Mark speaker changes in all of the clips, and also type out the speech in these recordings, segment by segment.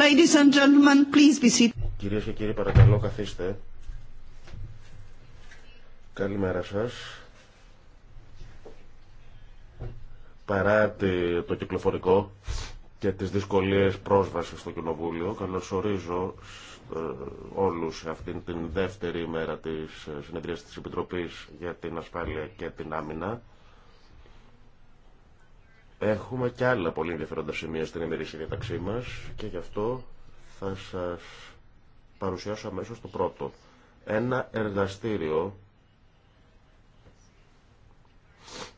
Speaker 1: Ladies and gentlemen, please
Speaker 2: Κυρίες και κύριοι, παρακαλώ καθίστε. Καλημέρα σας. Παρά το κυκλοφορικό και τις δυσκολίες πρόσβασης στο Κοινοβούλιο, καλωσορίζω ε, όλους αυτήν την δεύτερη ημέρα της ε, συνεδρίας της Επιτροπής για την Ασφάλεια και την Άμυνα. Έχουμε και άλλα πολύ ενδιαφέροντα σημεία στην ημερήσια διαταξή μα και γι' αυτό θα σα παρουσιάσω αμέσω το πρώτο. Ένα εργαστήριο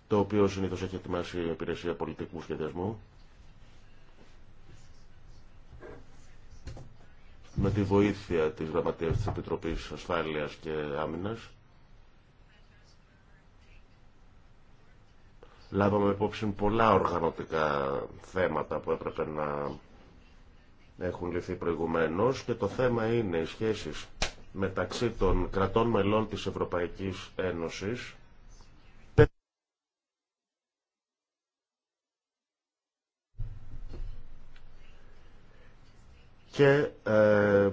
Speaker 2: το οποίο συνήθω έχει ετοιμάσει η Υπηρεσία Πολιτικού Σχεδιασμού με τη βοήθεια της Γραμματείας της Επιτροπής Ασφάλειας και Άμυνας λάβαμε υπόψη πολλά οργανωτικά θέματα που έπρεπε να έχουν λυθεί προηγουμένως και το θέμα είναι οι σχέσεις μεταξύ των κρατών μελών της Ευρωπαϊκής Ένωσης και ε,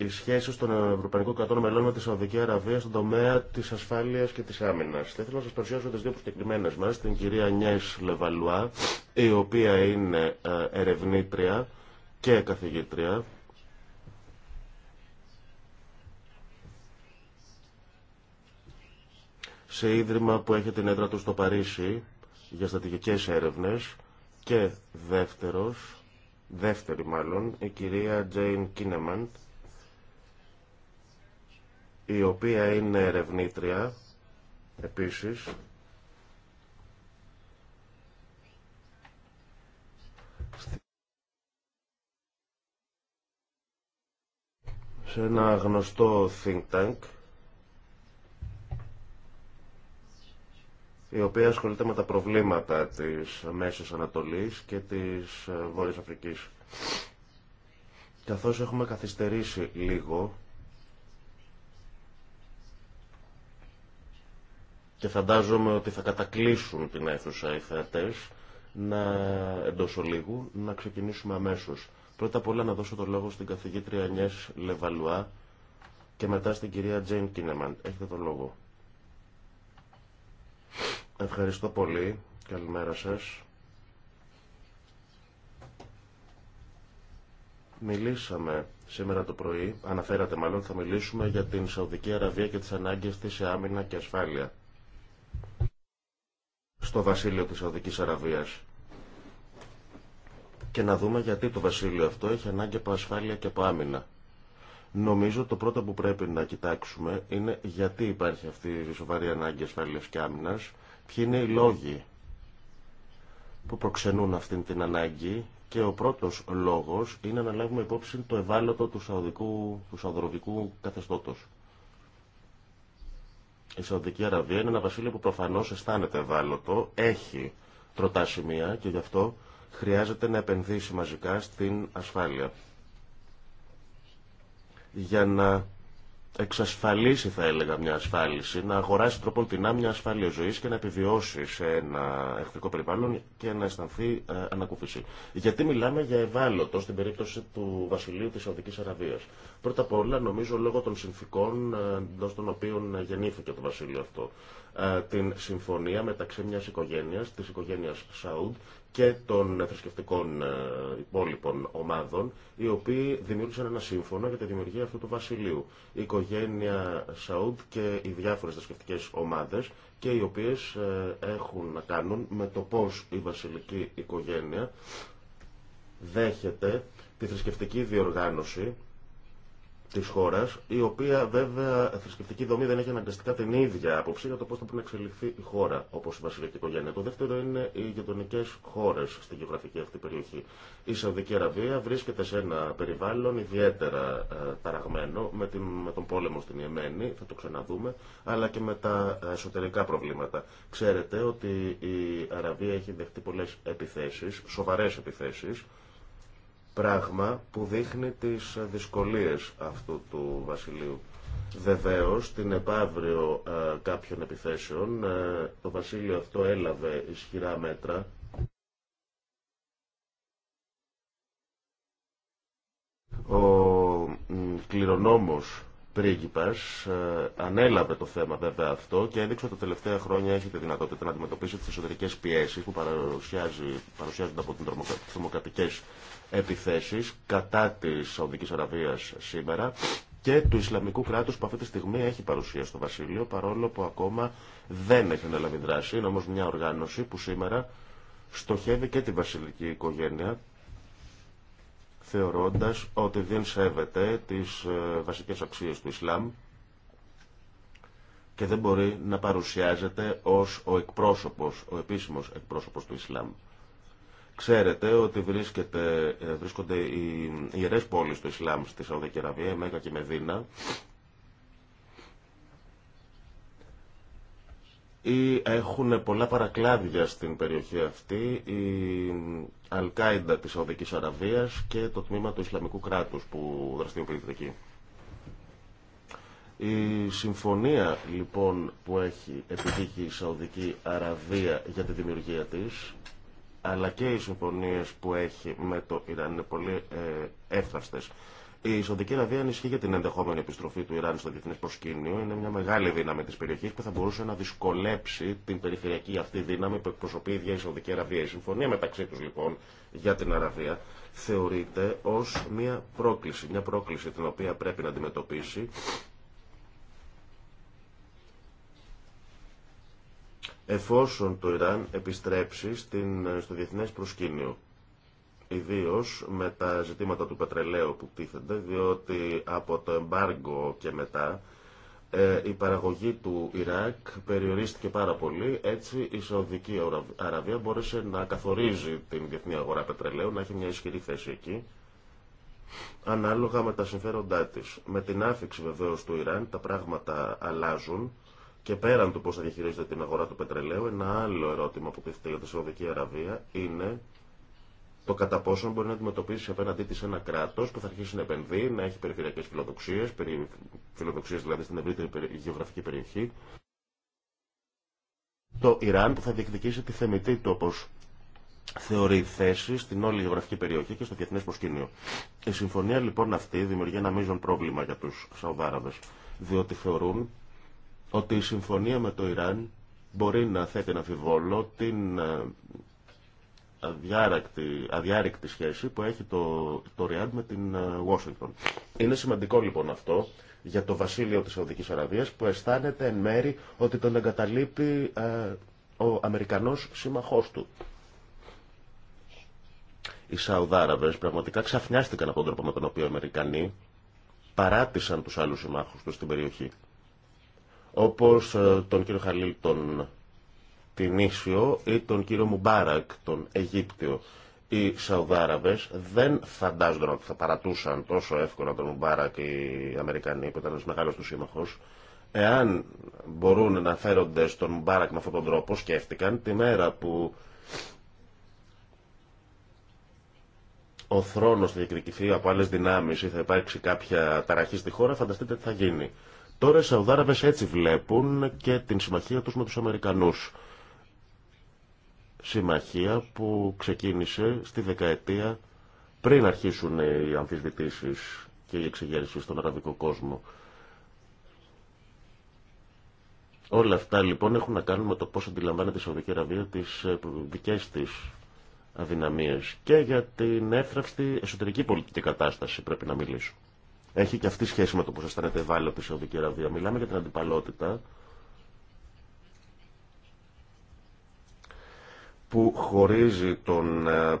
Speaker 2: οι σχέσει των Ευρωπαϊκών Κρατών Μελών με τη Σαουδική Αραβία στον τομέα τη ασφάλεια και τη άμυνα. Θα ήθελα να σα παρουσιάσω τι δύο προσκεκλημένε μα, την κυρία Νιέ Λεβαλουά, η οποία είναι ε, ερευνήτρια και καθηγήτρια. σε ίδρυμα που έχει την έδρα του στο Παρίσι για στρατηγικές έρευνες και δεύτερος, δεύτερη μάλλον, η κυρία Τζέιν Κίνεμαντ, η οποία είναι ερευνήτρια επίσης σε ένα γνωστό think tank η οποία ασχολείται με τα προβλήματα της Μέσης Ανατολής και της ε, Βόρειας Αφρικής. Καθώς έχουμε καθυστερήσει λίγο, και φαντάζομαι ότι θα κατακλείσουν την αίθουσα οι θεατές να, εντός ολίγου να ξεκινήσουμε αμέσως. Πρώτα απ' όλα να δώσω το λόγο στην καθηγήτρια Νιές Λεβαλουά και μετά στην κυρία Τζέιν Κινέμαντ. Έχετε το λόγο. Ευχαριστώ πολύ. Καλημέρα σας. Μιλήσαμε σήμερα το πρωί, αναφέρατε μάλλον, θα μιλήσουμε για την Σαουδική Αραβία και τις ανάγκες της σε άμυνα και ασφάλεια στο βασίλειο της Σαουδικής Αραβίας και να δούμε γιατί το βασίλειο αυτό έχει ανάγκη από ασφάλεια και από άμυνα. Νομίζω το πρώτο που πρέπει να κοιτάξουμε είναι γιατί υπάρχει αυτή η σοβαρή ανάγκη ασφάλειας και άμυνας, ποιοι είναι οι λόγοι που προξενούν αυτή την ανάγκη και ο πρώτος λόγος είναι να λάβουμε υπόψη το ευάλωτο του, σαουδικού, του καθεστώτος. Η Σαουδική Αραβία είναι ένα βασίλειο που προφανώς αισθάνεται ευάλωτο, έχει τροτά σημεία και γι' αυτό χρειάζεται να επενδύσει μαζικά στην ασφάλεια για να εξασφαλίσει, θα έλεγα, μια ασφάλιση, να αγοράσει τρόπο την μια ασφάλεια ζωή και να επιβιώσει σε ένα εχθρικό περιβάλλον και να αισθανθεί ε, ανακούφιση. Γιατί μιλάμε για ευάλωτο στην περίπτωση του βασιλείου τη Σαουδική Αραβία. Πρώτα απ' όλα, νομίζω, λόγω των συνθήκων ε, εντό των οποίων γεννήθηκε το βασίλειο αυτό. Ε, την συμφωνία μεταξύ μιας οικογένειας, της οικογένειας Σαούντ και των θρησκευτικών ε, υπόλοιπων ομάδων, οι οποίοι δημιούργησαν ένα σύμφωνο για τη δημιουργία αυτού του βασιλείου. Η οικογένεια Σαούντ και οι διάφορες θρησκευτικές ομάδες και οι οποίες ε, έχουν να κάνουν με το πώς η βασιλική οικογένεια δέχεται τη θρησκευτική διοργάνωση της χώρας, η οποία βέβαια θρησκευτική δομή δεν έχει αναγκαστικά την ίδια άποψη για το πώς θα πρέπει να εξελιχθεί η χώρα, όπως η βασιλική οικογένεια. Το δεύτερο είναι οι γειτονικέ χώρες στη γεωγραφική αυτή περιοχή. Η Σαουδική Αραβία βρίσκεται σε ένα περιβάλλον ιδιαίτερα ε, ταραγμένο, με, την, με τον πόλεμο στην Ιεμένη, θα το ξαναδούμε, αλλά και με τα εσωτερικά προβλήματα. Ξέρετε ότι η Αραβία έχει δεχτεί πολλές επιθέσεις, σοβαρές επιθέσεις, Πράγμα που δείχνει τις δυσκολίες αυτού του βασιλείου. Βεβαίω, την επαύριο ε, κάποιων επιθέσεων, ε, το βασίλειο αυτό έλαβε ισχυρά μέτρα ο κληρονόμος πρίγκιπας ε, ανέλαβε το θέμα βέβαια αυτό και έδειξε ότι τα τελευταία χρόνια έχει τη δυνατότητα να αντιμετωπίσει τις εσωτερικές πιέσεις που παρουσιάζονται από τις θερμοκρατικέ επιθέσεις κατά της Σαουδικής Αραβίας σήμερα και του Ισλαμικού κράτους που αυτή τη στιγμή έχει παρουσία στο Βασίλειο παρόλο που ακόμα δεν έχει αναλάβει δράση. Είναι όμως μια οργάνωση που σήμερα στοχεύει και τη βασιλική οικογένεια θεωρώντας ότι δεν σέβεται τις ε, βασικές αξίες του Ισλάμ και δεν μπορεί να παρουσιάζεται ως ο εκπρόσωπος, ο επίσημος εκπρόσωπος του Ισλάμ. Ξέρετε ότι ε, βρίσκονται οι ιερές πόλεις του Ισλάμ στη Σαουδική Αραβία, η Μέγα και η Μεδίνα, ή έχουν πολλά παρακλάδια στην περιοχή αυτή η Αλκάιντα της Σαουδικής Αραβίας και το τμήμα του Ισλαμικού κράτους που δραστηριοποιείται εκεί. Η συμφωνία λοιπόν που έχει επιτύχει η Σαουδική Αραβία για τη δημιουργία της αλλά και οι συμφωνίες που έχει με το Ιράν είναι πολύ ε, η Σαουδική Αραβία ανισχύει για την ενδεχόμενη επιστροφή του Ιράν στο διεθνέ προσκήνιο. Είναι μια μεγάλη δύναμη τη περιοχή που θα μπορούσε να δυσκολέψει την περιφερειακή αυτή δύναμη που εκπροσωπεί η ίδια η Σαουδική Αραβία. Η συμφωνία μεταξύ του λοιπόν για την Αραβία θεωρείται ω μια πρόκληση. Μια πρόκληση την οποία πρέπει να αντιμετωπίσει εφόσον το Ιράν επιστρέψει στην, στο διεθνές προσκήνιο ιδίω με τα ζητήματα του πετρελαίου που τίθενται, διότι από το εμπάργκο και μετά ε, η παραγωγή του Ιράκ περιορίστηκε πάρα πολύ, έτσι η Σαουδική Αραβία μπόρεσε να καθορίζει την διεθνή αγορά πετρελαίου, να έχει μια ισχυρή θέση εκεί, ανάλογα με τα συμφέροντά τη. Με την άφηξη βεβαίω του Ιράν τα πράγματα αλλάζουν και πέραν του πώ θα διαχειρίζεται την αγορά του πετρελαίου, ένα άλλο ερώτημα που τίθεται για τη Σαουδική Αραβία είναι το κατά πόσο μπορεί να αντιμετωπίσει απέναντί τη ένα κράτο που θα αρχίσει να επενδύει, να έχει περιφερειακέ φιλοδοξίε, περι... φιλοδοξίε δηλαδή στην ευρύτερη γεωγραφική περιοχή. Το Ιράν που θα διεκδικήσει τη θεμητή του, όπω θεωρεί θέση στην όλη γεωγραφική περιοχή και στο διεθνέ προσκήνιο. Η συμφωνία λοιπόν αυτή δημιουργεί ένα μείζον πρόβλημα για του Σαουδάραβε, διότι θεωρούν ότι η συμφωνία με το Ιράν μπορεί να θέτει ένα αμφιβόλο την ε, αδιάρρηκτη, σχέση που έχει το, το Ριάντ με την Ουάσιγκτον. Ε, Είναι σημαντικό λοιπόν αυτό για το βασίλειο της Σαουδικής Αραβίας που αισθάνεται εν μέρη ότι τον εγκαταλείπει ε, ο Αμερικανός σύμμαχός του. Οι Σαουδάραβες πραγματικά ξαφνιάστηκαν από τον τρόπο με τον οποίο οι Αμερικανοί παράτησαν τους άλλους συμμάχους τους στην περιοχή. Όπως ε, τον κύριο Χαλίλ τον Ίσιο ή τον κύριο Μουμπάρακ, τον Αιγύπτιο. Οι Σαουδάραβε δεν φαντάζονταν ότι θα παρατούσαν τόσο εύκολα τον Μουμπάρακ οι Αμερικανοί που ήταν ένα μεγάλο του σύμμαχο, Εάν μπορούν να φέρονται στον Μουμπάρακ με αυτόν τον τρόπο, σκέφτηκαν τη μέρα που ο θρόνο θα διεκδικηθεί από άλλε δυνάμει ή θα υπάρξει κάποια ταραχή στη χώρα, φανταστείτε τι θα γίνει. Τώρα οι Σαουδάραβε έτσι βλέπουν και την συμμαχία του με του Αμερικανού συμμαχία που ξεκίνησε στη δεκαετία πριν αρχίσουν οι αμφισβητήσεις και οι εξεγέρσεις στον αραβικό κόσμο. Όλα αυτά λοιπόν έχουν να κάνουν με το πώς αντιλαμβάνεται η Σαουδική Αραβία τις ε, δικές της αδυναμίες και για την έφραυστη εσωτερική πολιτική κατάσταση πρέπει να μιλήσω. Έχει και αυτή σχέση με το πώς αισθάνεται ευάλωτη η Σαουδική Αραβία. Μιλάμε για την αντιπαλότητα που χωρίζει τον ε,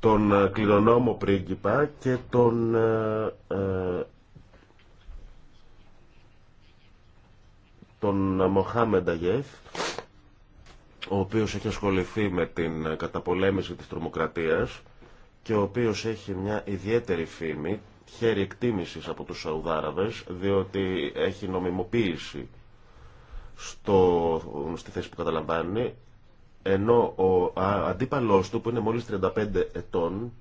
Speaker 2: τον ε, κληρονόμο πρίγκιπα και τον ε, τον Μοχάμεντα Γεφ ο οποίος έχει ασχοληθεί με την καταπολέμηση της τρομοκρατίας και ο οποίος έχει μια ιδιαίτερη φήμη, χέρι εκτίμησης από τους Σαουδάραβες, διότι έχει νομιμοποίηση στο, στη θέση που καταλαμβάνει, ενώ ο αντίπαλός του που είναι μόλις 35 ετών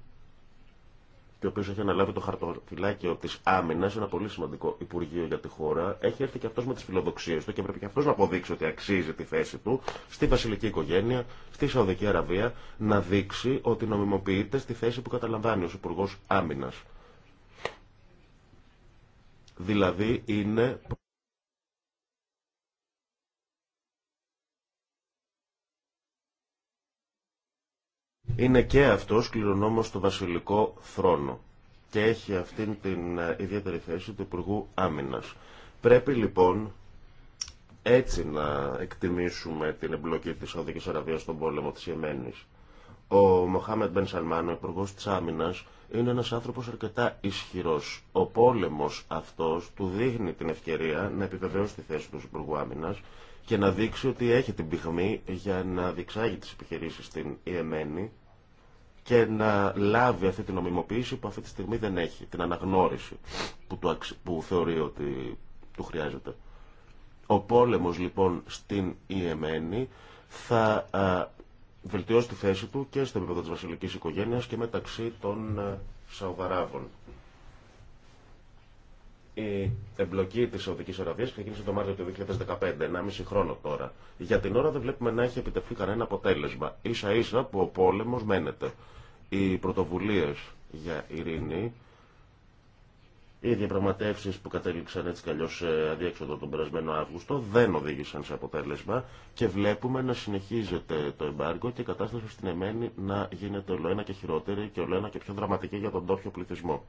Speaker 2: και ο οποίο έχει αναλάβει το χαρτοφυλάκιο τη άμυνα, ένα πολύ σημαντικό υπουργείο για τη χώρα, έχει έρθει και αυτό με τις φιλοδοξίες του και πρέπει και αυτό να αποδείξει ότι αξίζει τη θέση του στη βασιλική οικογένεια, στη Σαουδική Αραβία, να δείξει ότι νομιμοποιείται στη θέση που καταλαμβάνει ω υπουργό άμυνα. Δηλαδή είναι Είναι και αυτός κληρονόμος στο βασιλικό θρόνο και έχει αυτήν την ε, ιδιαίτερη θέση του Υπουργού Άμυνας. Πρέπει λοιπόν έτσι να εκτιμήσουμε την εμπλοκή της Σαουδικής Αραβίας στον πόλεμο της Ιεμένης. Ο Μοχάμεντ Μπεν Σαλμάν, ο υπουργό τη Άμυνα, είναι ένα άνθρωπο αρκετά ισχυρό. Ο πόλεμο αυτό του δείχνει την ευκαιρία να επιβεβαιώσει τη θέση του υπουργού Άμυνα και να δείξει ότι έχει την πυγμή για να διεξάγει τι επιχειρήσει στην Ιεμένη και να λάβει αυτή την νομιμοποίηση που αυτή τη στιγμή δεν έχει, την αναγνώριση που, που θεωρεί ότι του χρειάζεται. Ο πόλεμος λοιπόν στην Ιεμένη θα βελτιώσει τη θέση του και στο επίπεδο της βασιλικής οικογένειας και μεταξύ των Σαουδαράβων. Η εμπλοκή τη Σαουδική Αραβία ξεκίνησε το Μάρτιο του 2015, ένα μισή χρόνο τώρα. Για την ώρα δεν βλέπουμε να έχει επιτευχθεί κανένα αποτέλεσμα. σα ίσα που ο πόλεμο μένεται. Οι πρωτοβουλίε για ειρήνη, οι διαπραγματεύσει που κατέληξαν έτσι καλώ σε αδιέξοδο τον περασμένο Αύγουστο δεν οδήγησαν σε αποτέλεσμα και βλέπουμε να συνεχίζεται το εμπάργκο και η κατάσταση στην Εμένη να γίνεται ολοένα και χειρότερη και ολοένα και πιο δραματική για τον τόπιο πληθυσμό.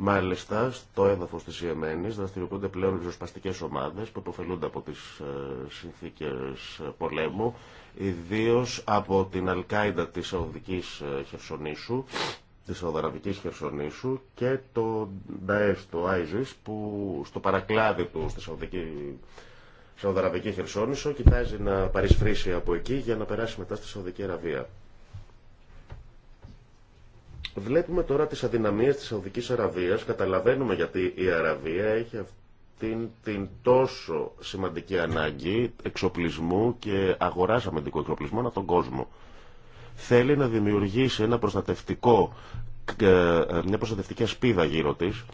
Speaker 2: Μάλιστα, στο έδαφο τη Ιεμένης δραστηριοποιούνται πλέον ριζοσπαστικέ ομάδε που υποφελούνται από τις ε, συνθήκε πολέμου, ιδίω από την Αλκάιντα τη Σαουδική ε, Χερσονήσου, Χερσονήσου και το ΝΤΑΕΣ, το που στο παρακλάδι του στη Σαουδική Σαουδαραβική Χερσόνησο, κοιτάζει να παρισφρήσει από εκεί για να περάσει μετά στη Σαουδική Αραβία. Βλέπουμε τώρα τις αδυναμίες της Σαουδικής Αραβίας, καταλαβαίνουμε γιατί η Αραβία έχει αυτήν την τόσο σημαντική ανάγκη εξοπλισμού και αγοράς αμυντικού εξοπλισμού ανά τον κόσμο. Θέλει να δημιουργήσει ένα προστατευτικό, ε, ε, μια προστατευτική ασπίδα γύρω της,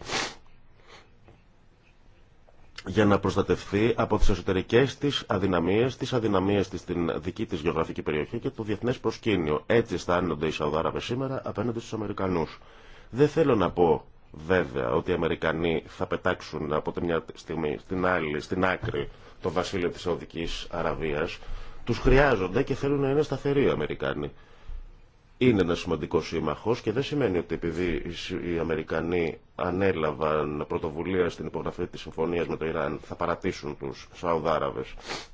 Speaker 2: για να προστατευθεί από τις εσωτερικές της αδυναμίες, τις αδυναμίες της στην δική της γεωγραφική περιοχή και το διεθνές προσκήνιο. Έτσι αισθάνονται οι Σαουδάραβες σήμερα απέναντι στους Αμερικανούς. Δεν θέλω να πω βέβαια ότι οι Αμερικανοί θα πετάξουν από τη μια στιγμή στην άλλη, στην άκρη, το βασίλειο της Σαουδικής Αραβίας. Τους χρειάζονται και θέλουν να είναι σταθεροί οι Αμερικανοί είναι ένα σημαντικό σύμμαχο και δεν σημαίνει ότι επειδή οι Αμερικανοί ανέλαβαν πρωτοβουλία στην υπογραφή τη συμφωνία με το Ιράν θα παρατήσουν του Σαουδάραβε.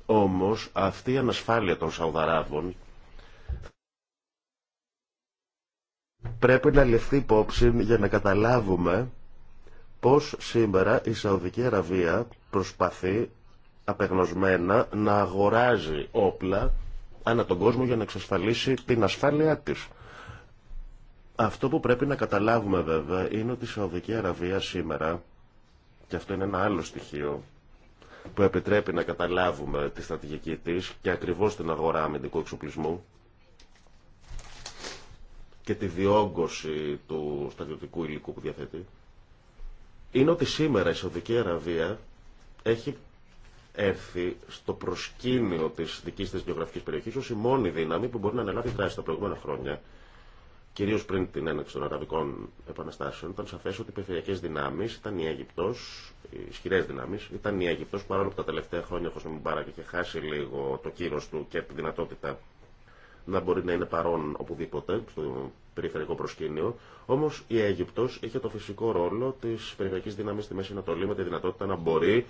Speaker 2: Όμω αυτή η ανασφάλεια των Σαουδαράβων πρέπει να ληφθεί υπόψη για να καταλάβουμε πώς σήμερα η Σαουδική Αραβία προσπαθεί απεγνωσμένα να αγοράζει όπλα ανά τον κόσμο για να εξασφαλίσει την ασφάλειά τη. Αυτό που πρέπει να καταλάβουμε βέβαια είναι ότι η Σαουδική Αραβία σήμερα, και αυτό είναι ένα άλλο στοιχείο που επιτρέπει να καταλάβουμε τη στρατηγική της και ακριβώς την αγορά αμυντικού εξοπλισμού και τη διόγκωση του στρατιωτικού υλικού που διαθέτει, είναι ότι σήμερα η Σαουδική Αραβία έχει έρθει στο προσκήνιο τη δική τη γεωγραφική περιοχή ω η μόνη δύναμη που μπορεί να αναλάβει δράση τα προηγούμενα χρόνια. Κυρίω πριν την έναρξη των Αραβικών Επαναστάσεων, ήταν σαφέ ότι οι περιφερειακέ δυνάμει ήταν η Αίγυπτο, οι ισχυρέ δυνάμει, ήταν η Αίγυπτο, παρόλο που τα τελευταία χρόνια ο Χωσέ και είχε χάσει λίγο το κύρο του και τη δυνατότητα να μπορεί να είναι παρόν οπουδήποτε, στο περιφερειακό προσκήνιο. Όμω η Αίγυπτο είχε το φυσικό ρόλο τη περιφερειακή δύναμη στη Μέση Ανατολή με τη δυνατότητα να μπορεί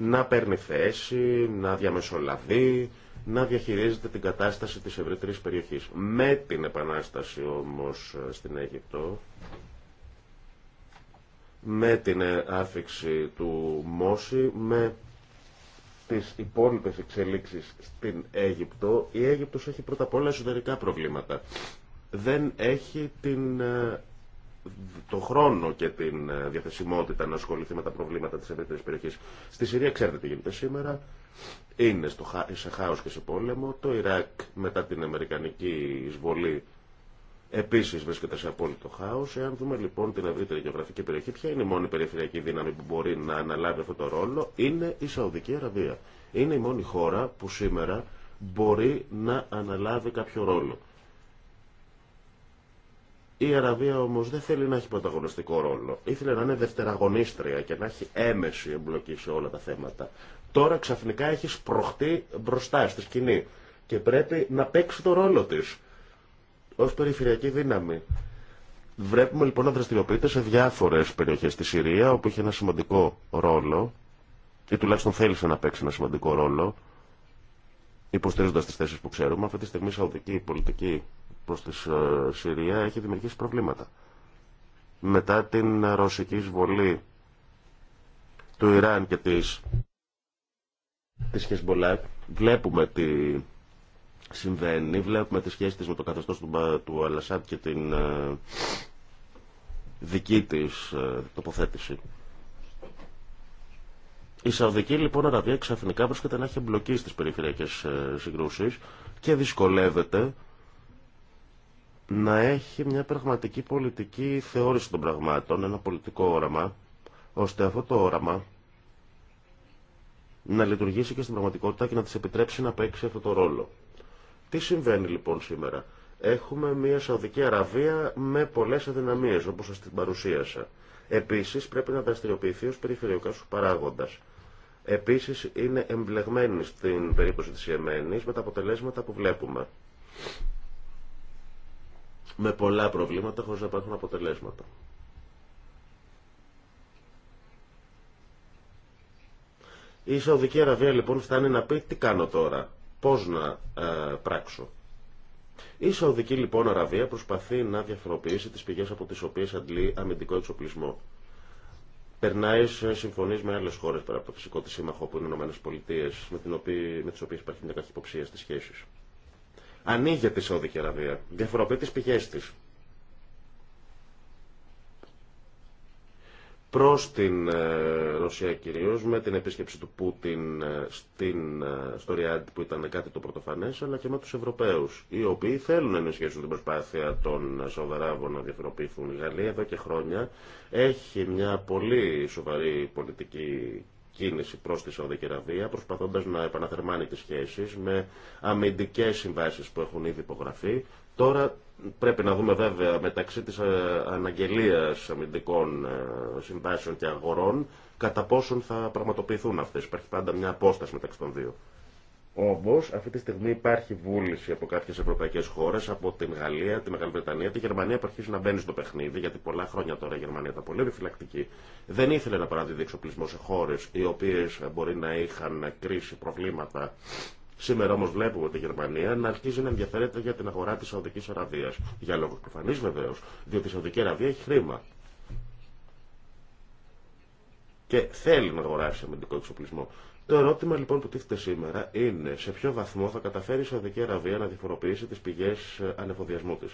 Speaker 2: να παίρνει θέση, να διαμεσολαβεί, να διαχειρίζεται την κατάσταση της ευρύτερης περιοχής. Με την Επανάσταση όμως ε, στην Αίγυπτο, με την ε, άφηξη του Μόση, με τις υπόλοιπες εξελίξεις στην Αίγυπτο, η Αίγυπτος έχει πρώτα απ' όλα εσωτερικά προβλήματα. Δεν έχει την ε, το χρόνο και την ε, διαθεσιμότητα να ασχοληθεί με τα προβλήματα της ευρύτερης περιοχής. Στη Συρία ξέρετε τι γίνεται σήμερα. Είναι στο, σε χάος και σε πόλεμο. Το Ιράκ μετά την Αμερικανική εισβολή επίσης βρίσκεται σε απόλυτο χάος. Εάν δούμε λοιπόν την ευρύτερη γεωγραφική περιοχή, ποια είναι η μόνη περιφερειακή δύναμη που μπορεί να αναλάβει αυτό το ρόλο, είναι η Σαουδική Αραβία. Είναι η μόνη χώρα που σήμερα μπορεί να αναλάβει κάποιο ρόλο η Αραβία όμω δεν θέλει να έχει πρωταγωνιστικό ρόλο. Ήθελε να είναι δευτεραγωνίστρια και να έχει έμεση εμπλοκή σε όλα τα θέματα. Τώρα ξαφνικά έχει σπροχτεί μπροστά στη σκηνή και πρέπει να παίξει το ρόλο τη ω περιφερειακή δύναμη. Βλέπουμε λοιπόν να δραστηριοποιείται σε διάφορε περιοχέ στη Συρία όπου είχε ένα σημαντικό ρόλο ή τουλάχιστον θέλησε να παίξει ένα σημαντικό ρόλο υποστηρίζοντα τι θέσει που ξέρουμε. Αυτή τη στιγμή η σαουδική πολιτική προς τη Συρία έχει δημιουργήσει προβλήματα. Μετά την ρωσική εισβολή του Ιράν και της, της Χεσμολάκ, βλέπουμε τι συμβαίνει, βλέπουμε τη σχέση της με το καθεστώς του, του και την ε, δική της ε, τοποθέτηση. Η Σαουδική λοιπόν Αραβία ξαφνικά βρίσκεται να έχει εμπλοκή στις περιφερειακές ε, συγκρούσεις και δυσκολεύεται να έχει μια πραγματική πολιτική θεώρηση των πραγμάτων, ένα πολιτικό όραμα, ώστε αυτό το όραμα να λειτουργήσει και στην πραγματικότητα και να της επιτρέψει να παίξει αυτό το ρόλο. Τι συμβαίνει λοιπόν σήμερα. Έχουμε μια Σαουδική Αραβία με πολλές αδυναμίες, όπως σας την παρουσίασα. Επίσης πρέπει να δραστηριοποιηθεί ως σου παράγοντας. Επίσης είναι εμπλεγμένη στην περίπτωση της Ιεμένης με τα αποτελέσματα που βλέπουμε με πολλά προβλήματα χωρίς να υπάρχουν αποτελέσματα. Η Σαουδική Αραβία λοιπόν φτάνει να πει τι κάνω τώρα, πώς να ε, πράξω. Η Σαουδική λοιπόν Αραβία προσπαθεί να διαφοροποιήσει τις πηγές από τις οποίες αντλεί αμυντικό εξοπλισμό. Περνάει σε συμφωνίε με άλλες χώρες πέρα από το φυσικό τη σύμμαχο που είναι οι ΗΠΑ, με, με τι οποίε υπάρχει μια καχυποψία στις σχέσεις ανοίγει τη Σαουδική Αραβία, διαφοροποιεί τις πηγές της. προς την ε, Ρωσία κυρίως με την επίσκεψη του Πούτιν ε, στην, ε, στο Ριάντ που ήταν κάτι το πρωτοφανές αλλά και με τους Ευρωπαίους οι οποίοι θέλουν να ενισχύσουν την προσπάθεια των Σαουδαράβων να διαφοροποιηθούν η Γαλλία εδώ και χρόνια έχει μια πολύ σοβαρή πολιτική κίνηση προς τη Σαουδική Αραβία, προσπαθώντας να επαναθερμάνει τις σχέσεις με αμυντικές συμβάσεις που έχουν ήδη υπογραφεί. Τώρα πρέπει να δούμε βέβαια μεταξύ της ε, αναγγελίας αμυντικών ε, συμβάσεων και αγορών κατά πόσον θα πραγματοποιηθούν αυτές. Υπάρχει πάντα μια απόσταση μεταξύ των δύο. Όμω, αυτή τη στιγμή υπάρχει βούληση από κάποιε ευρωπαϊκέ χώρε, από την Γαλλία, τη Μεγάλη Βρετανία, τη Γερμανία, που αρχίζει να μπαίνει στο παιχνίδι, γιατί πολλά χρόνια τώρα η Γερμανία ήταν πολύ επιφυλακτική. Δεν ήθελε να παραδίδει εξοπλισμό σε χώρε οι οποίε μπορεί να είχαν κρίση, προβλήματα. Σήμερα όμω βλέπουμε ότι η Γερμανία να αρχίζει να ενδιαφέρεται για την αγορά τη Σαουδική Αραβία. Για λόγου προφανεί βεβαίω, διότι η Σαουδική Αραβία έχει χρήμα. Και θέλει να αγοράσει αμυντικό εξοπλισμό. Το ερώτημα λοιπόν που τίθεται σήμερα είναι σε ποιο βαθμό θα καταφέρει η Σαουδική Αραβία να διαφοροποιήσει τι πηγέ ε, ανεφοδιασμού τη.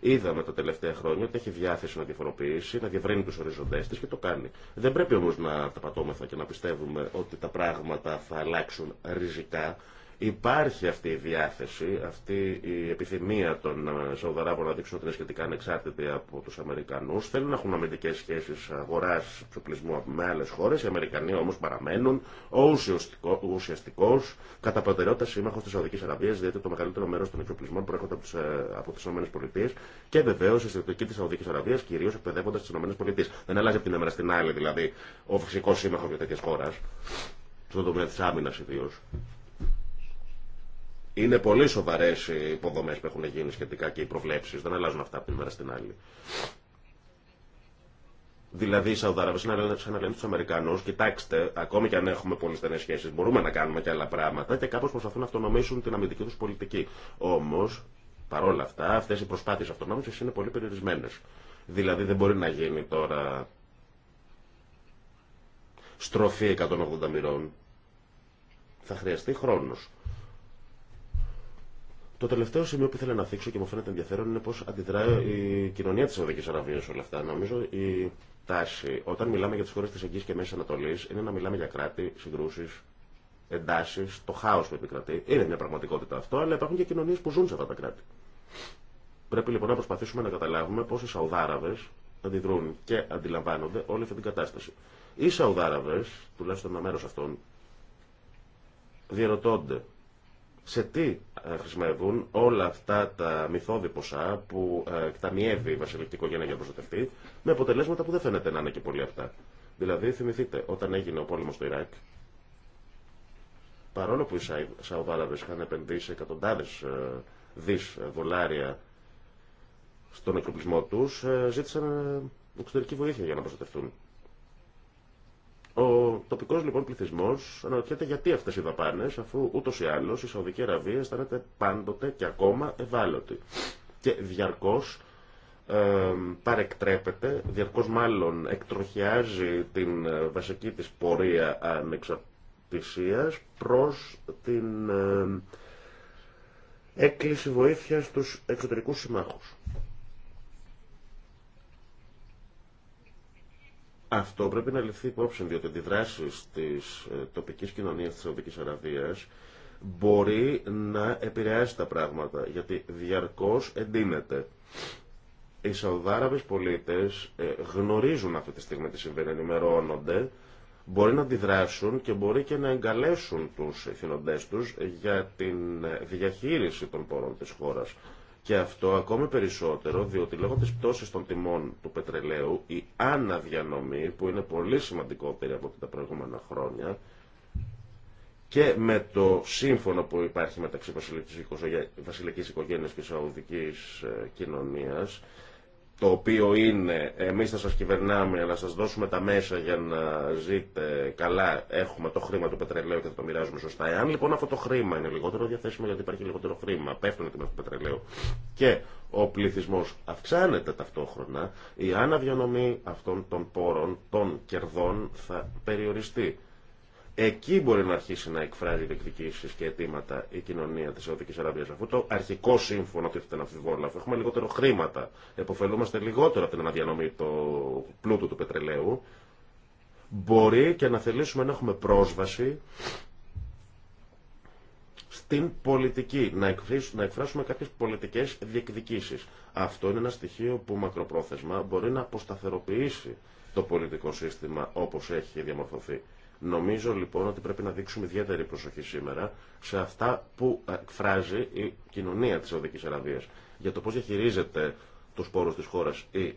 Speaker 2: Είδαμε τα τελευταία χρόνια ότι έχει διάθεση να διαφοροποιήσει, να διευρύνει του οριζοντέ τη και το κάνει. Δεν πρέπει όμω να τα πατώμεθα και να πιστεύουμε ότι τα πράγματα θα αλλάξουν ριζικά Υπάρχει αυτή η διάθεση, αυτή η επιθυμία των ε, Σαουδαράβων να δείξουν ότι είναι σχετικά ανεξάρτητοι από του Αμερικανού. Θέλουν να έχουν αμυντικέ σχέσει αγορά εξοπλισμού με άλλε χώρε. Οι Αμερικανοί όμω παραμένουν ο ουσιαστικό κατά προτεραιότητα σύμμαχο τη Σαουδική Αραβία, διότι το μεγαλύτερο μέρο των εξοπλισμών προέρχονται από τι ε, ΗΠΑ και βεβαίω η στρατιωτική τη Σαουδική Αραβία κυρίω εκπαιδεύοντα τι ΗΠΑ. Δεν αλλάζει από την μέρα στην άλλη δηλαδή ο φυσικό σύμμαχο μια τέτοια χώρα, στον τομέα τη άμυνα ιδίω. Είναι πολύ σοβαρέ οι υποδομέ που έχουν γίνει σχετικά και οι προβλέψει. Δεν αλλάζουν αυτά από την μέρα στην άλλη. Δηλαδή οι Σαουδάραβε λένε του Αμερικανού, κοιτάξτε, ακόμη και αν έχουμε πολύ στενέ σχέσει, μπορούμε να κάνουμε και άλλα πράγματα και κάπω προσπαθούν να αυτονομήσουν την αμυντική του πολιτική. Όμω, παρόλα αυτά, αυτέ οι προσπάθειε αυτονόμηση είναι πολύ περιορισμένε. Δηλαδή δεν μπορεί να γίνει τώρα στροφή 180 μοιρών. Θα χρειαστεί χρόνο. Το τελευταίο σημείο που ήθελα να θίξω και μου φαίνεται ενδιαφέρον είναι πώ αντιδράει η κοινωνία τη Σαουδική Αραβία όλα αυτά. Νομίζω η τάση, όταν μιλάμε για τι χώρε τη Αγγλία και Μέση Ανατολή, είναι να μιλάμε για κράτη, συγκρούσει, εντάσει, το χάο που επικρατεί. Είναι μια πραγματικότητα αυτό, αλλά υπάρχουν και κοινωνίε που ζουν σε αυτά τα κράτη. Πρέπει λοιπόν να προσπαθήσουμε να καταλάβουμε πώ οι Σαουδάραβε αντιδρούν και αντιλαμβάνονται όλη αυτή την κατάσταση. Οι Σαουδάραβε, τουλάχιστον ένα μέρο αυτών, διαρωτώνται σε τι ε, χρησιμεύουν όλα αυτά τα μυθόδη ποσά που ε, εκταμιεύει η βασιλική οικογένεια για να προστατευτεί, με αποτελέσματα που δεν φαίνεται να είναι και πολύ αυτά. Δηλαδή, θυμηθείτε, όταν έγινε ο πόλεμο στο Ιράκ, παρόλο που οι Σαουδάραβε είχαν επενδύσει εκατοντάδε ε, δι δολάρια στον εκπλησμό του, ζήτησαν εξωτερική βοήθεια για να προστατευτούν τοπικό λοιπόν πληθυσμό αναρωτιέται γιατί αυτέ οι δαπάνε, αφού ούτω ή άλλω η Σαουδική Αραβία αισθάνεται πάντοτε και ακόμα ευάλωτη. Και διαρκώ ε, παρεκτρέπεται, διαρκώ μάλλον εκτροχιάζει την ε, βασική τη πορεία ανεξαρτησίας προ την έκκληση βοήθεια στου εξωτερικού συμμάχου. Αυτό πρέπει να ληφθεί υπόψη, διότι οι δράσει τη ε, τοπική κοινωνία τη Σαουδική Αραβία μπορεί να επηρεάσει τα πράγματα, γιατί διαρκώ εντείνεται. Οι Σαουδάραβες πολίτες ε, γνωρίζουν αυτή τη στιγμή τι συμβαίνει, ενημερώνονται, μπορεί να αντιδράσουν και μπορεί και να εγκαλέσουν τους εθνοντέ του για την ε, διαχείριση των πόρων της χώρας. Και αυτό ακόμη περισσότερο διότι λόγω της πτώσης των τιμών του πετρελαίου η αναδιανομή που είναι πολύ σημαντικότερη από τα προηγούμενα χρόνια και με το σύμφωνο που υπάρχει μεταξύ βασιλικής οικογένειας και σαουδικής ε, κοινωνίας το οποίο είναι εμείς θα σας κυβερνάμε να σας δώσουμε τα μέσα για να ζείτε καλά, έχουμε το χρήμα του πετρελαίου και θα το μοιράζουμε σωστά. Εάν λοιπόν αυτό το χρήμα είναι λιγότερο διαθέσιμο γιατί υπάρχει λιγότερο χρήμα, πέφτουν οι τιμές του πετρελαίου και ο πληθυσμός αυξάνεται ταυτόχρονα, η αναδιανομή αυτών των πόρων, των κερδών θα περιοριστεί. Εκεί μπορεί να αρχίσει να εκφράζει διεκδικήσει και αιτήματα η κοινωνία τη Σαουδική Αραβία. Αφού το αρχικό σύμφωνο τίθεται να αμφιβόλα, αφού έχουμε λιγότερο χρήματα, εποφελούμαστε λιγότερο από την αναδιανομή του πλούτου του πετρελαίου, μπορεί και να θελήσουμε να έχουμε πρόσβαση στην πολιτική, να, εκφράσουμε, να εκφράσουμε κάποιες πολιτικές διεκδικήσεις. Αυτό είναι ένα στοιχείο που μακροπρόθεσμα μπορεί να αποσταθεροποιήσει το πολιτικό σύστημα όπως έχει διαμορφωθεί. Νομίζω λοιπόν ότι πρέπει να δείξουμε ιδιαίτερη προσοχή σήμερα σε αυτά που εκφράζει η κοινωνία τη Σαουδική Αραβία για το πώς διαχειρίζεται του πόρου της χώρας η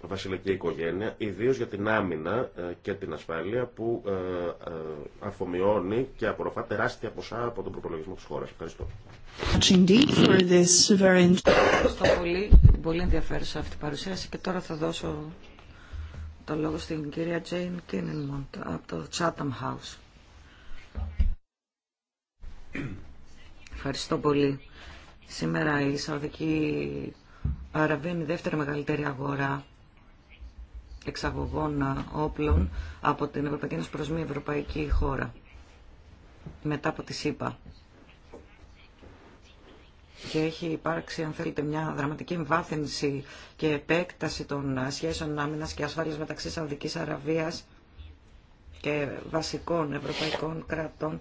Speaker 2: βασιλική οικογένεια, ιδίω για την άμυνα ε, και την ασφάλεια που ε, ε, αφομοιώνει και απορροφά τεράστια ποσά από τον προπολογισμό της χώρας. Ευχαριστώ.
Speaker 1: Ευχαριστώ πολύ. Πολύ ενδιαφέρουσα αυτή η παρουσίαση και τώρα θα δώσω το λόγο στην κυρία Τζέιν Κίνινμοντ από το Chatham House. Ευχαριστώ πολύ. Σήμερα η Σαουδική Αραβία είναι η δεύτερη μεγαλύτερη αγορά εξαγωγών όπλων από την Ευρωπαϊκή Ένωση μια ευρωπαϊκή χώρα μετά από τη ΣΥΠΑ και έχει υπάρξει, αν θέλετε, μια δραματική εμβάθυνση και επέκταση των σχέσεων άμυνα και ασφάλεια μεταξύ Σαουδική Αραβίας και βασικών ευρωπαϊκών κρατών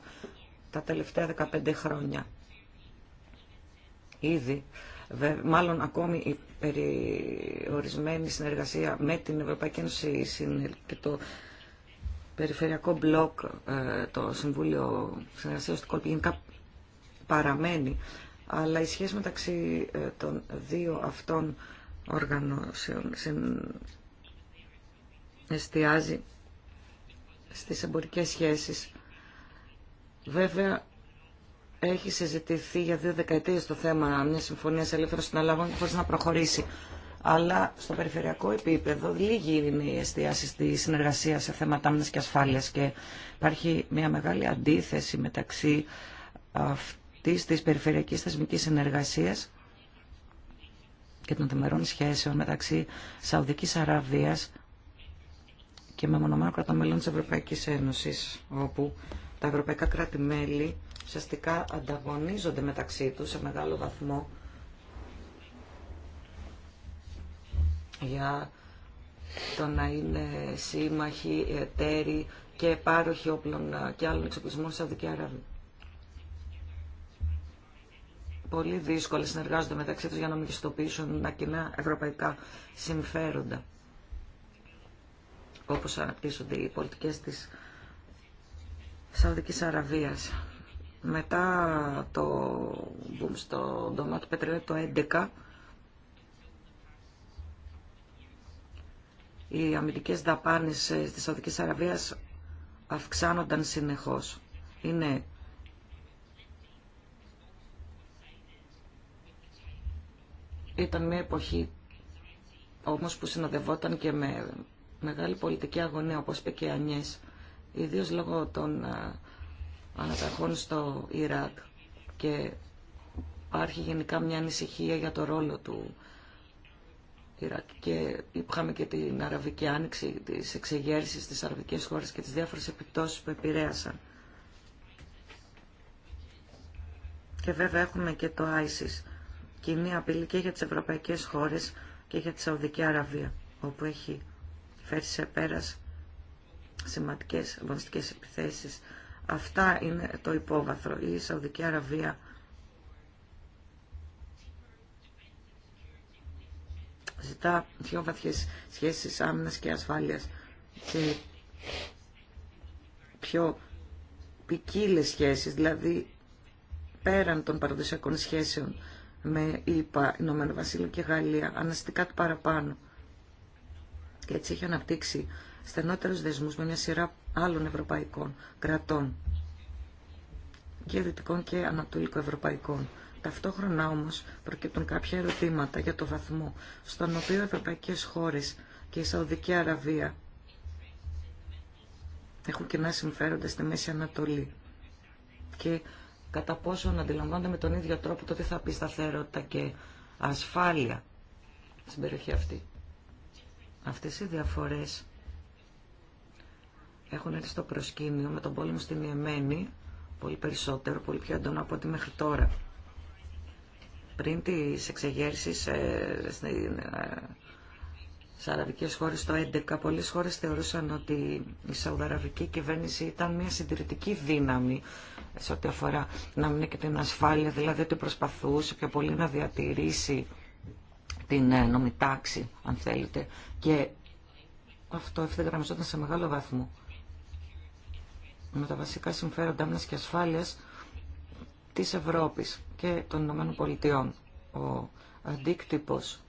Speaker 1: τα τελευταία 15 χρόνια. Ήδη, μάλλον ακόμη η περιορισμένη συνεργασία με την Ευρωπαϊκή Ένωση και το περιφερειακό μπλοκ, ε, το Συμβούλιο Συνεργασίας του Κόλπη, παραμένει αλλά η σχέση μεταξύ ε, των δύο αυτών οργανώσεων εστιάζει στις εμπορικές σχέσεις. Βέβαια, έχει συζητηθεί για δύο δεκαετίες το θέμα μια συμφωνίας ελεύθερων συναλλαγών χωρίς να προχωρήσει. Αλλά στο περιφερειακό επίπεδο λίγη είναι η εστίαση στη συνεργασία σε θέματα άμυνας και ασφάλειας και υπάρχει μια μεγάλη αντίθεση μεταξύ αυτών τη της περιφερειακής θεσμικής συνεργασίας και των δημερών σχέσεων μεταξύ Σαουδικής Αραβίας και με μονομένα κρατομέλων της Ευρωπαϊκής Ένωσης, όπου τα ευρωπαϊκά κράτη-μέλη ουσιαστικά ανταγωνίζονται μεταξύ τους σε μεγάλο βαθμό για το να είναι σύμμαχοι, εταίροι και πάροχοι όπλων και άλλων εξοπλισμών στη Σαουδική Αραβία πολύ δύσκολα συνεργάζονται μεταξύ τους για να μεγιστοποιήσουν τα κοινά ευρωπαϊκά συμφέροντα όπως αναπτύσσονται οι πολιτικές της Σαουδικής Αραβίας. Μετά το boom στο ντομά του πετρελαίου το 2011, οι αμυντικές δαπάνες ε, της Σαουδικής Αραβίας αυξάνονταν συνεχώς. Είναι Ήταν μια εποχή όμως που συνοδευόταν και με μεγάλη πολιτική αγωνία, όπως είπε και η Ανιές, ιδίως λόγω των ε, αναταχών στο Ιράκ. Και υπάρχει γενικά μια ανησυχία για το ρόλο του Ιράκ. Και είχαμε και την Αραβική Άνοιξη, τις εξεγέρσεις της αραβικές χώρες και τις διάφορες επιπτώσεις που επηρέασαν. Και βέβαια έχουμε και το ISIS είναι απειλή και για τις ευρωπαϊκές χώρες και για τη Σαουδική Αραβία, όπου έχει φέρει σε πέρας σημαντικές βομβιστικές επιθέσεις. Αυτά είναι το υπόβαθρο. Η Σαουδική Αραβία ζητά πιο βαθιές σχέσεις άμυνας και ασφάλειας και πιο ποικίλε σχέσεις, δηλαδή πέραν των παραδοσιακών σχέσεων με ΙΠΑ, Ηνωμένο Βασίλειο και Γαλλία, αναστικά του παραπάνω. Και έτσι έχει αναπτύξει στενότερους δεσμούς με μια σειρά άλλων ευρωπαϊκών κρατών και δυτικών και ανατολικοευρωπαϊκών. Ταυτόχρονα όμως προκύπτουν κάποια ερωτήματα για το βαθμό στον οποίο ευρωπαϊκές χώρες και η Σαουδική Αραβία έχουν κοινά συμφέροντα στη Μέση Ανατολή και κατά να αντιλαμβάνονται με τον ίδιο τρόπο το τι θα πει σταθερότητα και ασφάλεια στην περιοχή αυτή. Αυτές οι διαφορές έχουν έρθει στο προσκήνιο με τον πόλεμο στην Ιεμένη πολύ περισσότερο, πολύ πιο έντονα από ό,τι μέχρι τώρα. Πριν τις εξεγέρσεις ε, στην ε, σε αραβικές χώρες το 2011. Πολλές χώρες θεωρούσαν ότι η Σαουδαραβική κυβέρνηση ήταν μια συντηρητική δύναμη σε ό,τι αφορά να μην και την ασφάλεια, δηλαδή ότι προσπαθούσε πιο πολύ να διατηρήσει την ε, νομιτάξη, αν θέλετε. Και αυτό ευθυγραμμιζόταν σε μεγάλο βαθμό. Με τα βασικά συμφέροντα άμυνας και ασφάλειας της Ευρώπης και των Ηνωμένων Πολιτειών. Ο αντίκτυπος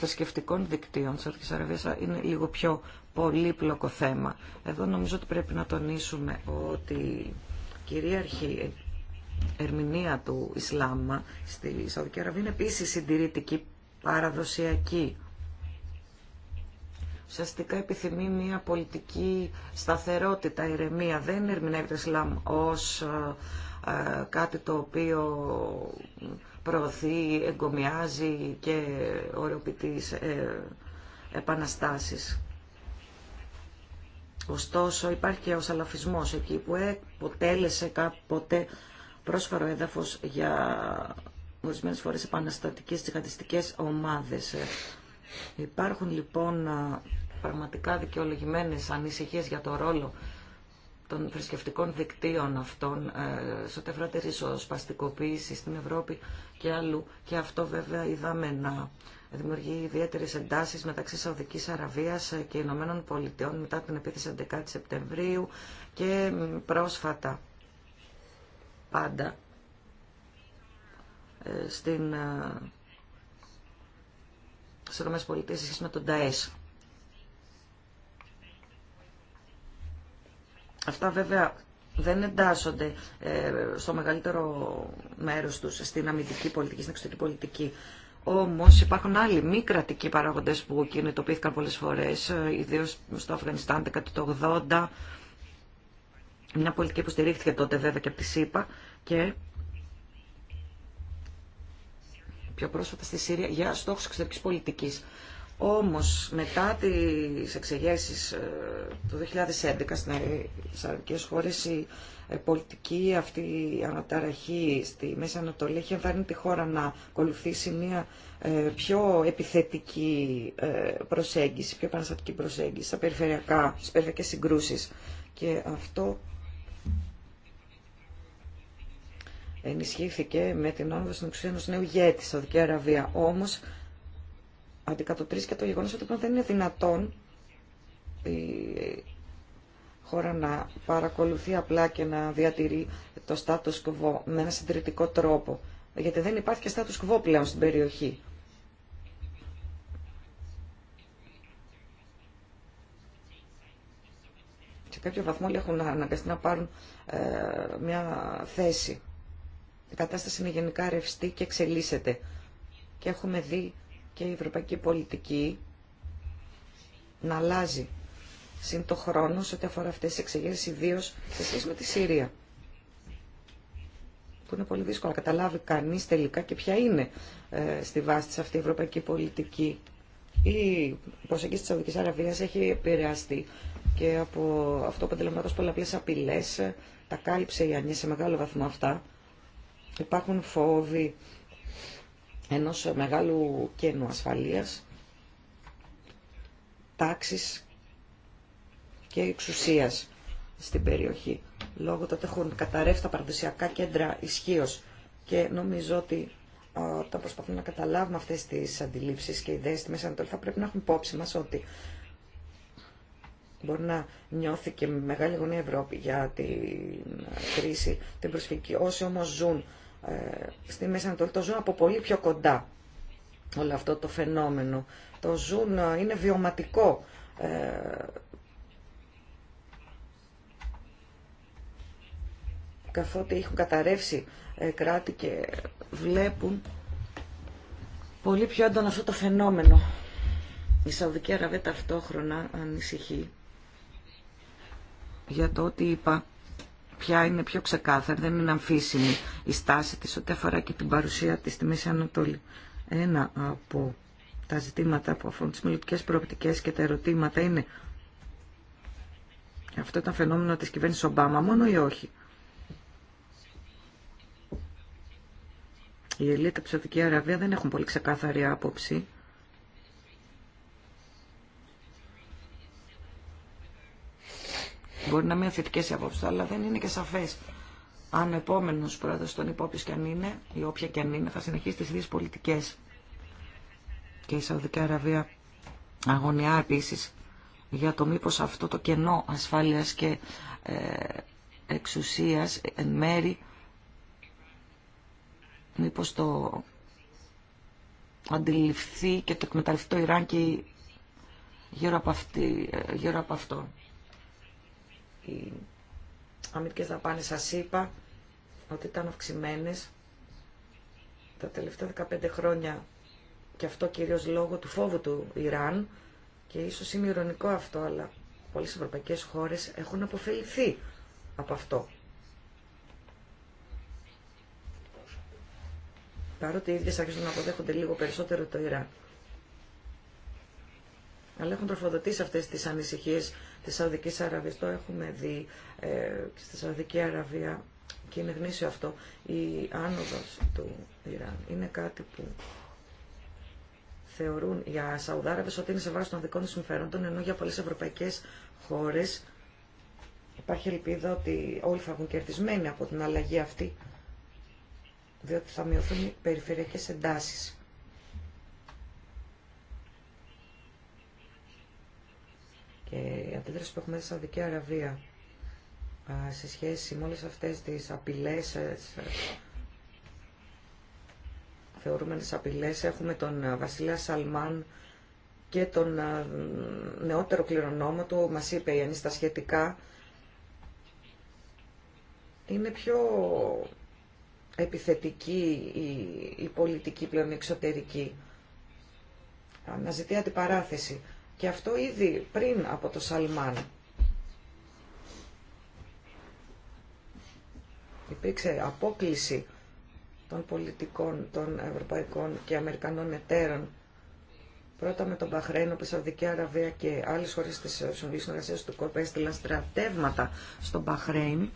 Speaker 1: θρησκευτικών δικτύων της Σαουδική Αραβίας είναι λίγο πιο πολύπλοκο θέμα. Εδώ νομίζω ότι πρέπει να τονίσουμε ότι η κυρίαρχη ερμηνεία του Ισλάμ στη Σαουδική Αραβία είναι επίσης συντηρητική, παραδοσιακή. Ουσιαστικά επιθυμεί μια πολιτική σταθερότητα, ηρεμία. Δεν ερμηνεύει το Ισλάμ ως κάτι το οποίο προωθεί, εγκομιάζει και ορειοποιεί ε, επαναστάσεις. Ωστόσο υπάρχει και ο σαλαφισμός εκεί που αποτέλεσε κάποτε πρόσφαρο έδαφος για ορισμένες φορές επαναστατικές τσιχαντιστικές ομάδες. Υπάρχουν λοιπόν πραγματικά δικαιολογημένες ανησυχίες για το ρόλο των θρησκευτικών δικτύων αυτών ε, σε ό,τι αφορά στην Ευρώπη και αλλού. Και αυτό βέβαια είδαμε να δημιουργεί ιδιαίτερε εντάσει μεταξύ Σαουδική Αραβία και Ηνωμένων Πολιτειών μετά την επίθεση 11 Σεπτεμβρίου και πρόσφατα πάντα ε, στην ε, στις ΗΠΑ σχέση με τον ΤΑΕΣ. Αυτά βέβαια δεν εντάσσονται ε, στο μεγαλύτερο μέρος τους στην αμυντική πολιτική, στην εξωτερική πολιτική. Όμως υπάρχουν άλλοι μη κρατικοί παράγοντες που κινητοποιήθηκαν πολλές φορές, ε, ιδίως στο Αφγανιστάν 1980, μια πολιτική που στηρίχθηκε τότε βέβαια και από τη ΣΥΠΑ και πιο πρόσφατα στη Συρία για στόχους εξωτερικής πολιτικής. Όμως μετά τις εξεγέρσεις ε, του 2011 στις αραβικές χώρες η ε, πολιτική αυτή αναταραχή στη Μέση Ανατολή έχει ενθαρρύνει τη χώρα να ακολουθήσει μια ε, πιο επιθετική προσέγγιση, πιο επαναστατική προσέγγιση στα περιφερειακά, στις περιφερειακές συγκρούσεις. Και αυτό ενισχύθηκε με την όνομα του εξουσία ενός νέου ηγέτη, Σαουδική Αραβία. Όμως αντικατοπτρίζει και το γεγονός ότι δεν είναι δυνατόν η χώρα να παρακολουθεί απλά και να διατηρεί το status quo με ένα συντηρητικό τρόπο. Γιατί δεν υπάρχει και status quo πλέον στην περιοχή. Σε κάποιο βαθμό όλοι έχουν αναγκαστεί να πάρουν ε, μια θέση. Η κατάσταση είναι γενικά ρευστή και εξελίσσεται. Και έχουμε δει και η ευρωπαϊκή πολιτική να αλλάζει συν το χρόνο σε ό,τι αφορά αυτές τις εξεγέρσεις, ιδίω σε σχέση με τη Σύρια. Που είναι πολύ δύσκολο να καταλάβει κανείς τελικά και ποια είναι ε, στη βάση της αυτή η ευρωπαϊκή πολιτική. Η προσέγγιση της Σαουδικής Αραβίας έχει επηρεαστεί και από αυτό που αντιλαμβάνω πολλαπλές απειλές, ε, τα κάλυψε η Ανία σε μεγάλο βαθμό αυτά. Υπάρχουν φόβοι ενός μεγάλου κένου ασφαλείας, τάξης και εξουσίας στην περιοχή. Λόγω του ότι έχουν καταρρεύσει τα παραδοσιακά κέντρα ισχύω και νομίζω ότι όταν προσπαθούμε να καταλάβουμε αυτές τις αντιλήψεις και ιδέες στη Μέση Ανατολή θα πρέπει να έχουμε υπόψη μας ότι μπορεί να νιώθει και μεγάλη γωνία Ευρώπη για την κρίση, την προσφυγική. Όσοι όμως ζουν ε, στη Μέση Ανατολή, το ζουν από πολύ πιο κοντά όλο αυτό το φαινόμενο. Το ζουν, ε, είναι βιωματικό. Ε, καθότι έχουν καταρρεύσει κράτη και βλέπουν πολύ πιο έντονο αυτό το φαινόμενο. Η Σαουδική Αραβία ταυτόχρονα ανησυχεί για το ότι είπα πια είναι πιο ξεκάθαρη, δεν είναι αμφίσιμη η στάση της ό,τι αφορά και την παρουσία της στη Μέση Ανατολή. Ένα από τα ζητήματα που αφορούν τις μελλοντικές προοπτικές και τα ερωτήματα είναι αυτό το φαινόμενο της κυβέρνησης Ομπάμα μόνο ή όχι. Η ελίτ Ψωτική Αραβία δεν έχουν πολύ ξεκάθαρη άποψη Μπορεί να μην είναι θετικέ οι απόψει αλλά δεν είναι και σαφέ. Αν ο επόμενο πρόεδρο των υπόπτη και αν είναι, ή όποια και αν είναι, θα συνεχίσει τι ίδιε πολιτικέ. Και η Σαουδική Αραβία αγωνιά επίση για το μήπω αυτό το κενό ασφάλεια και ε, εξουσία εν μέρη, μήπω το αντιληφθεί και το εκμεταλλευτεί το Ιράν και γύρω από, αυτή, ε, γύρω από αυτό. Οι αμυντικές δαπάνες σας είπα ότι ήταν αυξημένες τα τελευταία 15 χρόνια και αυτό κυρίως λόγω του φόβου του Ιράν και ίσως είναι ηρωνικό αυτό, αλλά πολλές ευρωπαϊκές χώρες έχουν αποφεληθεί από αυτό. Παρότι οι ίδιες αρχίζουν να αποδέχονται λίγο περισσότερο το Ιράν αλλά έχουν τροφοδοτήσει αυτές τις ανησυχίες της Σαουδικής Αραβίας. Το έχουμε δει ε, στη Σαουδική Αραβία και είναι γνήσιο αυτό. Η άνοδος του Ιράν είναι κάτι που θεωρούν οι Σαουδάραβες ότι είναι σε βάση των δικών τους συμφέροντων, ενώ για πολλές ευρωπαϊκές χώρες υπάρχει ελπίδα ότι όλοι θα έχουν κερδισμένοι από την αλλαγή αυτή, διότι θα μειωθούν οι περιφερειακές εντάσεις. και η αντίδραση που έχουμε στη Σαουδική Αραβία σε σχέση με όλες αυτές τις απειλές ε, ε, θεωρούμενες απειλές έχουμε τον ε, βασιλέα Σαλμάν και τον νεότερο κληρονόμο του μας είπε η Ανίστα σχετικά είναι πιο επιθετική η, η πολιτική πλέον εξωτερική αναζητεί αντιπαράθεση και αυτό ήδη πριν από το Σαλμάν. Υπήρξε απόκληση των πολιτικών, των ευρωπαϊκών και αμερικανών εταίρων πρώτα με τον Μπαχρέιν, η Σαουδική Αραβία και άλλες χώρες της Συμβουλής Συνεργασίας του ΚΟΠ έστειλαν στρατεύματα στον Παχρέν.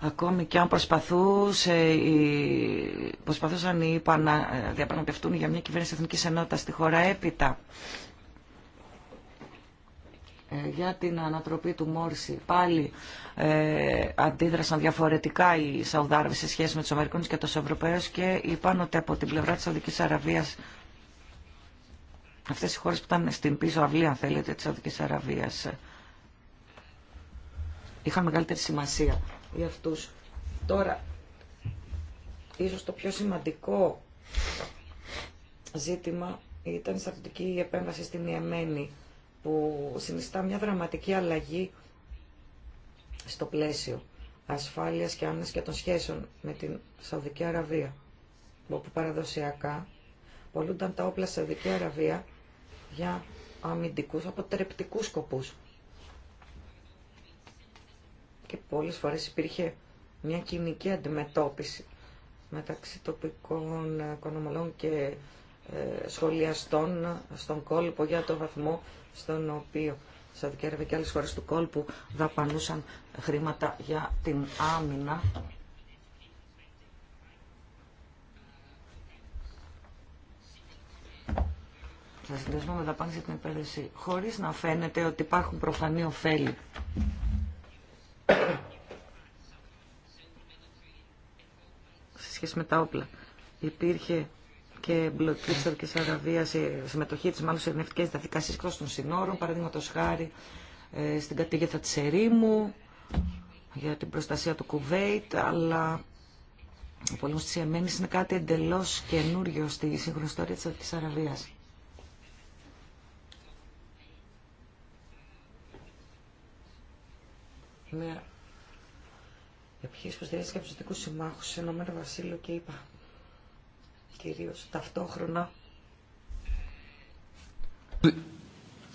Speaker 1: Ακόμη και αν προσπαθούσε, προσπαθούσαν οι ΥΠΑ να διαπραγματευτούν για μια κυβέρνηση εθνικής ενότητας στη χώρα έπειτα ε, για την ανατροπή του Μόρση. Πάλι ε, αντίδρασαν διαφορετικά οι Σαουδάρβες σε σχέση με τους Αμερικανούς και τους Ευρωπαίους και είπαν ότι από την πλευρά της Σαουδικής Αραβίας αυτές οι χώρες που ήταν στην πίσω αυλή, αν θέλετε, της Σαουδικής Αραβίας ε, είχαν μεγαλύτερη σημασία για αυτούς. Τώρα, ίσως το πιο σημαντικό ζήτημα ήταν η στρατιωτική επέμβαση στην Ιεμένη, που συνιστά μια δραματική αλλαγή στο πλαίσιο ασφάλειας και άμυνας και των σχέσεων με την Σαουδική Αραβία, όπου παραδοσιακά πολλούνταν τα όπλα Σαουδική Αραβία για αμυντικούς αποτρεπτικούς σκοπούς και πολλές φορές υπήρχε μια κοινική αντιμετώπιση μεταξύ τοπικών οικονομολόγων και ε, σχολιαστών στον κόλπο για το βαθμό στον οποίο Σαουδική Αραβία και άλλες χώρες του κόλπου δαπανούσαν χρήματα για την άμυνα. Θα συνδυασμό με τα για την επένδυση χωρίς να φαίνεται ότι υπάρχουν προφανή ωφέλη σε σχέση με τα όπλα. Υπήρχε και μπλοκή τη Σαουδική Αραβία, συμμετοχή τη μάλλον σε ειρηνευτικέ διαδικασίε εκτό των συνόρων, παραδείγματο χάρη ε, στην κατήγεθα τη Ερήμου για την προστασία του Κουβέιτ, αλλά ο πόλεμο τη Εμένη είναι κάτι εντελώ καινούριο στη σύγχρονη ιστορία της Αραβίας. Ναι. επιχείρηση που και από του δικού συμμάχου σε Ηνωμένο Βασίλειο και είπα κυρίω ταυτόχρονα.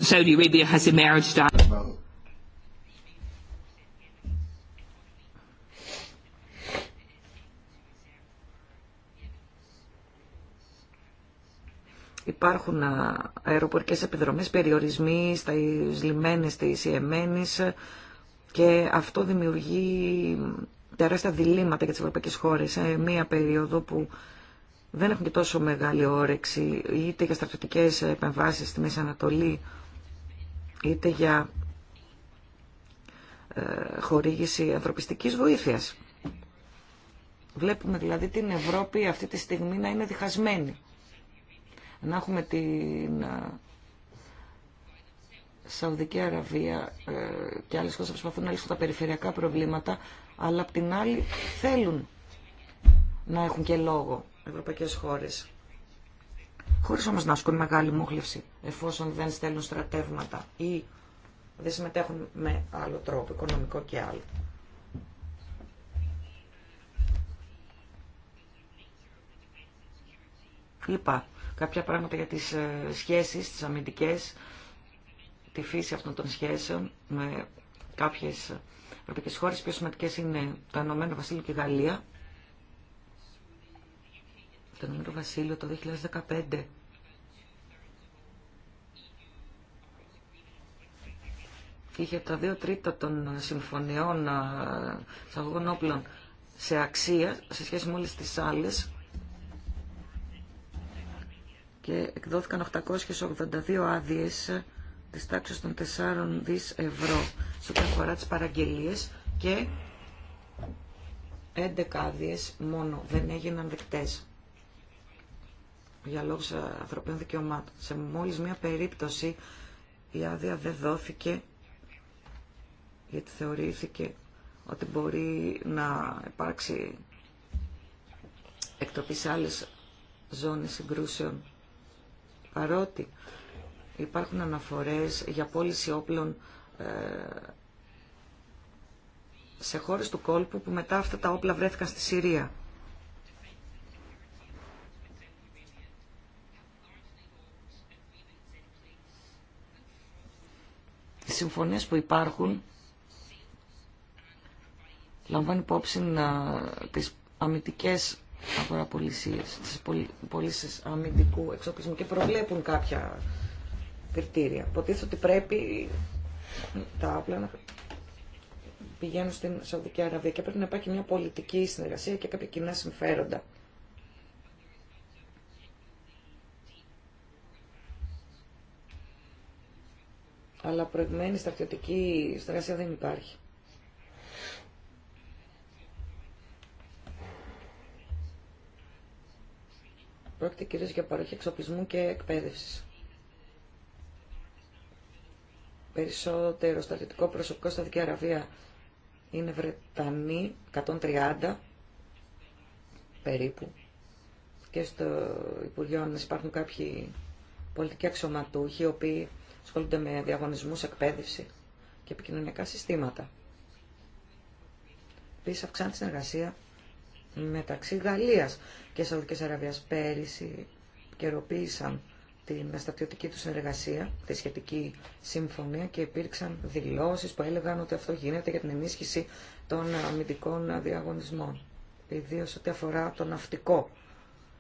Speaker 1: Saudi Arabia has a marriage emerged υπάρχουν αεροπορικές επιδρομές, περιορισμοί στα λιμένες της Ιεμένης, και αυτό δημιουργεί τεράστια διλήμματα για τις ευρωπαϊκές χώρες σε μία περίοδο που δεν έχουν και τόσο μεγάλη όρεξη είτε για στρατιωτικές επεμβάσεις στη Μέση Ανατολή είτε για ε, χορήγηση ανθρωπιστικής βοήθειας. Βλέπουμε δηλαδή την Ευρώπη αυτή τη στιγμή να είναι διχασμένη. Να έχουμε την ε, Σαουδική Αραβία ε, και άλλες χώρες προσπαθούν να λύσουν τα περιφερειακά προβλήματα, αλλά απ' την άλλη θέλουν να έχουν και λόγο ευρωπαϊκές χώρες. Χωρίς όμως να ασκούν μεγάλη μόχλευση, εφόσον δεν στέλνουν στρατεύματα ή δεν συμμετέχουν με άλλο τρόπο, οικονομικό και άλλο. Είπα κάποια πράγματα για τις ε, σχέσεις, τις αμυντικές, τη φύση αυτών των σχέσεων με κάποιες ευρωπαϊκές χώρες. Πιο σημαντικέ είναι το Ηνωμένο Βασίλειο και η Γαλλία. Το Ηνωμένο Βασίλειο το 2015 είχε τα δύο τρίτα των συμφωνιών εισαγωγών όπλων σε αξία σε σχέση με όλες τις άλλες και εκδόθηκαν 882 άδειες της τάξης των 4 δις ευρώ σε ό,τι αφορά τις παραγγελίες και 11 άδειε μόνο δεν έγιναν δεκτές για λόγους ανθρωπίνων δικαιωμάτων. Σε μόλις μία περίπτωση η άδεια δεν δόθηκε γιατί θεωρήθηκε ότι μπορεί να υπάρξει εκτροπή σε άλλες ζώνες συγκρούσεων. Παρότι υπάρχουν αναφορές για πώληση όπλων ε, σε χώρες του κόλπου που μετά αυτά τα όπλα βρέθηκαν στη Συρία. Οι συμφωνίες που υπάρχουν λαμβάνει υπόψη να, ε, τις αμυντικές αγοραπολισίες, τις πωλήσει αμυντικού εξοπλισμού και προβλέπουν κάποια κριτήρια. Υποτίθεται ότι πρέπει τα άπλα να πηγαίνουν στην Σαουδική Αραβία και πρέπει να υπάρχει μια πολιτική συνεργασία και κάποια κοινά συμφέροντα. Αλλά προηγουμένη στρατιωτική συνεργασία δεν υπάρχει. Πρόκειται κυρίως για παροχή εξοπλισμού και εκπαίδευσης περισσότερο στατιωτικό προσωπικό στα Δική Αραβία είναι Βρετανοί, 130 περίπου. Και στο Υπουργείο Άμυνας υπάρχουν κάποιοι πολιτικοί αξιωματούχοι, οι οποίοι ασχολούνται με διαγωνισμούς, εκπαίδευση και επικοινωνιακά συστήματα. Επίση αυξάνεται η συνεργασία μεταξύ Γαλλίας και Σαουδικής Αραβίας. Πέρυσι καιροποίησαν την στρατιωτική του συνεργασία, τη σχετική συμφωνία και υπήρξαν δηλώσεις που έλεγαν ότι αυτό γίνεται για την ενίσχυση των αμυντικών διαγωνισμών. Ιδίω ό,τι αφορά το ναυτικό.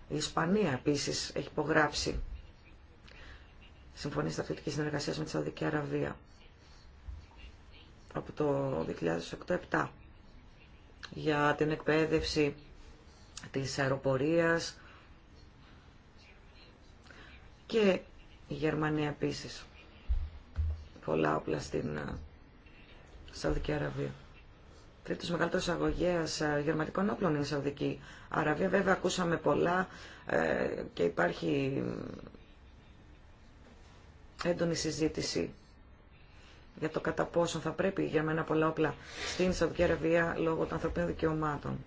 Speaker 1: Η Ισπανία επίσης έχει υπογράψει συμφωνία στρατιωτικής συνεργασία με τη Σαουδική Αραβία από το 2008-2007 για την εκπαίδευση της αεροπορίας, και η Γερμανία επίση, Πολλά όπλα στην ε, Σαουδική Αραβία. Τρίτος μεγαλύτερο αγωγέας ε, γερμανικών όπλων είναι η Σαουδική Αραβία. Βέβαια ακούσαμε πολλά ε, και υπάρχει έντονη συζήτηση για το κατά πόσο θα πρέπει για μένα πολλά όπλα στην Σαουδική Αραβία λόγω των ανθρωπίνων δικαιωμάτων.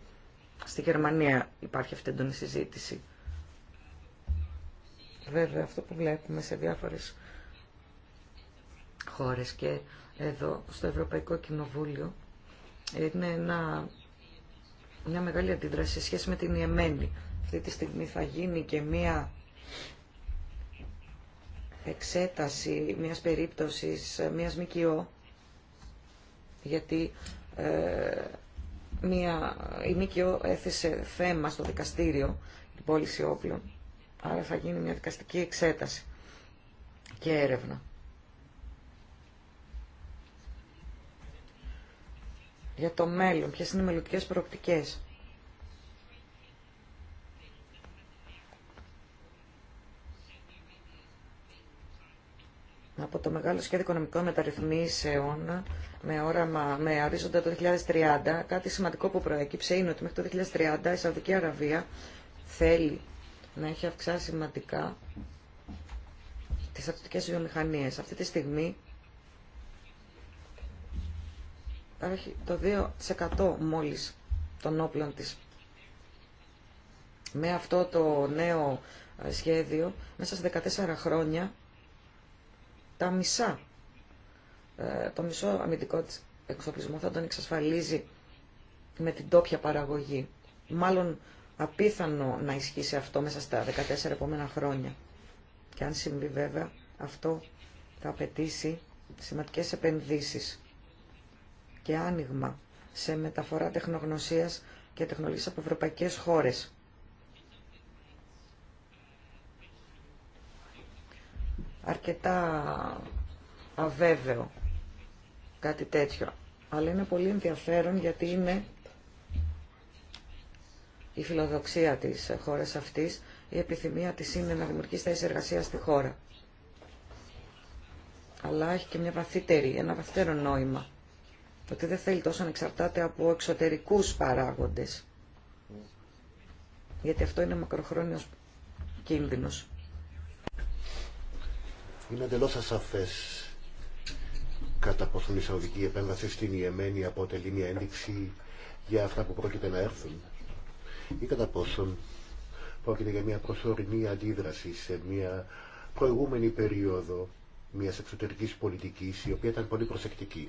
Speaker 1: Στη Γερμανία υπάρχει αυτή έντονη συζήτηση. Βέβαια αυτό που βλέπουμε σε διάφορες χώρες και εδώ στο Ευρωπαϊκό Κοινοβούλιο είναι ένα, μια μεγάλη αντίδραση σε σχέση με την Ιεμένη. Αυτή τη στιγμή θα γίνει και μια εξέταση μιας περίπτωσης, μιας ΜΚΟ, γιατί ε, μια, η ΜΚΟ έθεσε θέμα στο δικαστήριο την πώληση όπλων Άρα θα γίνει μια δικαστική εξέταση και έρευνα. Για το μέλλον, ποιες είναι οι μελλοντικές προοπτικές. από το μεγάλο σχέδιο οικονομικών μεταρρυθμίσεων με, όραμα, με ορίζοντα το 2030, κάτι σημαντικό που προέκυψε είναι ότι μέχρι το 2030 η Σαουδική Αραβία θέλει να έχει αυξάσει σημαντικά τις αυτοτικές βιομηχανίες. Αυτή τη στιγμή έχει το 2% μόλις των όπλων της. Με αυτό το νέο ε, σχέδιο, μέσα σε 14 χρόνια, τα μισά, ε, το μισό αμυντικό της εξοπλισμό θα τον εξασφαλίζει με την τόπια παραγωγή. Μάλλον απίθανο να ισχύσει αυτό μέσα στα 14 επόμενα χρόνια. Και αν συμβεί βέβαια, αυτό θα απαιτήσει σημαντικές επενδύσεις και άνοιγμα σε μεταφορά τεχνογνωσίας και τεχνολογίας από ευρωπαϊκές χώρες. Αρκετά αβέβαιο κάτι τέτοιο. Αλλά είναι πολύ ενδιαφέρον γιατί είναι η φιλοδοξία της χώρας αυτής, η επιθυμία της είναι να δημιουργήσει θέσει εργασία στη χώρα. Αλλά έχει και μια βαθύτερη, ένα βαθύτερο νόημα. Ότι δεν θέλει τόσο να εξαρτάται από εξωτερικούς παράγοντες. Γιατί αυτό είναι μακροχρόνιος κίνδυνος.
Speaker 3: Είναι εντελώ ασαφέ κατά πόσο η Σαουδική επέμβαση στην Ιεμένη αποτελεί μια ένδειξη για αυτά που πρόκειται να έρθουν ή κατά πόσον πρόκειται για μια προσωρινή αντίδραση σε μια προηγούμενη περίοδο μια εξωτερικής πολιτικής η οποία ήταν πολύ προσεκτική.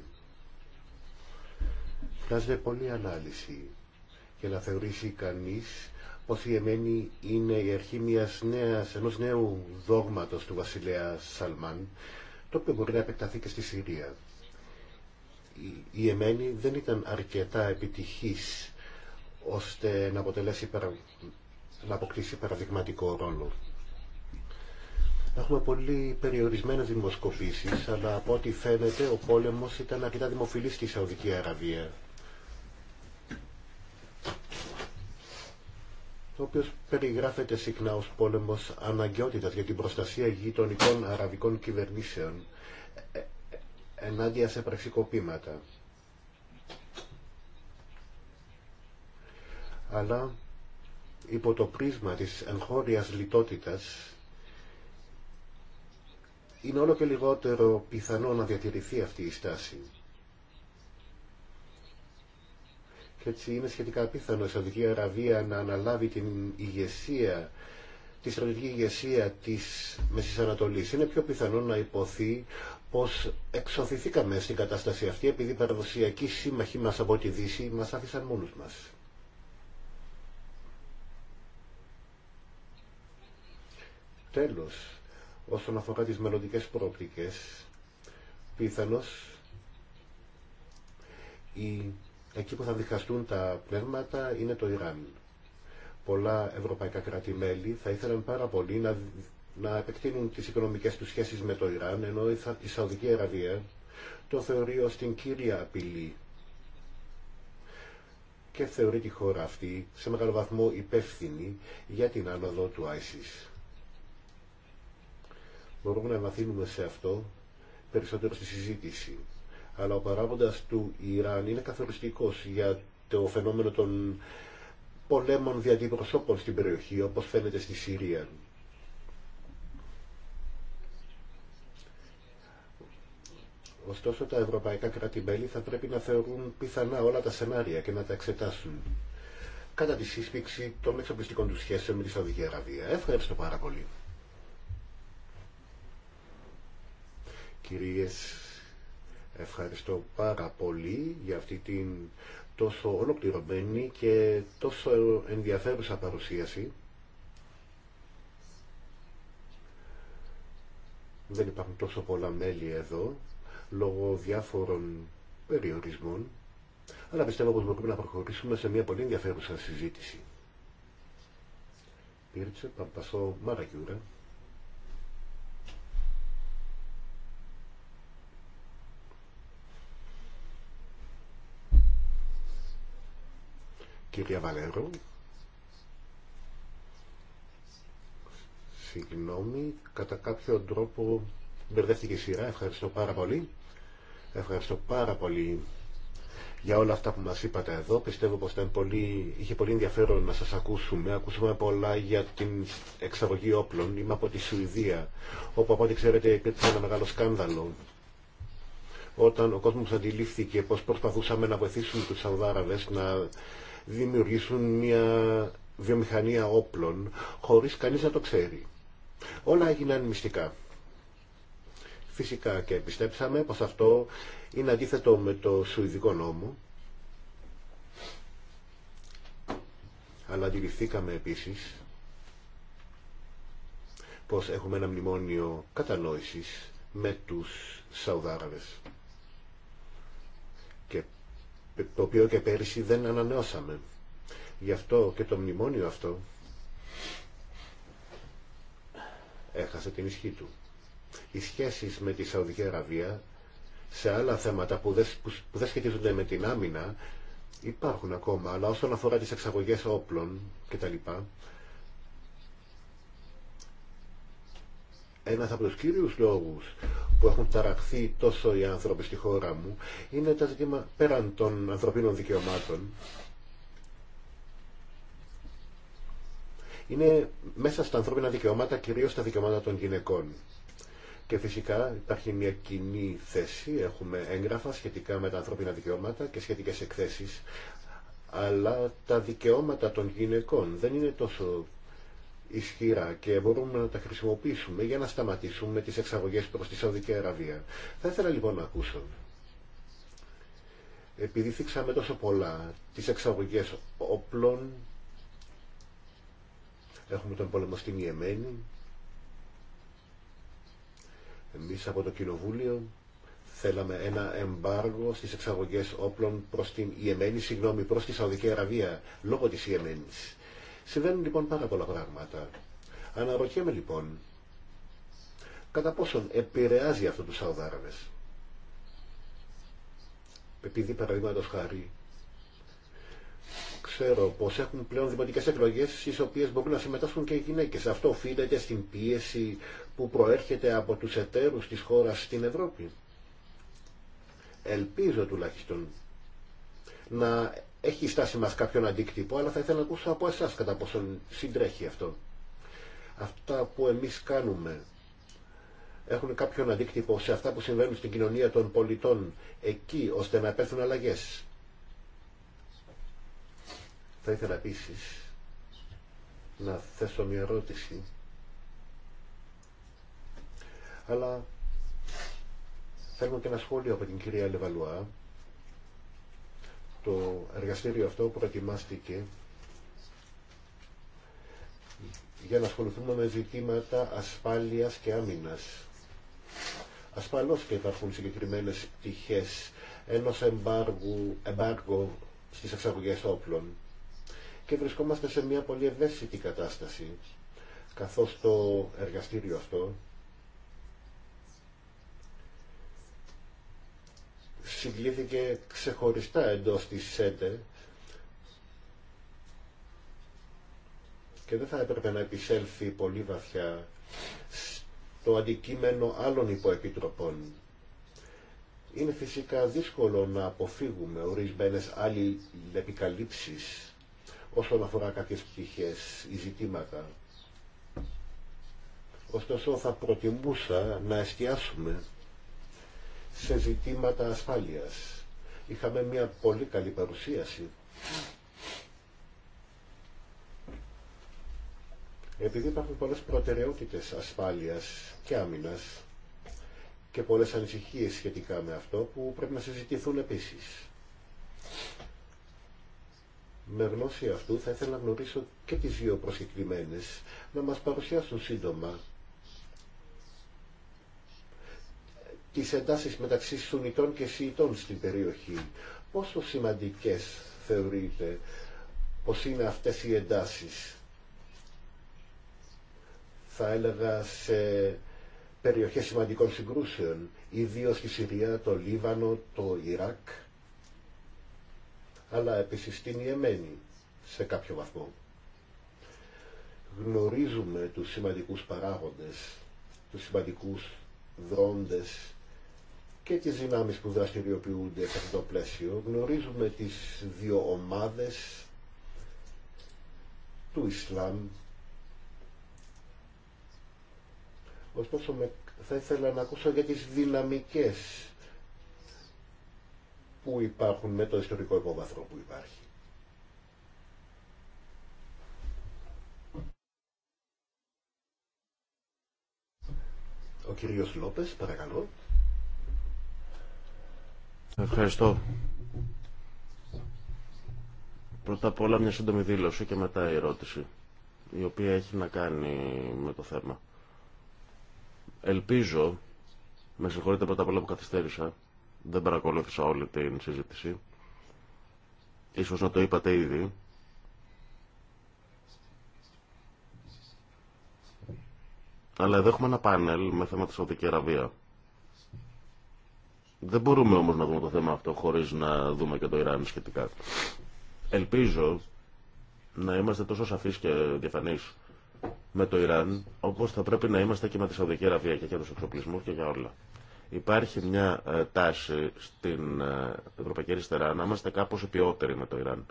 Speaker 3: Χρειάζεται πολλή ανάλυση για να θεωρήσει κανεί πως η Εμένη είναι η αρχή μιας νέας, ενός νέου δόγματος του βασιλέα Σαλμάν, το οποίο μπορεί να επεκταθεί και στη Συρία. Η Εμένη δεν ήταν αρκετά επιτυχής ώστε να, αποτελέσει, να αποκτήσει παραδειγματικό ρόλο. Έχουμε πολύ περιορισμένες δημοσκοπήσεις, αλλά από ό,τι φαίνεται ο πόλεμος ήταν αρκετά δημοφιλής στη Σαουδική Αραβία. Το οποίο περιγράφεται συχνά ως πόλεμος αναγκαιότητας για την προστασία γειτονικών αραβικών κυβερνήσεων ε, ε, ενάντια σε πραξικοπήματα. αλλά υπό το πρίσμα της εγχώριας λιτότητας είναι όλο και λιγότερο πιθανό να διατηρηθεί αυτή η στάση. Και έτσι είναι σχετικά πιθανό η Σαουδική Αραβία να αναλάβει την ηγεσία, τη στρατηγική ηγεσία της Μέσης Ανατολής. Είναι πιο πιθανό να υποθεί πως εξωθηθήκαμε στην κατάσταση αυτή επειδή οι παραδοσιακοί σύμμαχοι μας από τη Δύση μας άφησαν μόνους μας. Τέλος, όσον αφορά τις μελλοντικέ προοπτικές, πιθανώς η, εκεί που θα διχαστούν τα πνεύματα είναι το Ιράν. Πολλά ευρωπαϊκά κράτη-μέλη θα ήθελαν πάρα πολύ να, επεκτείνουν τις οικονομικές του σχέσεις με το Ιράν, ενώ η, η Σαουδική Αραβία το θεωρεί ως την κύρια απειλή και θεωρεί τη χώρα αυτή σε μεγάλο βαθμό υπεύθυνη για την άνοδο του ISIS. Μπορούμε να βαθύνουμε σε αυτό περισσότερο στη συζήτηση. Αλλά ο παράγοντας του Ιράν είναι καθοριστικός για το φαινόμενο των πολέμων διατυπροσώπων στην περιοχή, όπως φαίνεται στη Συρία. Ωστόσο τα ευρωπαϊκά κράτη-μέλη θα πρέπει να θεωρούν πιθανά όλα τα σενάρια και να τα εξετάσουν κατά τη σύσπηξη των εξοπλιστικών του σχέσεων με τη Σαουδική Αραβία. Ευχαριστώ πάρα πολύ. κυρίες, ευχαριστώ πάρα πολύ για αυτή την τόσο ολοκληρωμένη και τόσο ενδιαφέρουσα παρουσίαση. Δεν υπάρχουν τόσο πολλά μέλη εδώ, λόγω διάφορων περιορισμών, αλλά πιστεύω πως μπορούμε να προχωρήσουμε σε μια πολύ ενδιαφέρουσα συζήτηση. Μαρακιούρα. κυρία Βαλέρο. Συγγνώμη, κατά κάποιο τρόπο μπερδεύτηκε η σειρά. Ευχαριστώ πάρα πολύ. Ευχαριστώ πάρα πολύ για όλα αυτά που μας είπατε εδώ. Πιστεύω πως ήταν πολύ, είχε πολύ ενδιαφέρον να σας ακούσουμε. Ακούσαμε πολλά για την εξαγωγή όπλων. Είμαι από τη Σουηδία, όπου από ό,τι ξέρετε υπήρξε ένα μεγάλο σκάνδαλο. Όταν ο κόσμος αντιλήφθηκε πως προσπαθούσαμε να βοηθήσουμε τους Σαουδάραβες να δημιουργήσουν μια βιομηχανία όπλων χωρίς κανείς να το ξέρει. Όλα έγιναν μυστικά. Φυσικά και πιστέψαμε πως αυτό είναι αντίθετο με το Σουηδικό νόμο. Αλλά αντιληφθήκαμε επίσης πως έχουμε ένα μνημόνιο κατανόησης με τους Σαουδάραβες το οποίο και πέρυσι δεν ανανεώσαμε. Γι' αυτό και το μνημόνιο αυτό έχασε την ισχύ του. Οι σχέσεις με τη Σαουδική Αραβία σε άλλα θέματα που δεν, που δεν σχετίζονται με την άμυνα υπάρχουν ακόμα, αλλά όσον αφορά τις εξαγωγές όπλων κτλ. ένας από τους κύριους λόγους που έχουν ταραχθεί τόσο οι άνθρωποι στη χώρα μου είναι τα ζήτημα πέραν των ανθρωπίνων δικαιωμάτων. Είναι μέσα στα ανθρώπινα δικαιώματα κυρίως τα δικαιώματα των γυναικών. Και φυσικά υπάρχει μια κοινή θέση, έχουμε έγγραφα σχετικά με τα ανθρώπινα δικαιώματα και σχετικές εκθέσεις, αλλά τα δικαιώματα των γυναικών δεν είναι τόσο ισχυρά και μπορούμε να τα χρησιμοποιήσουμε για να σταματήσουμε τις εξαγωγές προς τη Σαουδική Αραβία. Θα ήθελα λοιπόν να ακούσω επειδή θίξαμε τόσο πολλά τις εξαγωγές όπλων, έχουμε τον πόλεμο στην Ιεμένη, εμείς από το Κοινοβούλιο θέλαμε ένα εμπάργο στις εξαγωγές όπλων προς την Ιεμένη, συγγνώμη, προς τη Σαουδική Αραβία, λόγω της Ιεμένης. Συμβαίνουν λοιπόν πάρα πολλά πράγματα. Αναρωτιέμαι λοιπόν κατά πόσον επηρεάζει αυτό τους Σαουδάραβες. Επειδή παραδείγματο χάρη ξέρω πως έχουν πλέον δημοτικές εκλογές στις οποίες μπορούν να συμμετάσχουν και οι γυναίκες. Αυτό οφείλεται στην πίεση που προέρχεται από τους εταίρους της χώρας στην Ευρώπη. Ελπίζω τουλάχιστον να έχει φτάσει μας κάποιον αντίκτυπο, αλλά θα ήθελα να ακούσω από εσάς κατά πόσον συντρέχει αυτό. Αυτά που εμείς κάνουμε έχουν κάποιον αντίκτυπο σε αυτά που συμβαίνουν στην κοινωνία των πολιτών εκεί, ώστε να πέθουν αλλαγές. Θα ήθελα επίση να θέσω μια ερώτηση, αλλά θέλω και ένα σχόλιο από την κυρία Λεβαλουά, το εργαστήριο αυτό προετοιμάστηκε για να ασχοληθούμε με ζητήματα ασφάλειας και άμυνας. Ασφαλώς και υπάρχουν συγκεκριμένες πτυχές ενός εμπάργου, εμπάργου στις εξαγωγές όπλων και βρισκόμαστε σε μια πολύ ευαίσθητη κατάσταση καθώς το εργαστήριο αυτό συγκλήθηκε ξεχωριστά εντός της ΣΕΝΤΕ και δεν θα έπρεπε να επισέλθει πολύ βαθιά στο αντικείμενο άλλων υποεπιτροπών. Είναι φυσικά δύσκολο να αποφύγουμε ορισμένες άλλοι επικαλύψεις όσον αφορά κάποιες πτυχές ή ζητήματα. Ωστόσο θα προτιμούσα να εστιάσουμε σε ζητήματα ασφάλειας. Είχαμε μια πολύ καλή παρουσίαση. Επειδή υπάρχουν πολλές προτεραιότητες ασφάλειας και άμυνας και πολλές ανησυχίες σχετικά με αυτό που πρέπει να συζητηθούν επίσης. Με γνώση αυτού θα ήθελα να γνωρίσω και τις δύο προσκεκλημένες να μας παρουσιάσουν σύντομα τις εντάσεις μεταξύ Σουνιτών και Σιητών στην περιοχή. Πόσο σημαντικές θεωρείτε πως είναι αυτές οι εντάσεις. Θα έλεγα σε περιοχές σημαντικών συγκρούσεων, ιδίω στη Συρία, το Λίβανο, το Ιράκ, αλλά επίσης στην Ιεμένη σε κάποιο βαθμό. Γνωρίζουμε τους σημαντικούς παράγοντες, τους σημαντικούς δρόντες και τις δυνάμεις που δραστηριοποιούνται σε αυτό το πλαίσιο. Γνωρίζουμε τις δύο ομάδες του Ισλάμ. Ωστόσο θα ήθελα να ακούσω για τις δυναμικές που υπάρχουν με το ιστορικό υπόβαθρο που υπάρχει. Ο κύριος Λόπες, παρακαλώ.
Speaker 2: Ευχαριστώ. Πρώτα απ' όλα μια σύντομη δήλωση και μετά η ερώτηση, η οποία έχει να κάνει με το θέμα. Ελπίζω, με συγχωρείτε πρώτα απ' όλα που καθυστέρησα, δεν παρακολούθησα όλη την συζήτηση, ίσως να το είπατε ήδη, αλλά εδώ έχουμε ένα πάνελ με θέμα της Σαουδική Αραβία. Δεν μπορούμε όμως να δούμε το θέμα αυτό χωρίς να δούμε και το Ιράν σχετικά. Ελπίζω να είμαστε τόσο σαφείς και διαφανείς με το Ιράν, όπως θα πρέπει να είμαστε και με τη Σαουδική Αραβία και για τους εξοπλισμούς και για όλα. Υπάρχει μια ε, τάση στην ε, Ευρωπαϊκή Αριστερά να είμαστε κάπως επιότεροι με το Ιράν.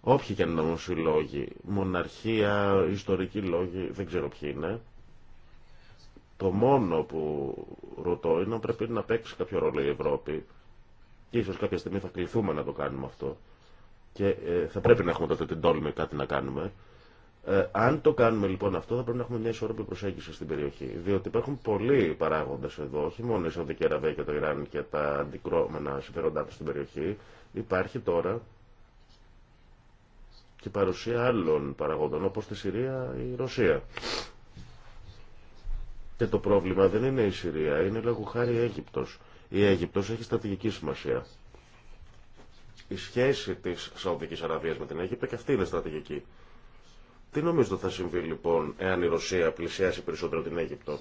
Speaker 2: Όποιοι και να είναι οι λόγοι, μοναρχία, ιστορικοί λόγοι, δεν ξέρω ποιοι είναι, το μόνο που ρωτώ είναι αν πρέπει να παίξει κάποιο ρόλο η Ευρώπη και ίσως κάποια στιγμή θα κληθούμε να το κάνουμε αυτό και ε, θα πρέπει να έχουμε τότε την τόλμη κάτι να κάνουμε. Ε, αν το κάνουμε λοιπόν αυτό, θα πρέπει να έχουμε μια ισόρροπη προσέγγιση στην περιοχή. Διότι υπάρχουν πολλοί παράγοντε εδώ, όχι μόνο η Σαουδική Αραβία και το Ιράν και τα αντικρώμενα συμφέροντά του στην περιοχή. Υπάρχει τώρα και παρουσία άλλων παραγόντων, όπω τη Συρία ή η Ρωσία. Και το πρόβλημα δεν είναι η Συρία, είναι λόγω χάρη η Αίγυπτος. Η Αίγυπτος έχει στρατηγική σημασία. Η σχέση της Σαουδικής Αραβίας με την Αίγυπτο και αυτή είναι στρατηγική. Τι νομίζετε θα συμβεί λοιπόν εάν η Ρωσία πλησιάσει περισσότερο την Αίγυπτο.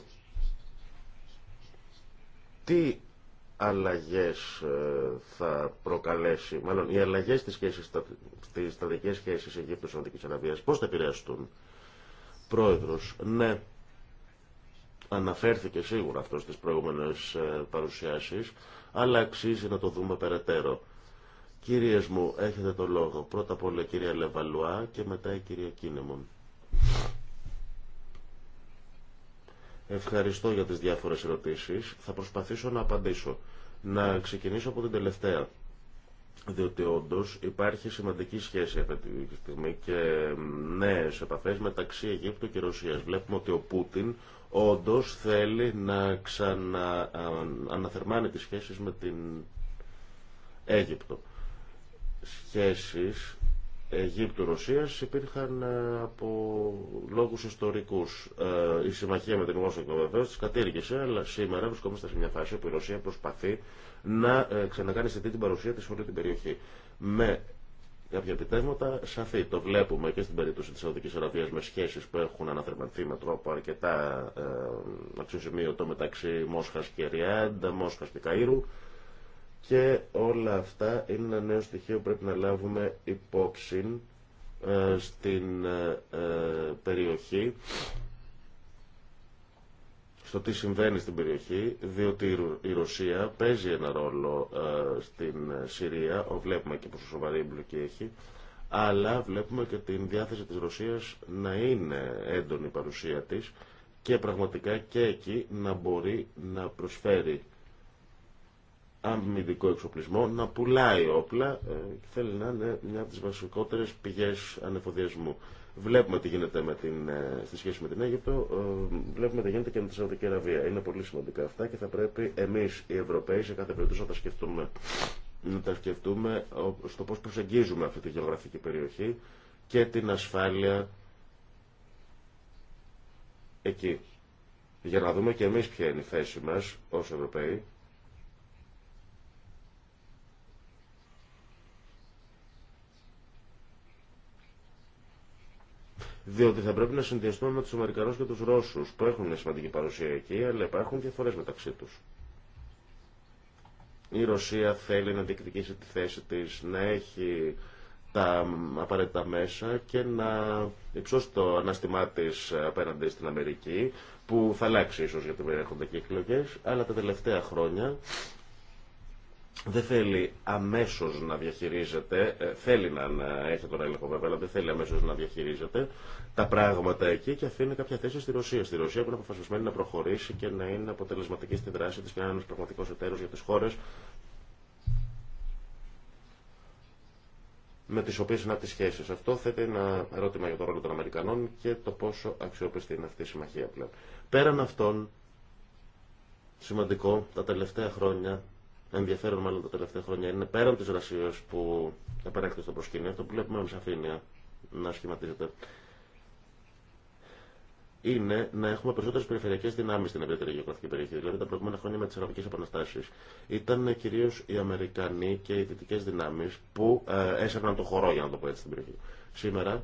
Speaker 2: Τι αλλαγές ε, θα προκαλέσει, μάλλον οι αλλαγές στις, σχέσεις, στις στρατηγικές σχέσεις Αιγύπτου-Σαουδικής Αραβίας, πώς θα επηρεαστούν. Πρόεδρος, ναι, Αναφέρθηκε σίγουρα αυτό στις προηγούμενες ε, παρουσιάσεις, αλλά αξίζει να το δούμε περαιτέρω. Κυρίες μου, έχετε το λόγο. Πρώτα απ' όλα η κυρία Λεβαλουά και μετά η κυρία Κίνεμον. Ευχαριστώ για τις διάφορες ερωτήσεις. Θα προσπαθήσω να απαντήσω. Να ξεκινήσω από την τελευταία. Διότι όντω υπάρχει σημαντική σχέση αυτή τη στιγμή και νέε επαφέ μεταξύ Αιγύπτου και Ρωσία. Βλέπουμε ότι ο Πούτιν Όντω θέλει να ξανααναθερμάνει τις σχέσεις με την Αίγυπτο. Σχέσεις Αιγύπτου-Ρωσίας υπήρχαν ε, από λόγους ιστορικούς. Ε, η συμμαχία με την Ουάσογκτο βεβαίως τις κατήργησε, αλλά σήμερα βρισκόμαστε σε μια φάση που η Ρωσία προσπαθεί να ε, ξανακάνει σε την παρουσία της όλη την περιοχή. Με κάποια επιτεύγματα σαφή. Το βλέπουμε και στην περίπτωση τη Σαουδική Αραβία με σχέσει που έχουν αναθερμανθεί με τρόπο αρκετά ε, αξιοσημείωτο μεταξύ Μόσχα και Ριάντα, Μόσχα και Καΐρου. Και όλα αυτά είναι ένα νέο στοιχείο που πρέπει να λάβουμε υπόψη ε, στην ε, περιοχή στο τι συμβαίνει στην περιοχή, διότι η Ρωσία παίζει ένα ρόλο ε, στην ε, Συρία, βλέπουμε και πόσο σοβαρή εμπλοκή έχει, αλλά βλέπουμε και την διάθεση της Ρωσίας να είναι έντονη η παρουσία της και πραγματικά και εκεί να μπορεί να προσφέρει αμυντικό εξοπλισμό, να πουλάει όπλα ε, και θέλει να είναι μια από τις βασικότερες πηγές ανεφοδιασμού. Βλέπουμε τι γίνεται με την, ε, στη σχέση με την Αίγυπτο, ε, βλέπουμε τι γίνεται και με τη Σαουδική Αραβία. Είναι πολύ σημαντικά αυτά και θα πρέπει εμεί οι Ευρωπαίοι σε κάθε περίπτωση να τα σκεφτούμε. Να τα σκεφτούμε στο πώ προσεγγίζουμε αυτή τη γεωγραφική περιοχή και την ασφάλεια εκεί. Για να δούμε και εμεί ποια είναι η θέση μα ω Ευρωπαίοι Διότι θα πρέπει να συνδυαστούμε με του Αμερικανού και του Ρώσους που έχουν μια σημαντική παρουσία εκεί, αλλά υπάρχουν διαφορέ μεταξύ του. Η Ρωσία θέλει να διεκδικήσει τη θέση της, να έχει τα απαραίτητα μέσα και να υψώσει το αναστημά τη απέναντι στην Αμερική, που θα αλλάξει ίσω γιατί έχουν και εκλογέ, αλλά τα τελευταία χρόνια δεν θέλει αμέσω να διαχειρίζεται, ε, θέλει να, να έχει τον έλεγχο βέβαια, αλλά δεν θέλει αμέσω να διαχειρίζεται τα πράγματα εκεί και αφήνει κάποια θέση στη Ρωσία. Στη Ρωσία που είναι αποφασισμένη να προχωρήσει και να είναι αποτελεσματική στη δράση τη και να είναι πραγματικό εταίρο για τι χώρε με τι οποίε είναι από τι σχέσει. Αυτό θέτει ένα ερώτημα για τον ρόλο των Αμερικανών και το πόσο αξιόπιστη είναι αυτή η συμμαχία πλέον. Πέραν αυτών, σημαντικό, τα τελευταία χρόνια ενδιαφέρον μάλλον τα τελευταία χρόνια είναι πέραν τη ρασία που επανέρχεται στο προσκήνιο, αυτό που βλέπουμε με σαφήνεια να σχηματίζεται, είναι να έχουμε περισσότερε περιφερειακέ δυνάμει στην ευρύτερη γεωγραφική περιοχή. Δηλαδή τα προηγούμενα χρόνια με τι αραβικέ επαναστάσει ήταν κυρίω οι Αμερικανοί και οι δυτικέ δυνάμει που ε, έσερναν το χορό, για να το πω έτσι, στην περιοχή. Σήμερα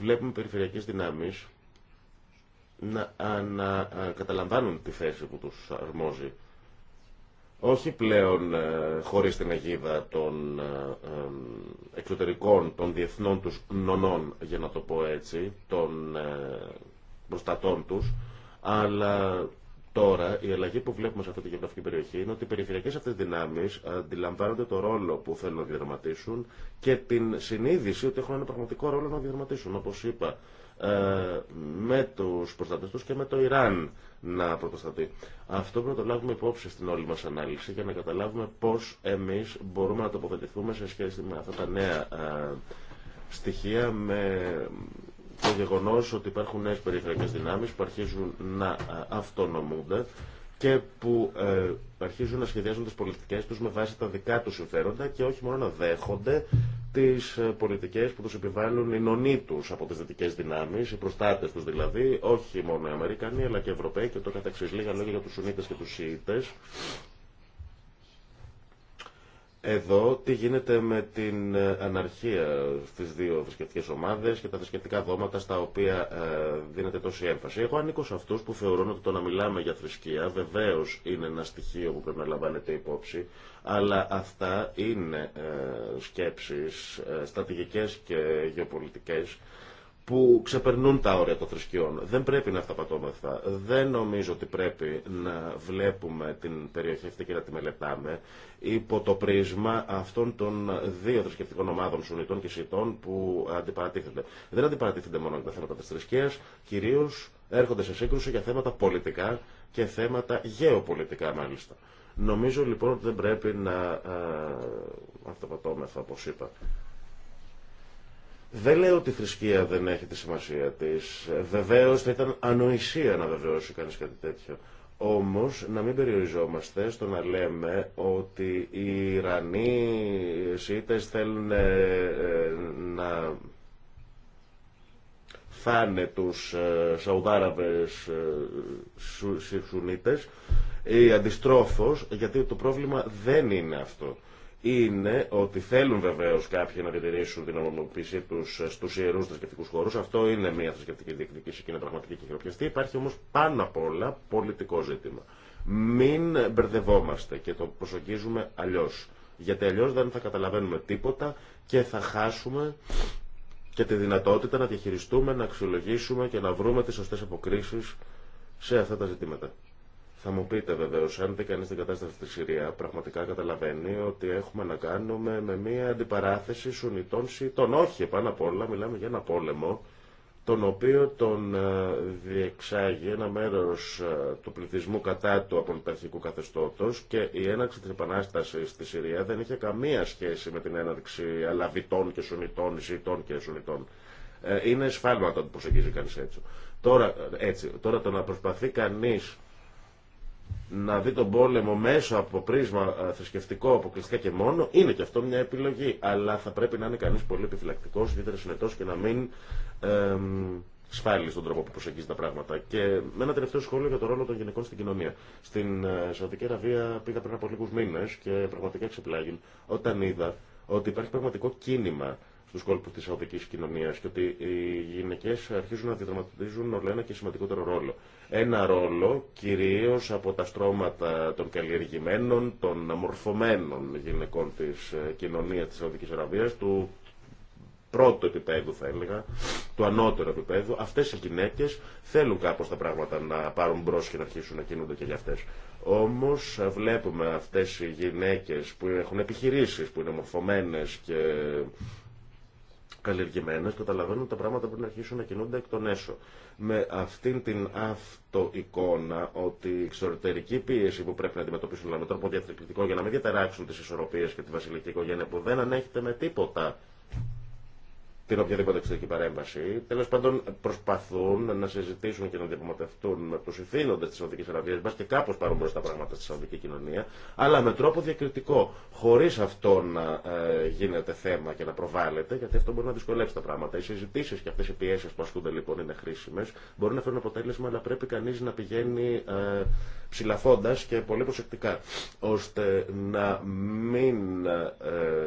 Speaker 2: βλέπουμε περιφερειακέ δυνάμει να, ε, καταλαμβάνουν τη θέση που του αρμόζει όχι πλέον ε, χωρίς την αιγίδα των ε, ε, εξωτερικών, των διεθνών τους νονών, για να το πω έτσι, των προστατών τους, αλλά Τώρα, η αλλαγή που βλέπουμε σε αυτή τη γεωγραφική περιοχή είναι ότι οι περιφερειακές αυτές δυνάμεις αντιλαμβάνονται το ρόλο που θέλουν να διαδραματίσουν και την συνείδηση ότι έχουν ένα πραγματικό ρόλο να διαδραματίσουν. όπως είπα, ε, με τους προστατές και με το Ιράν να προστατεί. Αυτό πρέπει να το λάβουμε υπόψη στην όλη μας ανάλυση για να καταλάβουμε πώς εμείς μπορούμε να τοποθετηθούμε σε σχέση με αυτά τα νέα ε, στοιχεία με το γεγονός ότι υπάρχουν νέες περιφερειακές δυνάμεις που αρχίζουν να ε, αυτονομούνται και που ε, αρχίζουν να σχεδιάζουν τι πολιτικέ τους με βάση τα δικά του συμφέροντα και όχι μόνο να δέχονται τις ε, πολιτικές που τους επιβάλλουν οι νονοί από τις δυτικέ δυνάμεις, οι προστάτες του δηλαδή, όχι μόνο οι Αμερικανοί αλλά και οι Ευρωπαίοι και το καταξύ. λίγα λόγια για του Σουνίτε και του Σιήτες εδώ τι γίνεται με την ε, αναρχία στις δύο θρησκευτικέ ομάδες και τα θρησκευτικά δόματα στα οποία ε, δίνεται τόση έμφαση. Εγώ ανήκω σε αυτούς που θεωρούν ότι το να μιλάμε για θρησκεία βεβαίως είναι ένα στοιχείο που πρέπει να λαμβάνεται υπόψη, αλλά αυτά είναι ε, σκέψεις στρατηγικές και γεωπολιτικές που ξεπερνούν τα όρια των θρησκειών. Δεν πρέπει να αυταπατώμεθα. Δεν νομίζω ότι πρέπει να βλέπουμε την περιοχή αυτή και να τη μελετάμε υπό το πρίσμα αυτών των δύο θρησκευτικών ομάδων, Σουνιτών και Σιτών, που αντιπαρατήθενται. Δεν αντιπαρατήθενται μόνο για τα θέματα τη θρησκεία, κυρίω έρχονται σε σύγκρουση για θέματα πολιτικά και θέματα γεωπολιτικά μάλιστα. Νομίζω λοιπόν ότι δεν πρέπει να ε, αυταπατώμεθα, όπω είπα. Δεν λέω ότι η θρησκεία δεν έχει τη σημασία τη. Βεβαίω θα ήταν ανοησία να βεβαιώσει κανεί κάτι τέτοιο. Όμως να μην περιοριζόμαστε στο να λέμε ότι οι Ιρανοί θέλουν θέλουν ε, να φάνε τους ε, Σαουδάραβες ε, Σουνίτες ή αντιστρόφως γιατί το πρόβλημα δεν είναι αυτό είναι ότι θέλουν βεβαίω κάποιοι να διατηρήσουν την ομοποίησή του στου ιερού θρησκευτικού χώρου. Αυτό είναι μια θρησκευτική διεκδικήση και είναι πραγματική και χειροπιαστή. Υπάρχει όμω πάνω απ' όλα πολιτικό ζήτημα. Μην μπερδευόμαστε και το προσεγγίζουμε αλλιώ. Γιατί αλλιώ δεν θα καταλαβαίνουμε τίποτα και θα χάσουμε και τη δυνατότητα να διαχειριστούμε, να αξιολογήσουμε και να βρούμε τι σωστέ αποκρίσει σε αυτά τα ζητήματα. Θα μου πείτε βεβαίω, αν δεν κανεί την κατάσταση στη Συρία, πραγματικά καταλαβαίνει ότι έχουμε να κάνουμε με μια αντιπαράθεση Σουνιτών σιτών. Όχι, πάνω απ' όλα μιλάμε για ένα πόλεμο, τον οποίο τον ε, διεξάγει ένα μέρο ε, του πληθυσμού κατά του απολυταρχικού καθεστώτο και η έναρξη τη επανάσταση στη Συρία δεν είχε καμία σχέση με την έναρξη αλαβητών και Σουνιτών, σιτών και Σουνιτών. Ε, είναι σφάλματα που προσεγγίζει κανεί έτσι. Τώρα, έτσι. Τώρα το να προσπαθεί κανείς να δει τον πόλεμο μέσω από πρίσμα ε, θρησκευτικό αποκλειστικά και μόνο, είναι και αυτό μια επιλογή. Αλλά θα πρέπει να είναι κανεί πολύ επιφυλακτικό, ιδιαίτερα συνετό και να μην σφάλει στον τρόπο που προσεγγίζει τα πράγματα. Και με ένα τελευταίο σχόλιο για το ρόλο των γυναικών στην κοινωνία. Στην ε, Σαουδική Αραβία πήγα πριν από λίγου μήνε και πραγματικά ξεπλάγει όταν είδα ότι υπάρχει πραγματικό κίνημα στους κόλπους της αοδικής κοινωνίας και ότι οι γυναικές αρχίζουν να διδραματίζουν όλο ένα και σημαντικότερο ρόλο. Ένα ρόλο κυρίως από τα στρώματα των καλλιεργημένων, των μορφωμένων γυναικών της ε, κοινωνίας της Σαουδικής Αραβίας, του πρώτου επίπεδου θα έλεγα, του ανώτερου επίπεδου, αυτές οι γυναίκες θέλουν κάπως τα πράγματα να πάρουν μπρος και να αρχίσουν να κινούνται και για αυτές. Όμως ε, βλέπουμε αυτές οι γυναίκες που έχουν επιχειρήσεις, που είναι μορφωμένες και καλλιεργημένε, καταλαβαίνουν ότι τα πράγματα πρέπει να αρχίσουν να κινούνται εκ των έσω. Με αυτήν την αυτοεικόνα ότι η εξωτερική πίεση που πρέπει να αντιμετωπίσουν με τρόπο διακριτικό για να μην διαταράξουν τι ισορροπίε και τη βασιλική οικογένεια που δεν ανέχεται με τίποτα την οποιαδήποτε εξωτερική παρέμβαση. Τέλο πάντων, προσπαθούν να συζητήσουν και να διαπραγματευτούν με του ηθήνοντε τη Σαουδική Αραβία, μα και κάπω πάρουν μπροστά πράγματα στη Σαουδική κοινωνία, αλλά με τρόπο διακριτικό. Χωρί αυτό να ε, γίνεται θέμα και να προβάλλεται, γιατί αυτό μπορεί να δυσκολέψει τα πράγματα. Οι συζητήσει και αυτέ οι πιέσει που ασκούνται λοιπόν είναι χρήσιμε, μπορεί να φέρουν αποτέλεσμα, αλλά πρέπει κανεί να πηγαίνει ε, ψηλαφώντα και πολύ προσεκτικά, ώστε να μην ε,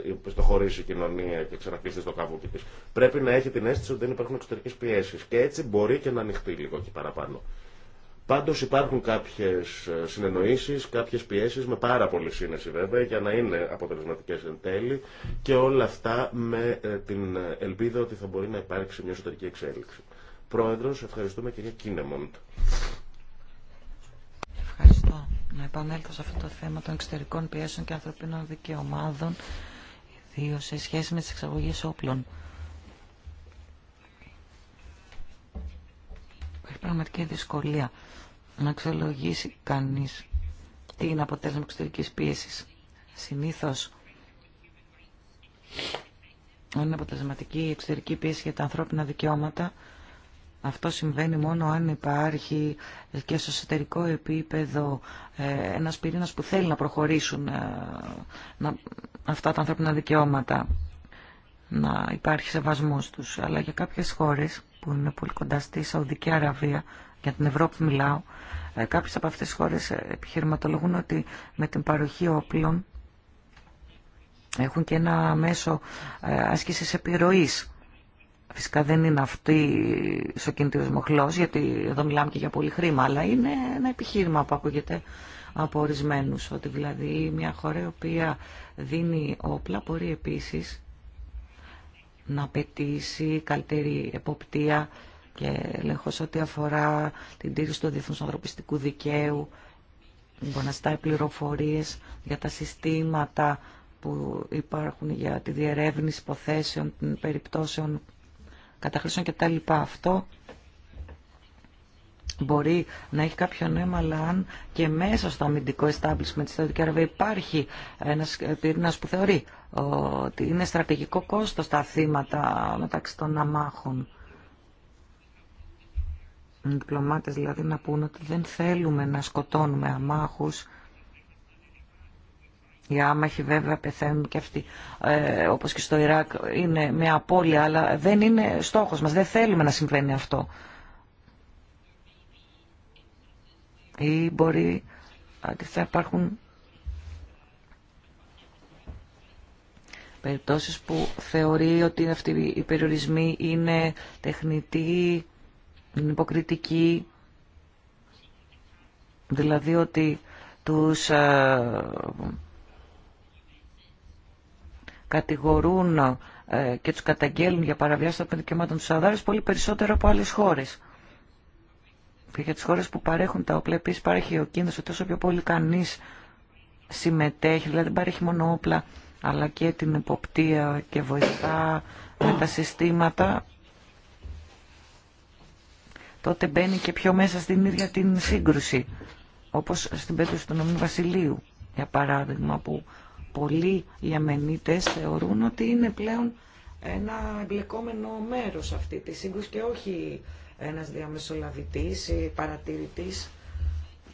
Speaker 2: ε, η κοινωνία και ξανακλείσει στο καβούκι τη πρέπει να έχει την αίσθηση ότι δεν υπάρχουν εξωτερικέ πιέσει. Και έτσι μπορεί και να ανοιχτεί λίγο και παραπάνω. Πάντω υπάρχουν κάποιε συνεννοήσει, κάποιε πιέσει, με πάρα πολύ σύνεση βέβαια, για να είναι αποτελεσματικέ εν τέλει και όλα αυτά με ε, την ε, ελπίδα ότι θα μπορεί να υπάρξει μια εσωτερική εξέλιξη. Πρόεδρο, ευχαριστούμε κυρία Κίνεμοντ.
Speaker 1: Ευχαριστώ. Να επανέλθω σε αυτό το θέμα των εξωτερικών πιέσεων και ανθρωπίνων δικαιωμάτων, ιδίω σε σχέση με τι εξαγωγέ όπλων. Υπάρχει πραγματική δυσκολία να αξιολογήσει κανείς τι είναι αποτέλεσμα εξωτερική πίεση. Συνήθως, αν είναι αποτελεσματική η εξωτερική πίεση για τα ανθρώπινα δικαιώματα, αυτό συμβαίνει μόνο αν υπάρχει και στο εσωτερικό επίπεδο ε, ένας πυρήνας που θέλει να προχωρήσουν ε, αυτά τα ανθρώπινα δικαιώματα, να υπάρχει σεβασμός τους. Αλλά για κάποιες χώρες που είναι πολύ κοντά στη Σαουδική Αραβία, για την Ευρώπη μιλάω, ε, κάποιες από αυτές τις χώρες ε, επιχειρηματολογούν ότι με την παροχή όπλων έχουν και ένα μέσο ε, άσκησης επιρροής. Φυσικά δεν είναι αυτή ο κινητήριος μοχλός, γιατί εδώ μιλάμε και για πολύ χρήμα, αλλά είναι ένα επιχείρημα που ακούγεται από ορισμένους, ότι δηλαδή μια χώρα η οποία δίνει όπλα μπορεί επίσης να απαιτήσει καλύτερη εποπτεία και έλεγχο ό,τι αφορά την τήρηση του διεθνούς ανθρωπιστικού δικαίου, μπορεί να στάει πληροφορίες για τα συστήματα που υπάρχουν για τη διερεύνηση υποθέσεων, περιπτώσεων καταχρήσεων κτλ. Αυτό μπορεί να έχει κάποιο νόημα, αλλά αν και μέσα στο αμυντικό establishment της Σαουδική Αραβία υπάρχει ένας ε, πυρήνας που θεωρεί ότι είναι στρατηγικό κόστος τα θύματα μεταξύ των αμάχων. Οι διπλωμάτες δηλαδή να πούν ότι δεν θέλουμε να σκοτώνουμε αμάχους. Οι άμαχοι βέβαια πεθαίνουν και αυτοί, ε, όπως και στο Ιράκ, είναι μια απώλεια, αλλά δεν είναι στόχος μας, δεν θέλουμε να συμβαίνει αυτό. ή μπορεί θα υπάρχουν περιπτώσεις που θεωρεί ότι αυτοί οι περιορισμοί είναι τεχνητοί, είναι υποκριτικοί, δηλαδή ότι τους ε, κατηγορούν ε, και τους καταγγέλουν για παραβιάσεις των δικαιωμάτων του πολύ περισσότερο από άλλες χώρες για τις χώρες που παρέχουν τα όπλα επίσης υπάρχει ο κίνδυνος ότι όσο πιο πολύ κανείς συμμετέχει, δηλαδή δεν παρέχει μόνο όπλα, αλλά και την εποπτεία και βοηθά με τα συστήματα, τότε μπαίνει και πιο μέσα στην ίδια την σύγκρουση. Όπως στην περίπτωση του νομού Βασιλείου, για παράδειγμα, που πολλοί οι θεωρούν ότι είναι πλέον ένα εμπλεκόμενο μέρος αυτή τη σύγκρουση και όχι ένας διαμεσολαβητής ή παρατηρητής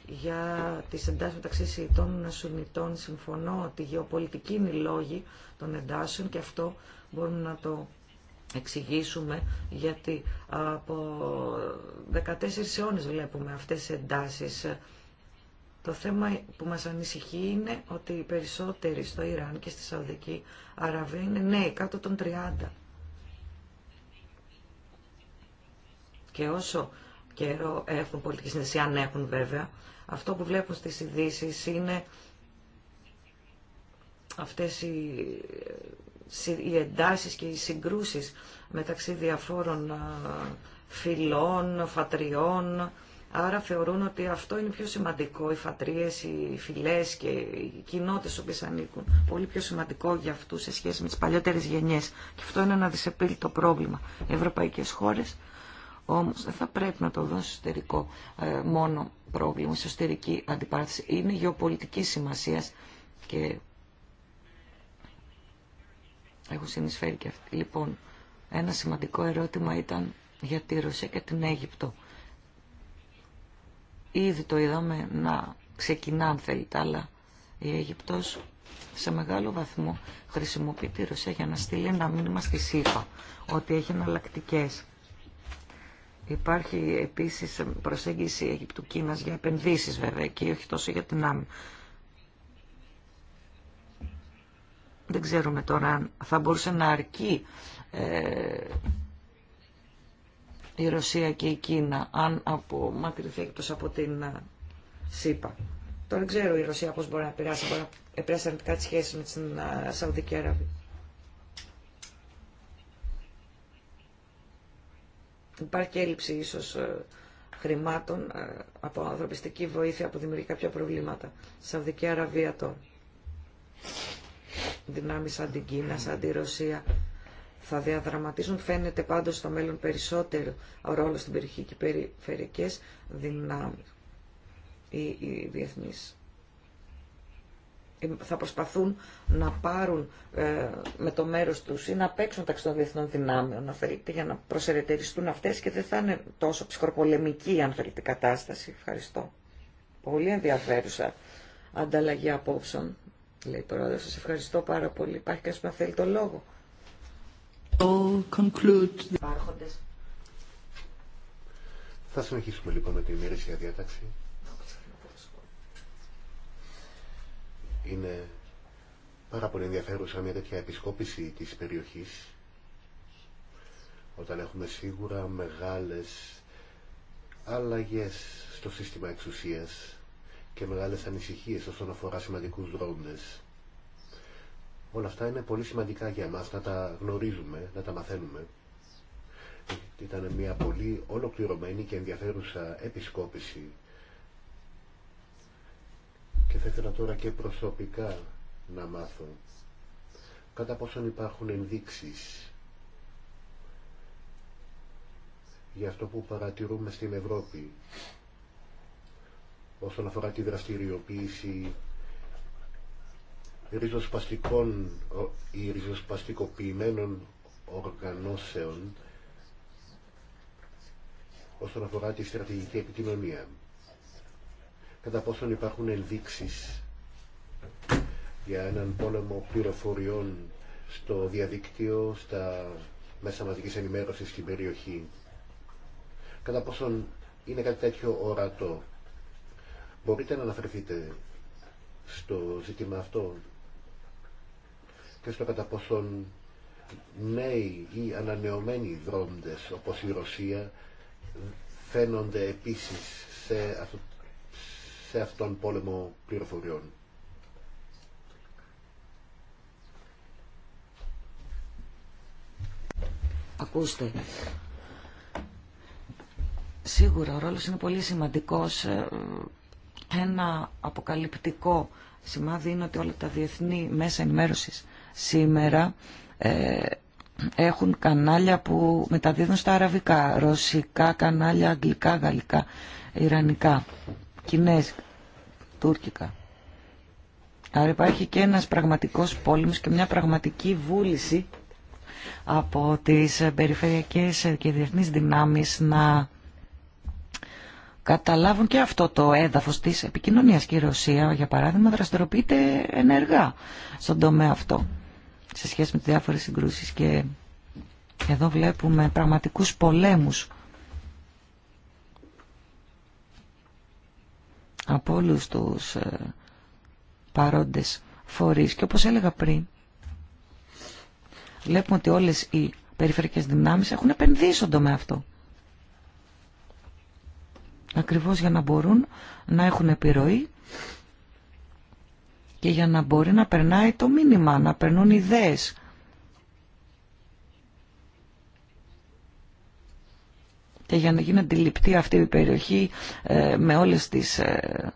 Speaker 1: για τις εντάσεις μεταξύ Σιητών Σουνιτών. Συμφωνώ ότι η γεωπολιτική είναι η λόγη των εντάσεων και αυτό μπορούμε να το εξηγήσουμε γιατί από 14 αιώνε βλέπουμε αυτές τις εντάσεις. Το θέμα που μας ανησυχεί είναι ότι οι περισσότεροι στο Ιράν και στη Σαουδική Αραβία είναι νέοι κάτω των 30. Και όσο καιρό έχουν πολιτική συνδεσία, αν έχουν βέβαια, αυτό που βλέπουν στις ειδήσει είναι αυτές οι, οι εντάσεις και οι συγκρούσεις μεταξύ διαφόρων φιλών, φατριών. Άρα θεωρούν ότι αυτό είναι πιο σημαντικό, οι φατρίες, οι φιλές και οι κοινότητες που ανήκουν. Πολύ πιο σημαντικό για αυτούς σε σχέση με τις παλιότερες γενιές. Και αυτό είναι ένα δυσεπίλητο πρόβλημα. Οι ευρωπαϊκές χώρες όμως δεν θα πρέπει να το δουν στο εσωτερικό ε, μόνο πρόβλημα, σε εσωτερική αντιπαράθεση. Είναι γεωπολιτική σημασία και έχω συνεισφέρει και αυτή. Λοιπόν, ένα σημαντικό ερώτημα ήταν για τη Ρωσία και την Αίγυπτο. Ήδη το είδαμε να ξεκινά αν θέλετε, αλλά η Αίγυπτος σε μεγάλο βαθμό χρησιμοποιεί τη Ρωσία για να στείλει ένα μήνυμα στη ΣΥΠΑ ότι έχει εναλλακτικέ Υπάρχει επίσης προσέγγιση Αιγυπτου-Κίνας για επενδύσεις βέβαια και όχι τόσο για την άμυνα. Δεν ξέρουμε τώρα αν θα μπορούσε να αρκεί ε, η Ρωσία και η Κίνα αν απομακρυνθεί εκτός από την ε, ΣΥΠΑ. Τώρα δεν ξέρω η Ρωσία πώς μπορεί να επηρεάσει, μπορεί να επηρεάσει αρνητικά τις σχέσεις με την ε, Σαουδική Αραβία. Υπάρχει και έλλειψη ίσως ε, χρημάτων ε, από ανθρωπιστική βοήθεια που δημιουργεί κάποια προβλήματα. Σαουδική Αραβία το δυνάμει σαν την Κίνα, σαν τη Ρωσία θα διαδραματίζουν φαίνεται πάντως στο μέλλον περισσότερο ρόλο στην περιοχή και οι δυνάμει οι, οι θα προσπαθούν να πάρουν ε, με το μέρος τους ή να παίξουν τα διεθνών δυνάμεων, για να προσερετεριστούν αυτές και δεν θα είναι τόσο ψυχροπολεμική, αν θέλετε, κατάσταση. Ευχαριστώ. Πολύ ενδιαφέρουσα ανταλλαγή απόψεων, λέει η πρόεδρος. Σας ευχαριστώ πάρα πολύ. Υπάρχει κάποιος που να θέλει το λόγο.
Speaker 3: Θα συνεχίσουμε λοιπόν με την ημερήσια διάταξη. Είναι πάρα πολύ ενδιαφέρουσα μια τέτοια επισκόπηση της περιοχής όταν έχουμε σίγουρα μεγάλες αλλαγές στο σύστημα εξουσίας και μεγάλες ανησυχίες όσον αφορά σημαντικούς δρόμους. Όλα αυτά είναι πολύ σημαντικά για μας να τα γνωρίζουμε, να τα μαθαίνουμε. Ήταν μια πολύ ολοκληρωμένη και ενδιαφέρουσα επισκόπηση και θα ήθελα τώρα και προσωπικά να μάθω κατά πόσον υπάρχουν ενδείξεις για αυτό που παρατηρούμε στην Ευρώπη όσον αφορά τη δραστηριοποίηση ριζοσπαστικών ή ριζοσπαστικοποιημένων οργανώσεων όσον αφορά τη στρατηγική επικοινωνία κατά πόσον υπάρχουν ενδείξεις για έναν πόλεμο πληροφοριών στο διαδίκτυο, στα μέσα μαζικής ενημέρωσης στην περιοχή. Κατά πόσον είναι κάτι τέτοιο ορατό. Μπορείτε να αναφερθείτε στο ζήτημα αυτό και στο κατά πόσον νέοι ή ανανεωμένοι δρόντες όπως η ανανεωμενοι δρομτες οπως φαίνονται επίσης σε αυτό σε αυτόν πόλεμο πληροφοριών.
Speaker 1: Ακούστε, σίγουρα ο ρόλος είναι πολύ σημαντικός. Ε, ένα αποκαλυπτικό σημάδι είναι ότι όλα τα διεθνή μέσα ενημέρωσης σήμερα ε, έχουν κανάλια που μεταδίδουν στα αραβικά, ρωσικά κανάλια, αγγλικά, γαλλικά, ιρανικά, κινέζικα τουρκικά. Άρα υπάρχει και ένας πραγματικός πόλεμος και μια πραγματική βούληση από τις περιφερειακές και διεθνείς δυνάμεις να καταλάβουν και αυτό το έδαφος της επικοινωνίας και η Ρωσία για παράδειγμα δραστηριοποιείται ενεργά στον τομέα αυτό σε σχέση με τις διάφορες συγκρούσεις και εδώ βλέπουμε πραγματικούς πολέμους από όλου τους ε, παρόντες φορείς. Και όπως έλεγα πριν, βλέπουμε ότι όλες οι περιφερειακές δυνάμεις έχουν επενδύσει με αυτό. Ακριβώς για να μπορούν να έχουν επιρροή και για να μπορεί να περνάει το μήνυμα, να περνούν ιδέες και για να γίνει αντιληπτή αυτή η περιοχή ε, με όλες τις ε,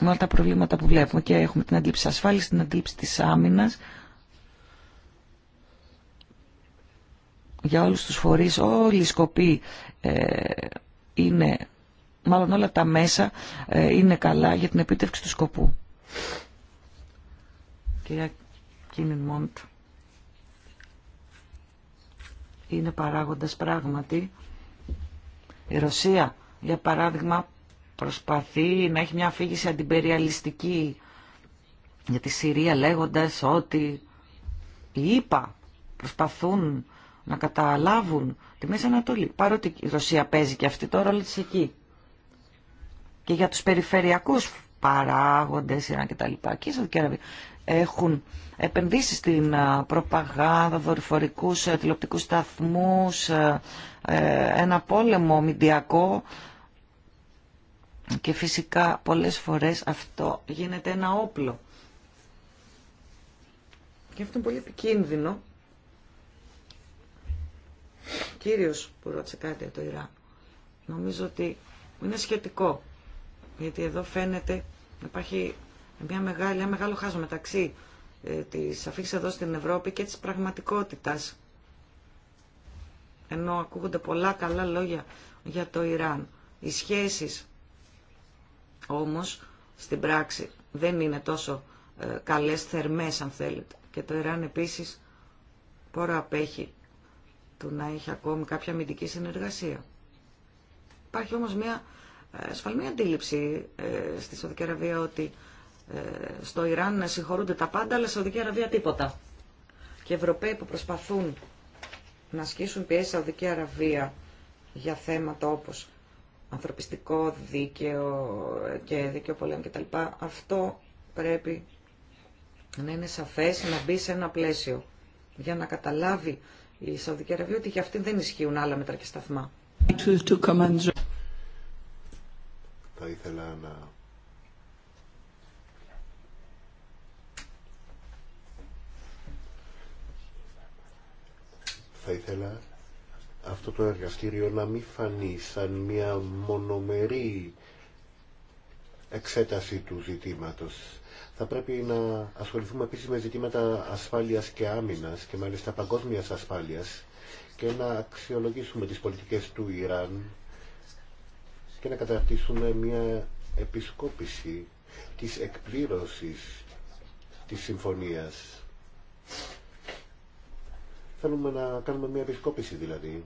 Speaker 1: με όλα τα προβλήματα που βλέπουμε και έχουμε την αντίληψη ασφάλειας, την αντίληψη της άμυνας για όλους τους φορείς, όλοι οι σκοποί ε, είναι μάλλον όλα τα μέσα είναι καλά για την επίτευξη του σκοπού. Κυρία Κίνιν είναι παράγοντας πράγματι. Η Ρωσία, για παράδειγμα, προσπαθεί να έχει μια αφήγηση αντιπεριαλιστική για τη Συρία λέγοντας ότι οι ΙΠΑ προσπαθούν να καταλάβουν τη Μέση Ανατολή, παρότι η Ρωσία παίζει και αυτή το ρόλο της εκεί. Και για τους περιφερειακούς παράγοντες, Ιράν κτλ. Και η Αραβία έχουν επενδύσει στην προπαγάνδα, δορυφορικούς ε, τηλεοπτικούς σταθμούς, ε, ε, ένα πόλεμο μηντιακό και φυσικά πολλές φορές αυτό γίνεται ένα όπλο. Και αυτό είναι πολύ επικίνδυνο. Κύριος που ρώτησε κάτι το Ιράν. Νομίζω ότι είναι σχετικό. Γιατί εδώ φαίνεται Υπάρχει μια μεγάλη, ένα μεγάλο χάσμα μεταξύ ε, της αφήξης εδώ στην Ευρώπη και της πραγματικότητας. Ενώ ακούγονται πολλά καλά λόγια για το Ιράν. Οι σχέσεις όμως στην πράξη δεν είναι τόσο ε, καλές θερμές αν θέλετε. Και το Ιράν επίσης πόρο απέχει του να έχει ακόμη κάποια αμυντική συνεργασία. Υπάρχει όμως μια σφαλμή αντίληψη ε, στη Σαουδική Αραβία ότι ε, στο Ιράν συγχωρούνται τα πάντα, αλλά στη Σαουδική Αραβία τίποτα. Και Ευρωπαίοι που προσπαθούν να ασκήσουν πιέσει στη Σαουδική Αραβία για θέματα όπως ανθρωπιστικό δίκαιο και δίκαιο πολέμου κτλ. Αυτό πρέπει να είναι σαφές, να μπει σε ένα πλαίσιο για να καταλάβει η Σαουδική Αραβία ότι για αυτήν δεν ισχύουν άλλα μέτρα σταθμά θα ήθελα να
Speaker 3: ήθελα αυτό το εργαστήριο να μην φανεί σαν μια μονομερή εξέταση του ζητήματος. Θα πρέπει να ασχοληθούμε επίσης με ζητήματα ασφάλειας και άμυνας και μάλιστα παγκόσμιας ασφάλειας και να αξιολογήσουμε τις πολιτικές του Ιράν και να καταρτήσουμε μια επισκόπηση της εκπλήρωσης της συμφωνίας. Θέλουμε να κάνουμε μια επισκόπηση δηλαδή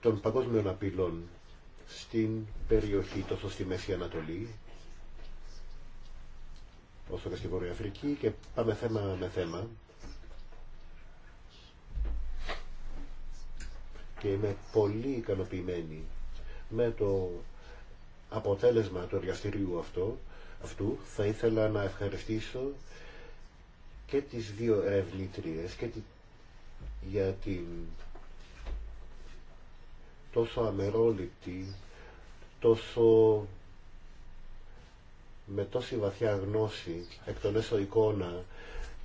Speaker 3: των παγκόσμιων απειλών στην περιοχή τόσο στη Μέση Ανατολή όσο και στη Βορειοαφρική και πάμε θέμα με θέμα και είμαι πολύ ικανοποιημένη με το αποτέλεσμα του εργαστηρίου αυτό, αυτού. Θα ήθελα να ευχαριστήσω και τις δύο ερευνήτριες και τη, για την τόσο αμερόληπτη, τόσο με τόση βαθιά γνώση, εκ των έσω εικόνα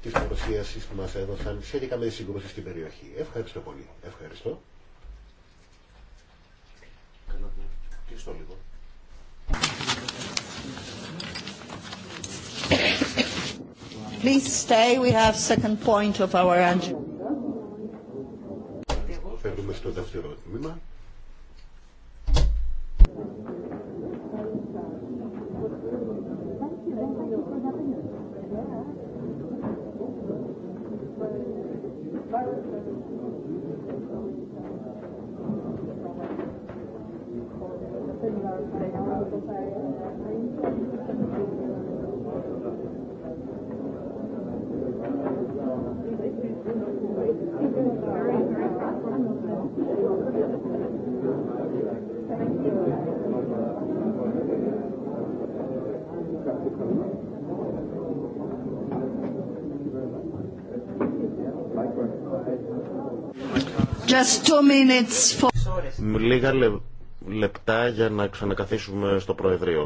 Speaker 3: της παρουσίασης που μας έδωσαν σχετικά με τις συγκρούσεις στην περιοχή. Ευχαριστώ πολύ. Ευχαριστώ. Κλείστο λίγο.
Speaker 1: Please stay, we have second point of our
Speaker 3: στο δεύτερο τμήμα.
Speaker 1: Just two minutes for...
Speaker 2: Λίγα λεπτά λεπτά για να ξανακαθίσουμε στο Προεδρείο.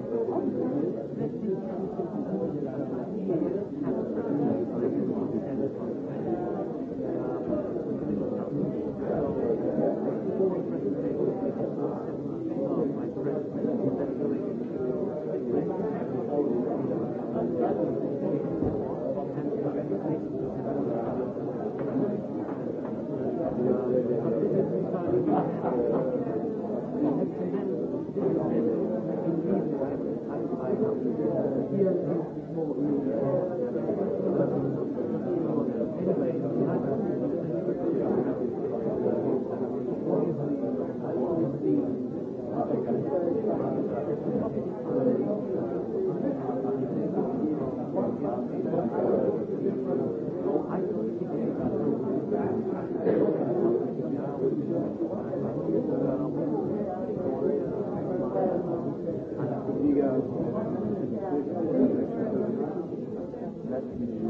Speaker 4: Το Υπότιτλοι AUTHORWAVE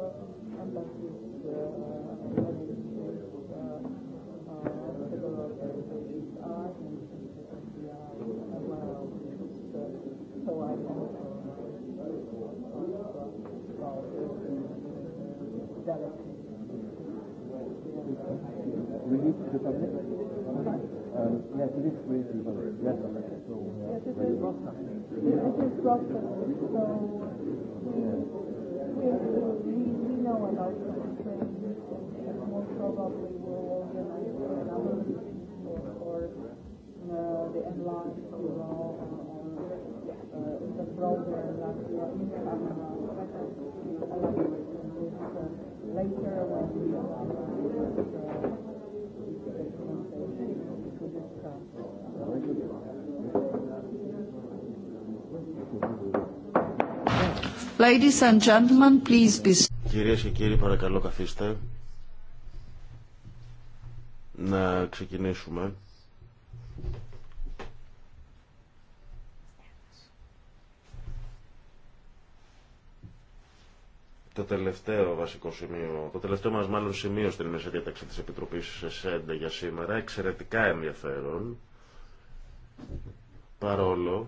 Speaker 4: Yes, it is green and blue. Yes, so, yes it is. It is So we, we, we, know about and Most probably will organize another meeting for uh, the enlarged, you know, uh, uh, the program that we are in.
Speaker 1: Ladies
Speaker 2: Κυρίες και κύριοι, παρακαλώ καθίστε. Να ξεκινήσουμε. Το τελευταίο βασικό σημείο, το τελευταίο μας μάλλον σημείο στην Μέση διάταξη της Επιτροπής ΣΕΝΤΕ για σήμερα, εξαιρετικά ενδιαφέρον, παρόλο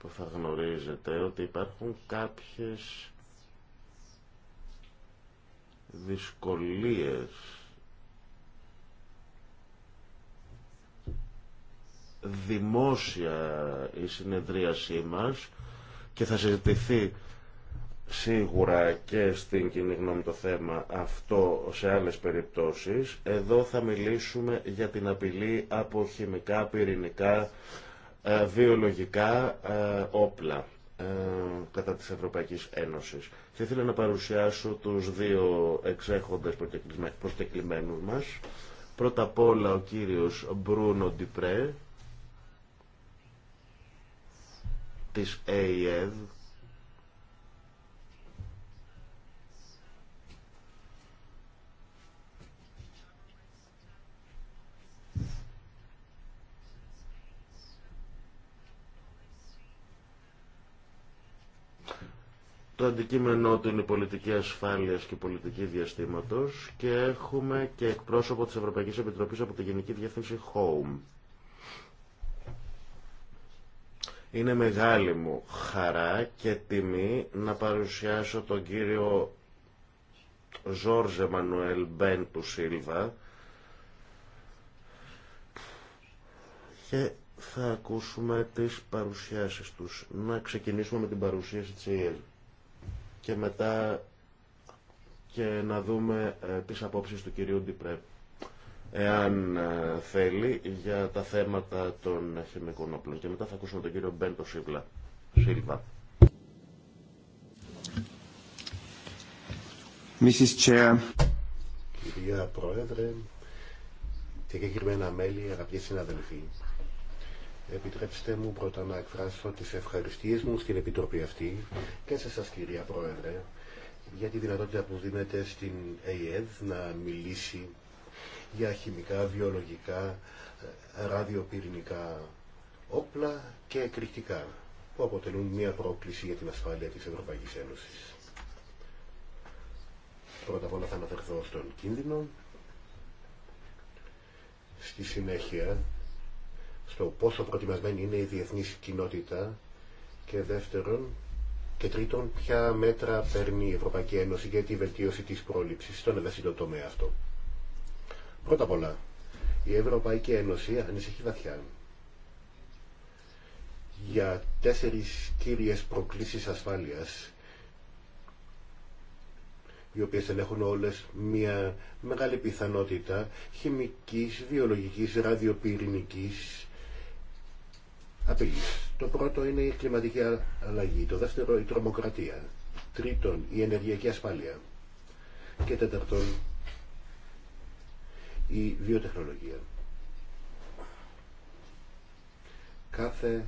Speaker 2: που θα γνωρίζετε ότι υπάρχουν κάποιες δυσκολίες δημόσια η συνεδρίασή μας και θα συζητηθεί σίγουρα και στην κοινή γνώμη το θέμα αυτό σε άλλες περιπτώσεις. Εδώ θα μιλήσουμε για την απειλή από χημικά, πυρηνικά, ε, βιολογικά ε, όπλα ε, κατά της Ευρωπαϊκής Ένωσης. Θα ήθελα να παρουσιάσω τους δύο εξέχοντες προσκεκλημένους μας. Πρώτα απ' όλα ο κύριος Μπρούνο Ντιπρέ της ΑΕΔ Το αντικείμενό του είναι η πολιτική ασφάλεια και η πολιτική διαστήματο και έχουμε και εκπρόσωπο τη Ευρωπαϊκή Επιτροπή από τη Γενική Διεύθυνση Home. Είναι μεγάλη μου χαρά και τιμή να παρουσιάσω τον κύριο Ζόρζε Μανουέλ Μπέν του Σίλβα και θα ακούσουμε τις παρουσιάσεις τους. Να ξεκινήσουμε με την παρουσίαση της ΕΕ και μετά και να δούμε ε, τις απόψεις του κυρίου Ντιπρέ εάν ε, θέλει για τα θέματα των χημικών όπλων και μετά θα ακούσουμε τον κύριο Μπέντο Σίβλα. Σίλβα. Mrs. Chair.
Speaker 3: Κυρία Πρόεδρε και κεκριμένα μέλη, αγαπητοί συναδελφοί Επιτρέψτε μου πρώτα να εκφράσω τις ευχαριστίες μου στην Επιτροπή αυτή και σε σας κυρία Πρόεδρε για τη δυνατότητα που δίνεται στην ΕΕΔ να μιλήσει για χημικά, βιολογικά, ραδιοπυρηνικά όπλα και εκρηκτικά που αποτελούν μια πρόκληση για την ασφάλεια της Ευρωπαϊκής Ένωσης. Πρώτα απ' όλα θα αναφερθώ στον κίνδυνο, στη συνέχεια στο πόσο προετοιμασμένη είναι η διεθνής κοινότητα και δεύτερον και τρίτον ποια μέτρα παίρνει η Ευρωπαϊκή Ένωση για τη βελτίωση της πρόληψης στον ευαίσθητο τομέα αυτό. Πρώτα απ' όλα, η Ευρωπαϊκή Ένωση ανησυχεί βαθιά για τέσσερις κύριες προκλήσεις ασφάλειας οι οποίες ενέχουν όλες μια μεγάλη πιθανότητα χημικής, βιολογικής, ραδιοπυρηνικής απειλή. Το πρώτο είναι η κλιματική αλλαγή, το δεύτερο η τρομοκρατία, τρίτον η ενεργειακή ασφάλεια και τέταρτον η βιοτεχνολογία. Κάθε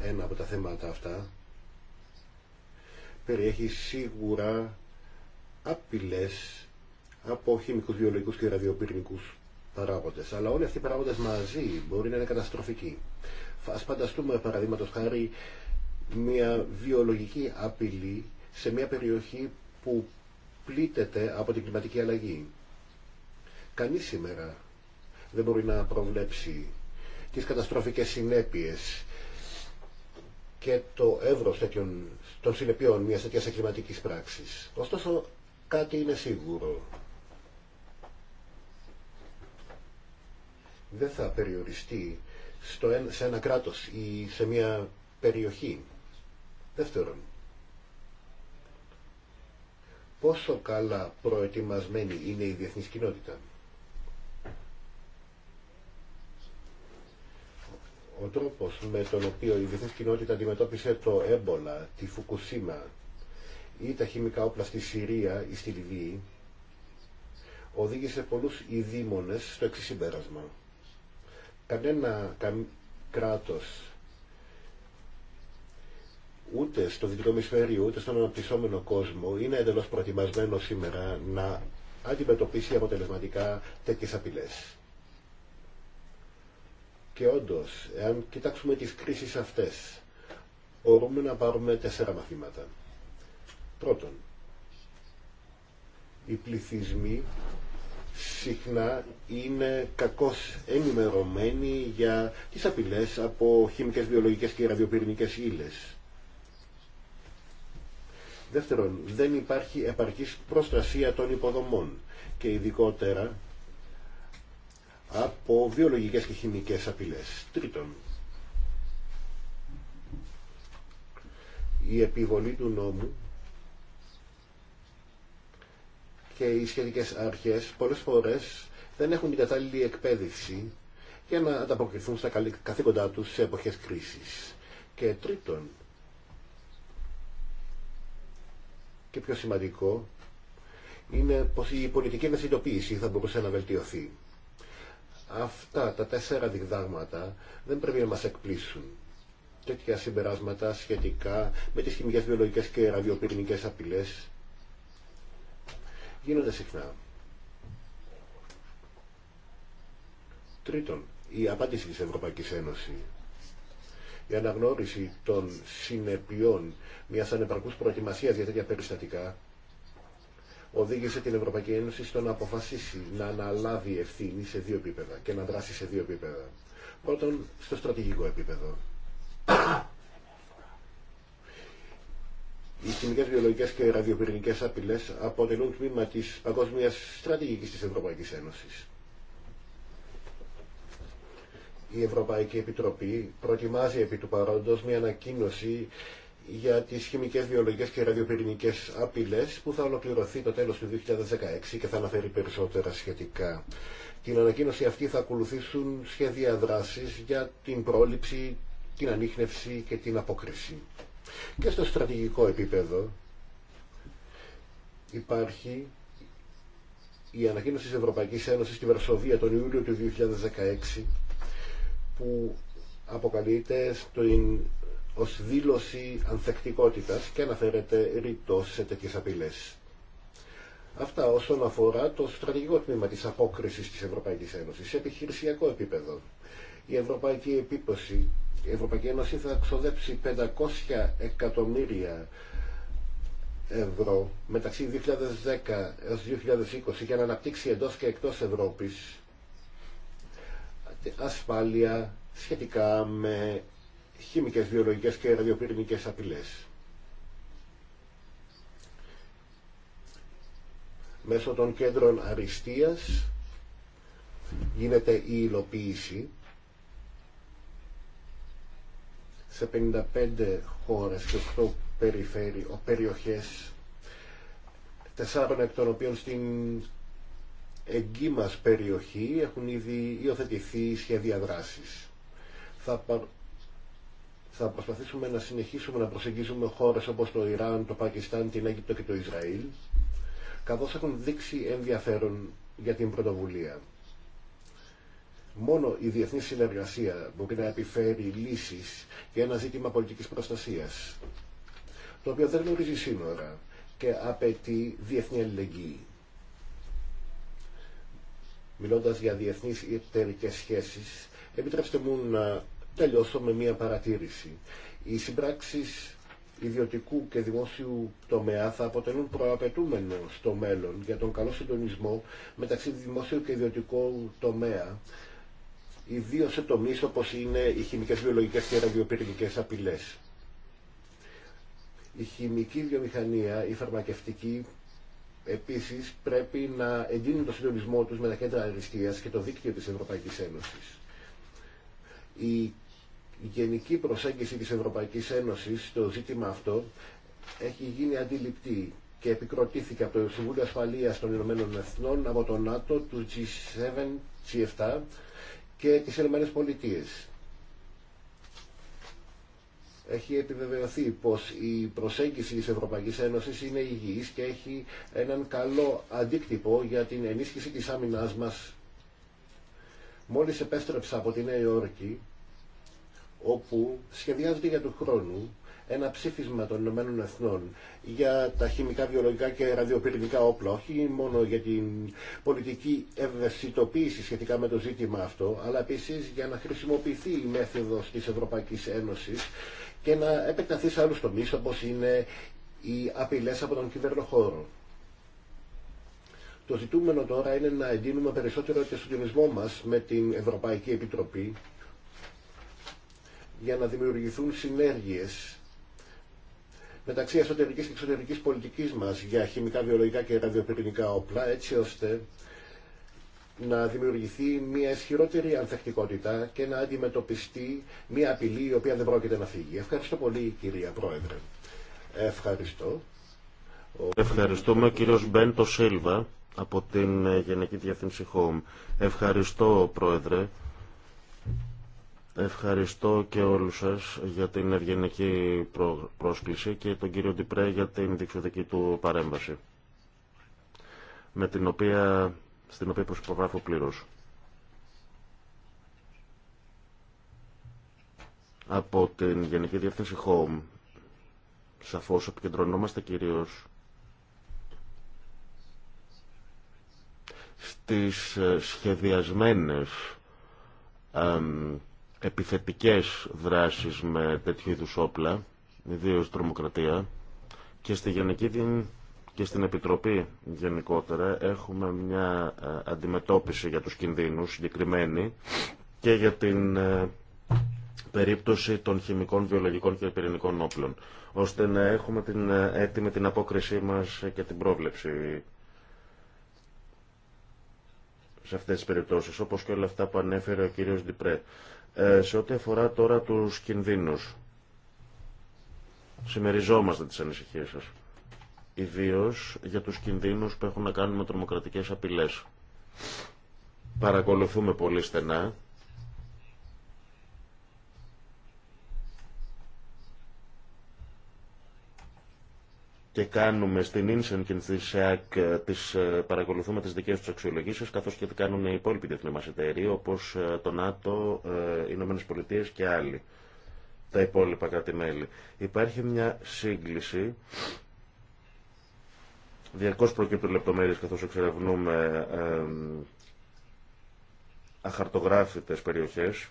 Speaker 3: ένα από τα θέματα αυτά περιέχει σίγουρα απειλές από χημικούς, βιολογικούς και ραδιοπυρηνικούς παράγοντες. Αλλά όλοι αυτοί οι παράγοντες μαζί μπορεί να είναι καταστροφικοί. Α φανταστούμε παραδείγματο χάρη μια βιολογική απειλή σε μια περιοχή που πλήττεται από την κλιματική αλλαγή. Κανείς σήμερα δεν μπορεί να προβλέψει τις καταστροφικές συνέπειες και το εύρος των συνεπειών μιας τέτοιας εγκληματικής πράξης. Ωστόσο, κάτι είναι σίγουρο. Δεν θα περιοριστεί στο, σε ένα κράτος ή σε μια περιοχή. Δεύτερον, πόσο καλά προετοιμασμένη είναι η διεθνής κοινότητα. Ο τρόπος με τον οποίο η διεθνής κοινότητα αντιμετώπισε το έμπολα, τη Φουκουσίμα ή τα χημικά όπλα στη Συρία ή στη Λιβύη οδήγησε πολλούς ειδήμονες στο εξής κανένα καν, κράτος ούτε στο δυτικό ούτε στον αναπτυσσόμενο κόσμο είναι εντελώς προετοιμασμένο σήμερα να αντιμετωπίσει αποτελεσματικά τέτοιες απειλές. Και όντως, εάν κοιτάξουμε τις κρίσεις αυτές, μπορούμε να πάρουμε τέσσερα μαθήματα. Πρώτον, οι πληθυσμοί συχνά είναι κακώς ενημερωμένοι για τις απειλές από χημικές, βιολογικές και ραδιοπυρηνικές ύλες. Δεύτερον, δεν υπάρχει επαρκής προστασία των υποδομών και ειδικότερα από βιολογικές και χημικές απειλές. Τρίτον, η επιβολή του νόμου και οι σχετικές αρχές πολλές φορές δεν έχουν την κατάλληλη εκπαίδευση για να ανταποκριθούν στα καθήκοντά τους σε εποχές κρίσης. Και τρίτον, και πιο σημαντικό, είναι πως η πολιτική ευαισθητοποίηση θα μπορούσε να βελτιωθεί. Αυτά τα τέσσερα διδάγματα δεν πρέπει να μας εκπλήσουν. Τέτοια συμπεράσματα σχετικά με τις χημικές, βιολογικές και ραδιοπυρηνικές απειλές γίνονται συχνά. Τρίτον, η απάντηση της Ευρωπαϊκής Ένωσης η αναγνώριση των συνεπειών μιας ανεπαρκούς προετοιμασίας για τέτοια περιστατικά οδήγησε την Ευρωπαϊκή Ένωση στο να αποφασίσει να αναλάβει ευθύνη σε δύο επίπεδα και να δράσει σε δύο επίπεδα. Πρώτον, στο στρατηγικό επίπεδο. χημικέ βιολογικέ και ραδιοπυρηνικέ απειλέ αποτελούν τμήμα τη παγκοσμία στρατηγική τη Ευρωπαϊκή Ένωση. Η Ευρωπαϊκή Επιτροπή προετοιμάζει επί του παρόντο μια ανακοίνωση για τι χημικέ βιολογικέ και ραδιοπυρηνικέ απειλέ, που θα ολοκληρωθεί το τέλο του 2016 και θα αναφέρει περισσότερα σχετικά. Την ανακοίνωση αυτή θα ακολουθήσουν σχέδια δράση για την πρόληψη, την ανείχνευση και την αποκρίση. Και στο στρατηγικό επίπεδο υπάρχει η ανακοίνωση της Ευρωπαϊκής Ένωσης στη Βερσοβία τον Ιούλιο του 2016 που αποκαλείται στην ως δήλωση ανθεκτικότητας και αναφέρεται ρητό σε τέτοιες απειλές. Αυτά όσον αφορά το στρατηγικό τμήμα της απόκρισης της Ευρωπαϊκής Ένωσης σε επιχειρησιακό επίπεδο. Η ευρωπαϊκή επίπτωση η Ευρωπαϊκή Ένωση θα ξοδέψει 500 εκατομμύρια ευρώ μεταξύ 2010 έως 2020 για να αναπτύξει εντός και εκτός Ευρώπης ασφάλεια σχετικά με χημικές, βιολογικές και ραδιοπυρηνικές απειλές. Μέσω των κέντρων αριστείας γίνεται η υλοποίηση σε 55 χώρες και 8 περιφέρει, ο περιοχές, τεσσάρων εκ των οποίων στην εγγύ μας περιοχή έχουν ήδη υιοθετηθεί σχέδια δράσης. Θα, θα προσπαθήσουμε να συνεχίσουμε να προσεγγίζουμε χώρες όπως το Ιράν, το Πακιστάν, την Αίγυπτο και το Ισραήλ, καθώς έχουν δείξει ενδιαφέρον για την πρωτοβουλία. Μόνο η διεθνή συνεργασία μπορεί να επιφέρει λύσεις για ένα ζήτημα πολιτικής προστασίας, το οποίο δεν γνωρίζει σύνορα και απαιτεί διεθνή αλληλεγγύη. Μιλώντας για διεθνείς εταιρικέ σχέσεις, επιτρέψτε μου να τελειώσω με μία παρατήρηση. Οι συμπράξεις ιδιωτικού και δημόσιου τομέα θα αποτελούν προαπαιτούμενο στο μέλλον για τον καλό συντονισμό μεταξύ δημόσιου και ιδιωτικού τομέα ιδίω σε τομείς όπως είναι οι χημικές, βιολογικές και ραδιοπυρηνικές απειλές. Η χημική βιομηχανία, η φαρμακευτική, επίσης πρέπει να εγκίνουν το συντονισμό τους με τα κέντρα αριστείας και το δίκτυο της Ευρωπαϊκής Ένωσης. Η γενική προσέγγιση της Ευρωπαϊκής Ένωσης στο ζήτημα αυτό έχει γίνει αντιληπτή και επικροτήθηκε από το Συμβούλιο Ασφαλείας των Ηνωμένων Εθνών, από το ΝΑΤΟ, του G7, G7 και τις Ηνωμένες Πολιτείες. Έχει επιβεβαιωθεί πως η προσέγγιση της Ευρωπαϊκής Ένωσης είναι υγιής και έχει έναν καλό αντίκτυπο για την ενίσχυση της άμυνάς μας. Μόλις επέστρεψα από τη Νέα Υόρκη, όπου σχεδιάζεται για του χρόνου ένα ψήφισμα των Ηνωμένων Εθνών για τα χημικά, βιολογικά και ραδιοπυρηνικά όπλα, όχι μόνο για την πολιτική ευαισθητοποίηση σχετικά με το ζήτημα αυτό, αλλά επίσης για να χρησιμοποιηθεί η μέθοδος της Ευρωπαϊκής Ένωσης και να επεκταθεί σε άλλους τομείς όπως είναι οι απειλές από τον κυβερνοχώρο. Το ζητούμενο τώρα είναι να εντείνουμε περισσότερο και συντονισμό μας με την Ευρωπαϊκή Επιτροπή για να δημιουργηθούν συνέργειες μεταξύ εσωτερικής και εξωτερικής πολιτικής μας για χημικά, βιολογικά και ραδιοπυρηνικά όπλα, έτσι ώστε να δημιουργηθεί μια ισχυρότερη ανθεκτικότητα και να αντιμετωπιστεί μια απειλή η οποία δεν πρόκειται να φύγει. Ευχαριστώ πολύ κυρία Πρόεδρε. Ευχαριστώ.
Speaker 2: Ευχαριστούμε ο κύριος Μπέντο Σίλβα από την ε, Γενική Διευθύνση Home. Ευχαριστώ Πρόεδρε. Ευχαριστώ και όλους σας για την ευγενική πρόσκληση και τον κύριο Ντιπρέ για την διεξοδική του παρέμβαση, με την οποία, στην οποία προσυπογράφω πλήρως. Από την Γενική Διεύθυνση Home, σαφώς επικεντρωνόμαστε κυρίως στις ε, σχεδιασμένες επιθετικές δράσεις με τέτοιου είδου όπλα, ιδίως τρομοκρατία, και στη Γενική και στην Επιτροπή γενικότερα έχουμε μια ε, αντιμετώπιση για τους κινδύνους συγκεκριμένη και για την ε, περίπτωση των χημικών, βιολογικών και πυρηνικών όπλων, ώστε να έχουμε την, ε, έτοιμη την απόκρισή μας και την πρόβλεψη σε αυτές τις περιπτώσεις, όπως και όλα αυτά που ανέφερε ο κύριος Ντιπρέ. Ε, σε ό,τι αφορά τώρα τους κινδύνους. Συμμεριζόμαστε τις ανησυχίες σας. Ιδίως για τους κινδύνους που έχουν να κάνουν με τρομοκρατικές απειλές. Παρακολουθούμε πολύ στενά και κάνουμε στην Ίνσεν και στην ΣΕΑΚ ε, τις, ε, παρακολουθούμε τις δικές τους αξιολογήσεις καθώς και τι κάνουν οι υπόλοιποι διεθνή μας εταιρείοι όπως ε, το ΝΑΤΟ, οι Ηνωμένες Πολιτείες και άλλοι τα υπόλοιπα κράτη-μέλη. Υπάρχει μια σύγκληση διαρκώς προκύπτουν λεπτομέρειες καθώς εξερευνούμε ε, αχαρτογράφητες περιοχές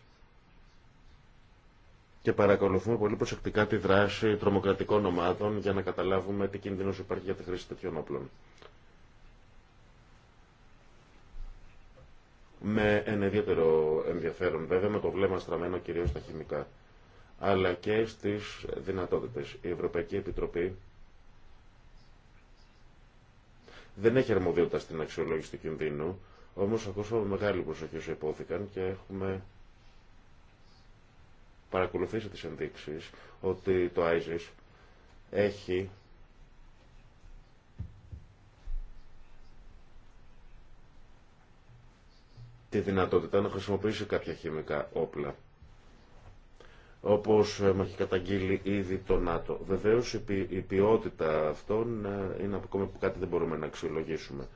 Speaker 2: και παρακολουθούμε πολύ προσεκτικά τη δράση τρομοκρατικών ομάδων για να καταλάβουμε τι κίνδυνος υπάρχει για τη χρήση τέτοιων όπλων. Με ένα ιδιαίτερο ενδιαφέρον βέβαια, με το βλέμμα στραμμένο κυρίως στα χημικά, αλλά και στις δυνατότητες. Η Ευρωπαϊκή Επιτροπή δεν έχει αρμοδιότητα στην αξιολόγηση του κινδύνου, όμως ακούσαμε μεγάλη προσοχή όσο υπόθηκαν και έχουμε παρακολουθήσει τις ενδείξεις ότι το ISIS έχει τη δυνατότητα να χρησιμοποιήσει κάποια χημικά όπλα όπως ε, με έχει καταγγείλει ήδη το ΝΑΤΟ. Βεβαίως η, ποιότητα αυτών ε, είναι ακόμα που κάτι δεν μπορούμε να αξιολογήσουμε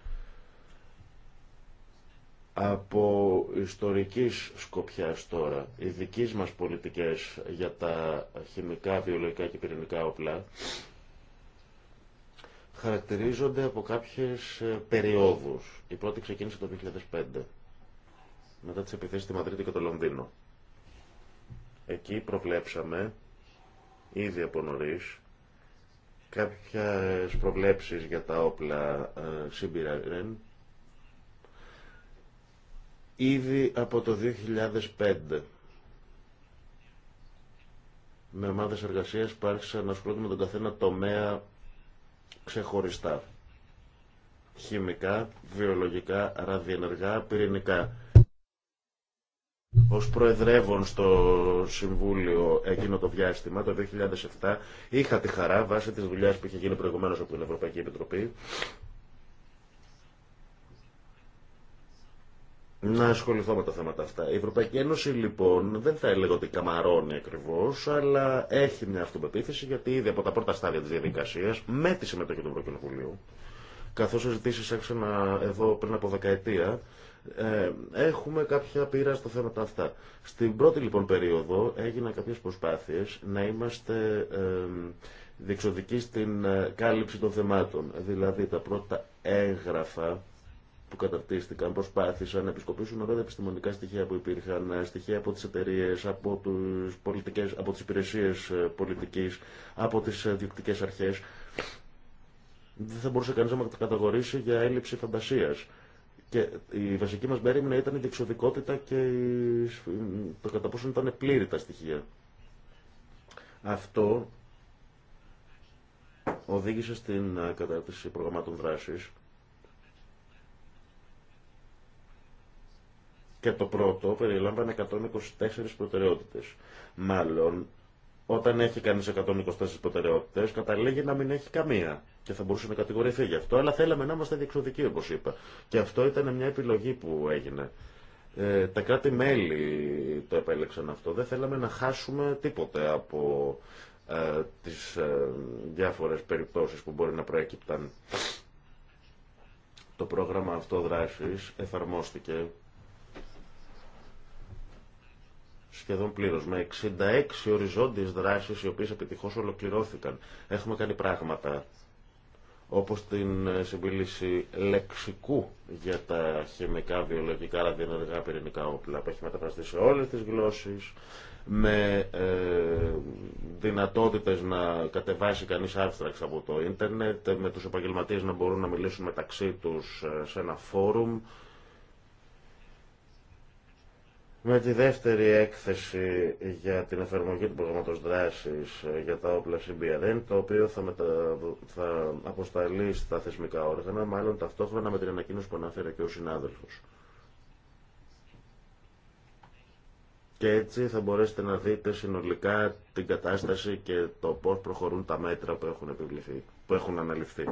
Speaker 2: από ιστορικής σκοπιάς τώρα, οι δικές μας πολιτικές για τα χημικά, βιολογικά και πυρηνικά όπλα χαρακτηρίζονται από κάποιες ε, περιόδους. Η πρώτη ξεκίνησε το 2005, μετά τις επιθέσεις στη Μαδρίτη και το Λονδίνο. Εκεί προβλέψαμε, ήδη από νωρίς, κάποιες προβλέψεις για τα όπλα ε, ήδη από το 2005. Με ομάδες εργασίας να ασχολούνται με τον καθένα τομέα ξεχωριστά. Χημικά, βιολογικά, ραδιενεργά, πυρηνικά. Ως προεδρεύων στο Συμβούλιο εκείνο το διάστημα, το 2007, είχα τη χαρά, βάσει της δουλειάς που είχε γίνει προηγουμένως από την Ευρωπαϊκή Επιτροπή, να ασχοληθώ με τα θέματα αυτά. Η Ευρωπαϊκή Ένωση λοιπόν δεν θα έλεγα ότι καμαρώνει ακριβώ, αλλά έχει μια αυτοπεποίθηση γιατί ήδη από τα πρώτα στάδια τη διαδικασία, με τη συμμετοχή του Ευρωκοινοβουλίου, καθώ συζητήσει άρχισαν εδώ πριν από δεκαετία, ε, έχουμε κάποια πείρα στα θέματα αυτά. Στην πρώτη λοιπόν περίοδο έγιναν κάποιε προσπάθειε να είμαστε ε, διεξοδικοί στην ε, κάλυψη των θεμάτων. Δηλαδή τα πρώτα έγγραφα που καταρτίστηκαν προσπάθησαν να επισκοπήσουν όλα τα επιστημονικά στοιχεία που υπήρχαν, ε, στοιχεία από τις εταιρείε, από, τους πολιτικές, από τις υπηρεσίες ε, πολιτικής, από τις ε, διοκτικές αρχές. Δεν θα μπορούσε κανείς να μας καταγορήσει για έλλειψη φαντασίας. Και η βασική μας μέρημνα ήταν η διεξοδικότητα και το κατά πόσο ήταν πλήρη τα στοιχεία. Αυτό οδήγησε στην κατάρτιση προγραμμάτων δράσης Και το πρώτο περιλάμβανε 124 προτεραιότητες. Μάλλον, όταν έχει κάνει 124 προτεραιότητες, καταλήγει να μην έχει καμία και θα μπορούσε να κατηγορηθεί γι' αυτό, αλλά θέλαμε να είμαστε διεξοδικοί, όπως είπα. Και αυτό ήταν μια επιλογή που έγινε. Ε, τα κράτη-μέλη το επέλεξαν αυτό. Δεν θέλαμε να χάσουμε τίποτε από ε, τις ε, διάφορες περιπτώσεις που μπορεί να προέκυπταν. Το πρόγραμμα αυτό εφαρμόστηκε σχεδόν πλήρω, με 66 οριζόντιες δράσεις οι οποίες επιτυχώς ολοκληρώθηκαν. Έχουμε κάνει πράγματα όπως την ε, συμπίληση λεξικού για τα χημικά, βιολογικά, ραδιενεργά, πυρηνικά όπλα που έχει μεταφραστεί σε όλες τις γλώσσες, με ε, δυνατότητες να κατεβάσει κανείς άρθραξ από το ίντερνετ, με τους επαγγελματίες να μπορούν να μιλήσουν μεταξύ τους ε, σε ένα φόρουμ, με τη δεύτερη έκθεση για την εφαρμογή του προγραμματος δράσης ε, για τα όπλα CBRN, το οποίο θα, μετα... θα αποσταλεί στα θεσμικά όργανα, μάλλον ταυτόχρονα με την ανακοίνωση που αναφέρε και ο συνάδελφος. Και έτσι θα μπορέσετε να δείτε συνολικά την κατάσταση και το πώς προχωρούν τα μέτρα που έχουν, επιβληθεί, που έχουν αναλυφθεί.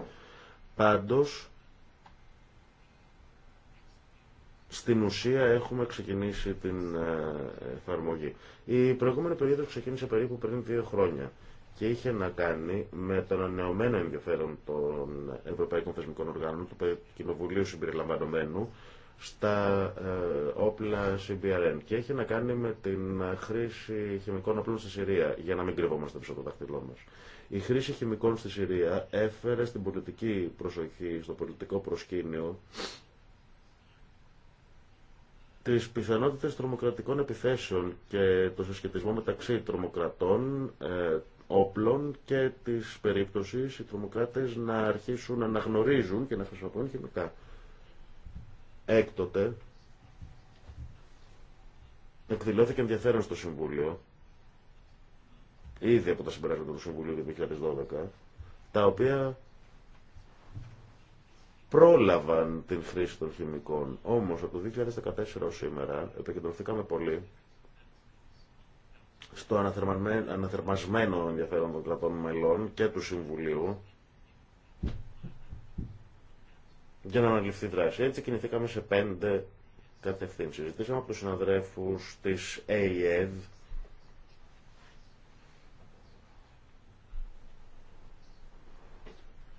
Speaker 2: Πάντως, στην ουσία έχουμε ξεκινήσει την ε, εφαρμογή. Η προηγούμενη περίοδος ξεκίνησε περίπου πριν δύο χρόνια και είχε να κάνει με τον ανανεωμένο ενδιαφέρον των Ευρωπαϊκών Θεσμικών Οργάνων, του Κοινοβουλίου συμπεριλαμβανομένου, στα ε, όπλα CBRN και έχει να κάνει με την χρήση χημικών όπλων στη Συρία, για να μην κρύβομαστε πίσω από το δάχτυλό μας. Η χρήση χημικών στη Συρία έφερε στην πολιτική προσοχή, στο πολιτικό προσκήνιο, τις πιθανότητες τρομοκρατικών επιθέσεων και το συσχετισμό μεταξύ τρομοκρατών, ε, όπλων και της περίπτωσης οι τρομοκράτες να αρχίσουν να αναγνωρίζουν και να χρησιμοποιούν χημικά. Έκτοτε, εκδηλώθηκε ενδιαφέρον στο Συμβούλιο, ήδη από τα συμπεράσματα του Συμβουλίου του 2012, τα οποία πρόλαβαν την χρήση των χημικών. Όμως από το 2014 ως σήμερα επικεντρωθήκαμε πολύ στο αναθερμασμένο ενδιαφέρον των κρατών μελών και του Συμβουλίου για να αναλυφθεί δράση. Έτσι κινηθήκαμε σε πέντε κατευθύνσεις. Ζητήσαμε από τους συναδρέφους της ΑΕΔ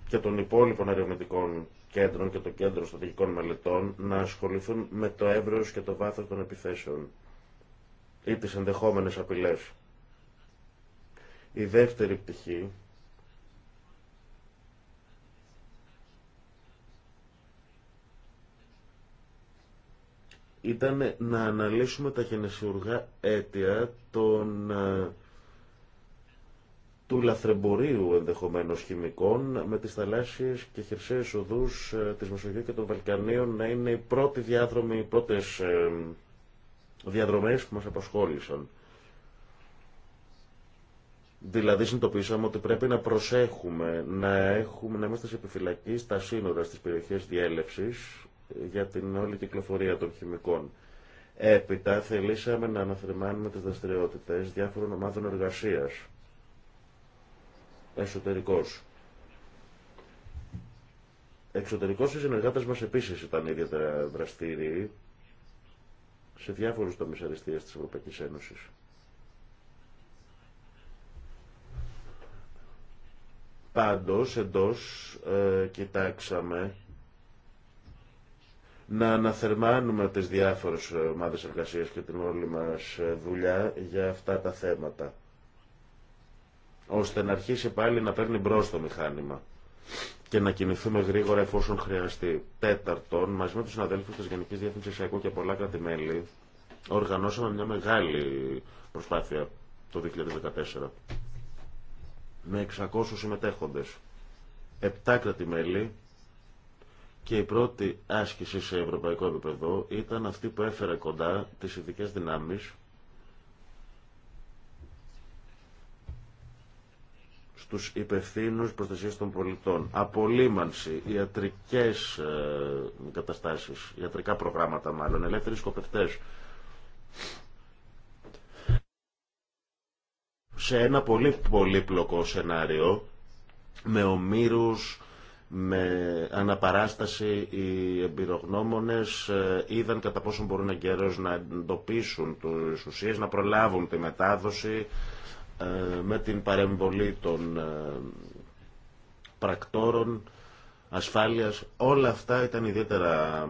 Speaker 2: και των υπόλοιπων ερευνητικών κέντρων και το κέντρο στρατηγικών μελετών να ασχοληθούν με το έβρος και το βάθος των επιθέσεων ή τις ενδεχόμενες απειλές. Η τι ενδεχομενες απειλες πτυχή ήταν να αναλύσουμε τα γενεσιουργά αίτια των ε, του λαθρεμπορίου ενδεχομένως χημικών με τις θαλάσσιες και χερσαίες οδούς ε, της Μεσογείου και των Βαλκανίων να είναι οι πρώτοι διάδρομοι, οι πρώτες ε, διαδρομές που μας απασχόλησαν. Δηλαδή συνειδητοποίησαμε ότι πρέπει να προσέχουμε, να, έχουμε, να είμαστε σε επιφυλακή στα σύνορα στις περιοχές διέλευσης ε, για την όλη κυκλοφορία των χημικών. Έπειτα θελήσαμε να αναθερμάνουμε τις δραστηριότητες διάφορων ομάδων εργασίας εσωτερικός. Εξωτερικός οι συνεργάτες μας επίσης ήταν ιδιαίτερα δραστήριοι σε διάφορους τομείς αριστείας της Ευρωπαϊκής Ένωσης. Πάντως, εντός, ε, κοιτάξαμε να αναθερμάνουμε τις διάφορες ομάδες εργασίας και την όλη μας δουλειά για αυτά τα θέματα ώστε να αρχίσει πάλι να παίρνει μπρο το μηχάνημα και να κινηθούμε γρήγορα εφόσον χρειαστεί. Τέταρτον, μαζί με του συναδέλφου τη Γενική Διεύθυνση και πολλά κράτη-μέλη, οργανώσαμε μια μεγάλη προσπάθεια το 2014 με 600 συμμετέχοντες, 7 κράτη-μέλη και η πρώτη άσκηση σε ευρωπαϊκό επίπεδο ήταν αυτή που έφερε κοντά τι ειδικέ δυνάμει. στους υπευθύνους προστασίας των πολιτών. Απολύμανση, ιατρικές ε, καταστάσεις, ιατρικά προγράμματα μάλλον, ελεύθεροι σκοπευτές. Σε ένα πολύ πολύπλοκο σενάριο, με ομήρους, με αναπαράσταση οι εμπειρογνώμονες ε, είδαν κατά πόσο μπορούν εγκαίρως να εντοπίσουν τους ουσίες, να προλάβουν τη μετάδοση, ε, με την παρεμβολή των ε, πρακτόρων, ασφάλειας. Όλα αυτά ήταν ιδιαίτερα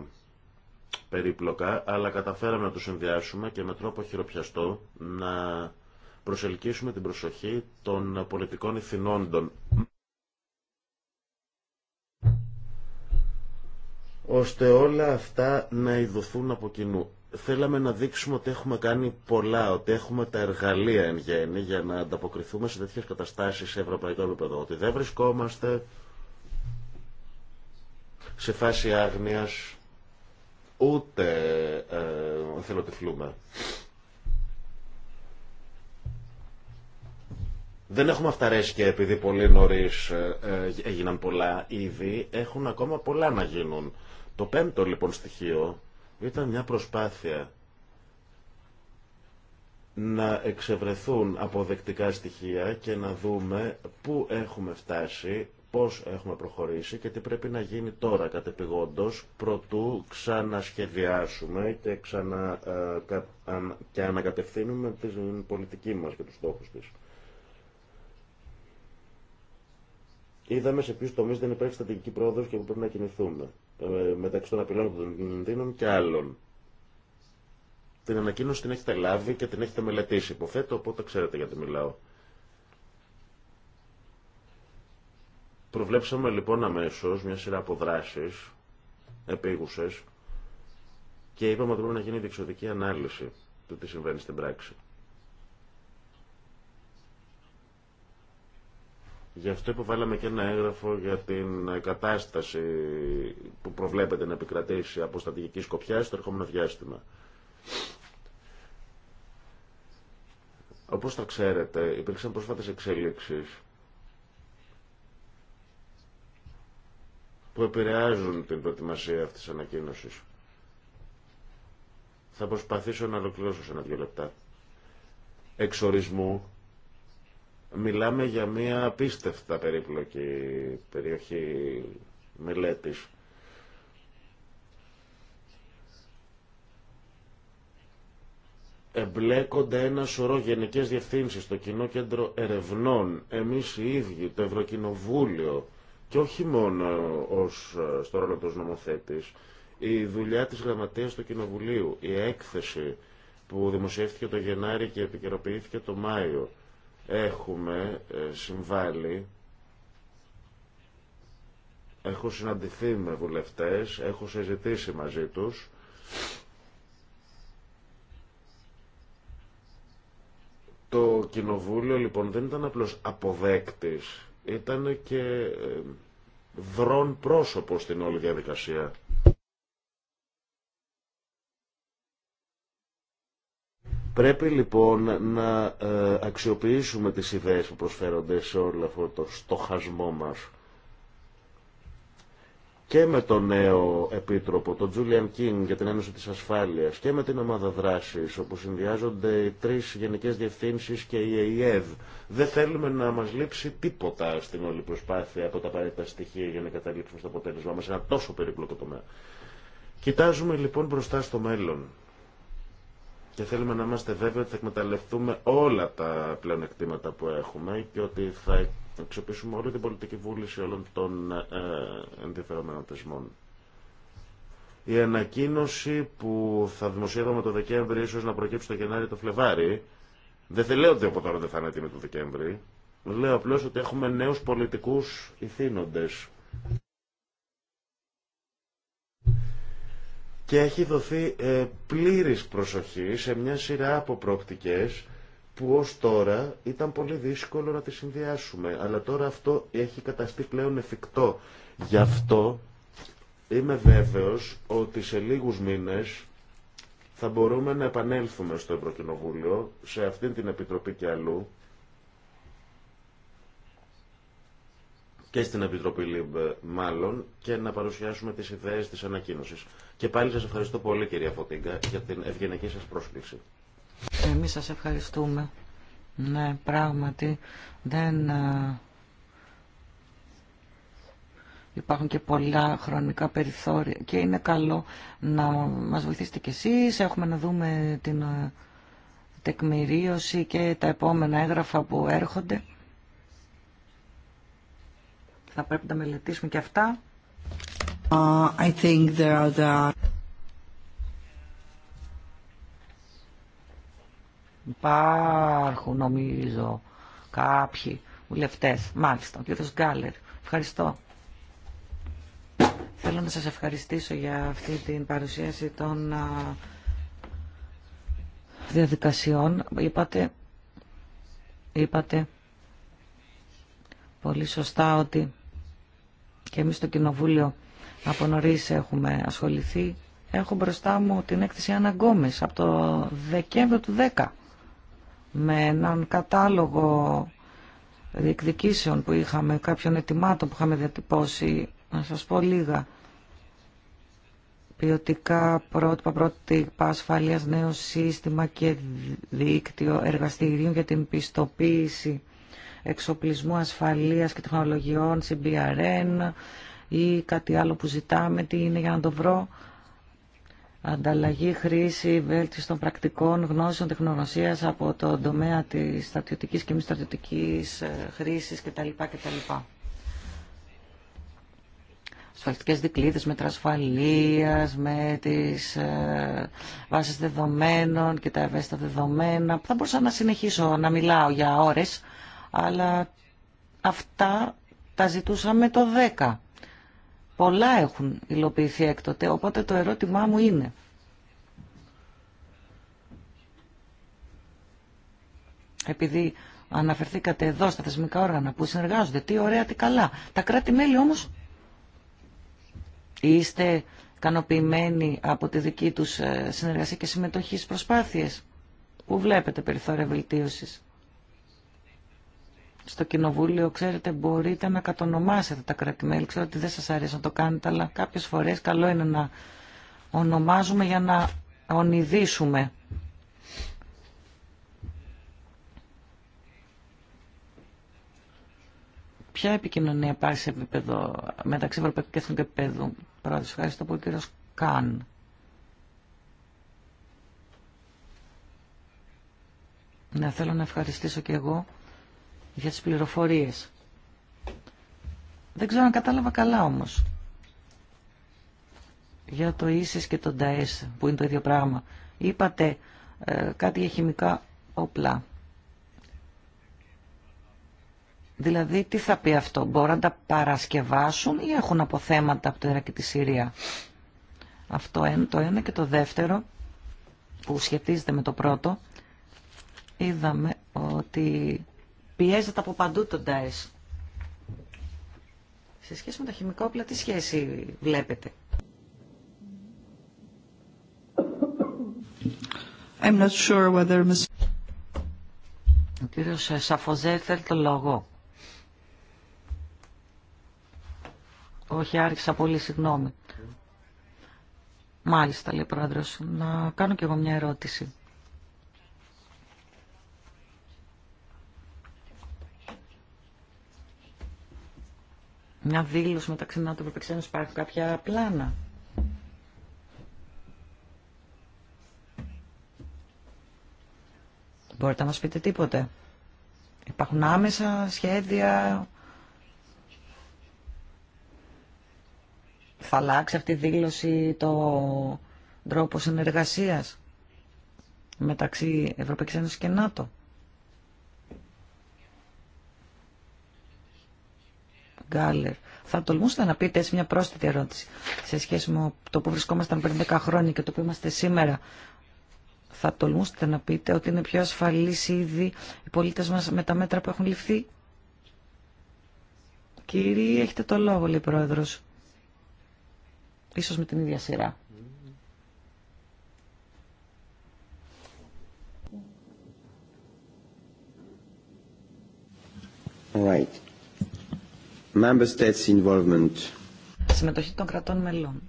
Speaker 2: περίπλοκα, αλλά καταφέραμε να τους συνδυάσουμε και με τρόπο χειροπιαστό να προσελκύσουμε την προσοχή των πολιτικών ηθινόντων. ώστε όλα αυτά να ειδωθούν από κοινού θέλαμε να δείξουμε ότι έχουμε κάνει πολλά, ότι έχουμε τα εργαλεία εν γέννη για να ανταποκριθούμε σε τέτοιες καταστάσεις σε ευρωπαϊκό επίπεδο. Ότι δεν βρισκόμαστε σε φάση άγνοιας, ούτε ε, φλούμε. Δεν έχουμε και επειδή πολύ νωρί ε, ε, έγιναν πολλά ήδη. Έχουν ακόμα πολλά να γίνουν. Το πέμπτο λοιπόν στοιχείο ήταν μια προσπάθεια να εξευρεθούν αποδεκτικά στοιχεία και να δούμε πού έχουμε φτάσει, πώς έχουμε προχωρήσει και τι πρέπει να γίνει τώρα κατεπηγόντως προτού ξανασχεδιάσουμε και, ξανα, ε, και ανακατευθύνουμε την πολιτική μας και τους στόχους της. Είδαμε σε ποιου τομεί δεν υπάρχει στρατηγική πρόοδος και που πρέπει να κινηθούμε. Ε, μεταξύ των απειλών των κινδύνων και άλλων. Την ανακοίνωση την έχετε λάβει και την έχετε μελετήσει, υποθέτω, οπότε ξέρετε γιατί μιλάω. Προβλέψαμε λοιπόν αμέσως μια σειρά από δράσεις και είπαμε ότι πρέπει να γίνει διεξοδική ανάλυση του τι συμβαίνει στην πράξη. Γι' αυτό υποβάλαμε και ένα έγγραφο για την κατάσταση που προβλέπεται να επικρατήσει από στατηγική σκοπιά στο ερχόμενο διάστημα. Όπως θα ξέρετε, υπήρξαν πρόσφατες εξέλιξεις που επηρεάζουν την προετοιμασία αυτής της ανακοίνωσης. Θα προσπαθήσω να ολοκληρώσω σε ένα-δυο λεπτά. Εξορισμού Μιλάμε για μια απίστευτα περίπλοκη περιοχή μελέτης. εμπλέκονται ένα σωρό γενικέ διευθύνσει, το Κοινό Κέντρο Ερευνών, εμεί οι ίδιοι, το Ευρωκοινοβούλιο και όχι μόνο ω στο ρόλο του νομοθέτη, η δουλειά τη Γραμματεία του Κοινοβουλίου, η έκθεση που δημοσιεύτηκε το Γενάρη και επικαιροποιήθηκε το Μάιο, έχουμε ε, συμβάλει έχω συναντηθεί με βουλευτές, έχω συζητήσει μαζί τους Το κοινοβούλιο λοιπόν δεν ήταν απλώς αποδέκτης, ήταν και ε, δρόν πρόσωπο στην όλη διαδικασία. Πρέπει λοιπόν να ε, αξιοποιήσουμε τις ιδέες που προσφέρονται σε όλο αυτό το στοχασμό μας και με τον νέο επίτροπο, τον Τζούλιαν Κίνγκ για την Ένωση της Ασφάλειας και με την ομάδα δράσης όπου συνδυάζονται οι τρεις γενικές διευθύνσεις και η ΕΕΔ. Δεν θέλουμε να μας λείψει τίποτα στην όλη προσπάθεια από τα απαραίτητα στοιχεία για να καταλήξουμε στο αποτέλεσμα μας ένα τόσο περίπλοκο τομέα. Κοιτάζουμε λοιπόν μπροστά στο μέλλον και θέλουμε να είμαστε βέβαιοι ότι θα εκμεταλλευτούμε όλα τα πλεονεκτήματα που έχουμε και ότι θα αξιοποιήσουμε όλη την πολιτική βούληση όλων των ε, ενδιαφερομένων θεσμών. Η ανακοίνωση που θα δημοσιεύαμε το Δεκέμβρη, ίσως να προκύψει το Γενάρη το Φλεβάρι, δεν θέλει ότι από τώρα δεν θα είναι έτοιμη το Δεκέμβρη, λέω απλώς ότι έχουμε νέους πολιτικούς ηθήνοντες και έχει δοθεί ε, πλήρης προσοχή σε μια σειρά από προοπτικές που ως τώρα ήταν πολύ δύσκολο να τις συνδυάσουμε. Αλλά τώρα αυτό έχει καταστεί πλέον εφικτό. Γι' αυτό είμαι βέβαιος ότι σε λίγους μήνες θα μπορούμε να επανέλθουμε στο Ευρωκοινοβούλιο, σε αυτή την Επιτροπή και αλλού, και στην Επιτροπή ΛΥΜΠ μάλλον και να παρουσιάσουμε τις ιδέες της ανακοίνωσης. Και πάλι σας ευχαριστώ πολύ κυρία Φωτίγκα για την ευγενική σας πρόσκληση.
Speaker 1: Εμείς σας ευχαριστούμε. Ναι, πράγματι δεν ε, υπάρχουν και πολλά χρονικά περιθώρια και είναι καλό να μας βοηθήσετε κι εσείς. Έχουμε να δούμε την ε, τεκμηρίωση και τα επόμενα έγγραφα που έρχονται. Θα πρέπει να μελετήσουμε και αυτά. Uh, I think there are Υπάρχουν νομίζω κάποιοι βουλευτέ. Μάλιστα, ο κ. Γκάλερ. Ευχαριστώ. Θέλω να σας ευχαριστήσω για αυτή την παρουσίαση των διαδικασιών. Είπατε, είπατε πολύ σωστά ότι και εμείς στο Κοινοβούλιο από έχουμε ασχοληθεί. Έχω μπροστά μου την έκθεση Αναγκόμης από το Δεκέμβριο του 10 με έναν κατάλογο διεκδικήσεων που είχαμε, κάποιων ετοιμάτων που είχαμε διατυπώσει. Να σας πω λίγα. Ποιοτικά πρότυπα, πρότυπα ασφαλείας, νέο σύστημα και δίκτυο εργαστηρίων για την πιστοποίηση εξοπλισμού ασφαλείας και τεχνολογιών, CBRN ή κάτι άλλο που ζητάμε, τι είναι για να το βρω. Ανταλλαγή, χρήση, βέλτιση των πρακτικών, γνώσεων, τεχνογνωσίας από το τομέα της στρατιωτικής και μη στρατιωτικής ε, χρήσης κτλ. κτλ. Ασφαλιστικές δικλείδες, μέτρα ασφαλείας, με τις ε, βάσεις δεδομένων και τα ευαίσθητα δεδομένα. Θα μπορούσα να συνεχίσω να μιλάω για ώρες αλλά αυτά τα ζητούσαμε το 10. Πολλά έχουν υλοποιηθεί έκτοτε, οπότε το ερώτημά μου είναι... Επειδή αναφερθήκατε εδώ στα θεσμικά όργανα που συνεργάζονται, τι ωραία, τι καλά. Τα κράτη-μέλη όμως είστε ικανοποιημένοι από τη δική τους ε, συνεργασία και συμμετοχή στις προσπάθειες που βλέπετε περιθώρια βελτίωσης στο κοινοβούλιο, ξέρετε, μπορείτε να κατονομάσετε τα κρατημέλη. Ξέρω ότι δεν σας αρέσει να το κάνετε, αλλά κάποιες φορές καλό είναι να ονομάζουμε για να ονειδήσουμε. Ποια επικοινωνία υπάρχει σε επίπεδο, μεταξύ Ευρωπαϊκού και Εθνικού επίπεδου. Πρόεδρος, ευχαριστώ πολύ κύριο Καν. Ναι, θέλω να ευχαριστήσω και εγώ για τις πληροφορίες. Δεν ξέρω αν κατάλαβα καλά όμως. Για το ίσες και το ΝΤΑΕΣ που είναι το ίδιο πράγμα. Είπατε ε, κάτι για χημικά όπλα. Δηλαδή τι θα πει αυτό. Μπορούν να τα παρασκευάσουν ή έχουν αποθέματα από το Ιράκ και τη Συρία. Αυτό το ένα και το δεύτερο που σχετίζεται με το πρώτο. Είδαμε ότι Πιέζεται από παντού τον ΤΑΕΣ. Σε σχέση με τα χημικά όπλα, τι σχέση βλέπετε. I'm not sure whether... Ο κύριος ε, Σαφοζέ θέλει το λόγο. Όχι, άρχισα πολύ, συγγνώμη. Μάλιστα, λέει ο πρόεδρος. Να κάνω κι εγώ μια ερώτηση. μια δήλωση μεταξύ ΝΑΤΟ και Ευρωπαϊκή Ένωση υπάρχουν κάποια πλάνα. Μπορείτε να μας πείτε τίποτε. Υπάρχουν άμεσα σχέδια. Θα αλλάξει αυτή η δήλωση το τρόπο συνεργασίας μεταξύ Ευρωπαϊκής Ένωσης και ΝΑΤΟ. Θα τολμούσατε να πείτε έτσι μια πρόσθετη ερώτηση σε σχέση με το που βρισκόμασταν πριν 10 χρόνια και το που είμαστε σήμερα. Θα τολμούσατε να πείτε ότι είναι πιο ασφαλή ήδη οι πολίτε μα με τα μέτρα που έχουν ληφθεί. Κύριοι, έχετε το λόγο, λέει πρόεδρο. Ίσως με την ίδια σειρά. Right. Συμμετοχή των κρατών μελών.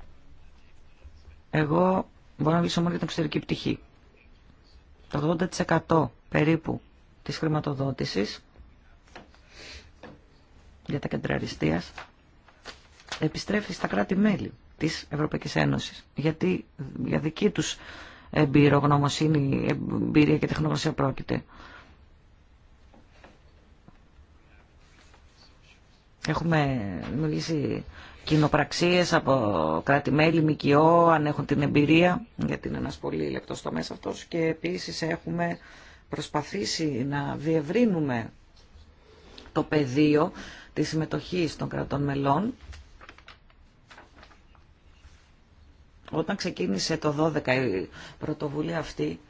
Speaker 1: Εγώ μπορώ να μιλήσω μόνο για την εξωτερική πτυχή. Το 80% περίπου της χρηματοδότησης για τα κέντρα επιστρέφει στα κράτη-μέλη της Ευρωπαϊκής Ένωσης. Γιατί για δική τους εμπειρογνωμοσύνη, εμπειρία και τεχνογνωσία πρόκειται. Έχουμε δημιουργήσει κοινοπραξίες από κράτη-μέλη, ΜΚΟ, αν έχουν την εμπειρία, γιατί είναι ένα πολύ το τομέας αυτό και επίσης έχουμε προσπαθήσει να διευρύνουμε το πεδίο της συμμετοχής των κρατών μελών. Όταν ξεκίνησε το 12 η πρωτοβουλία αυτή,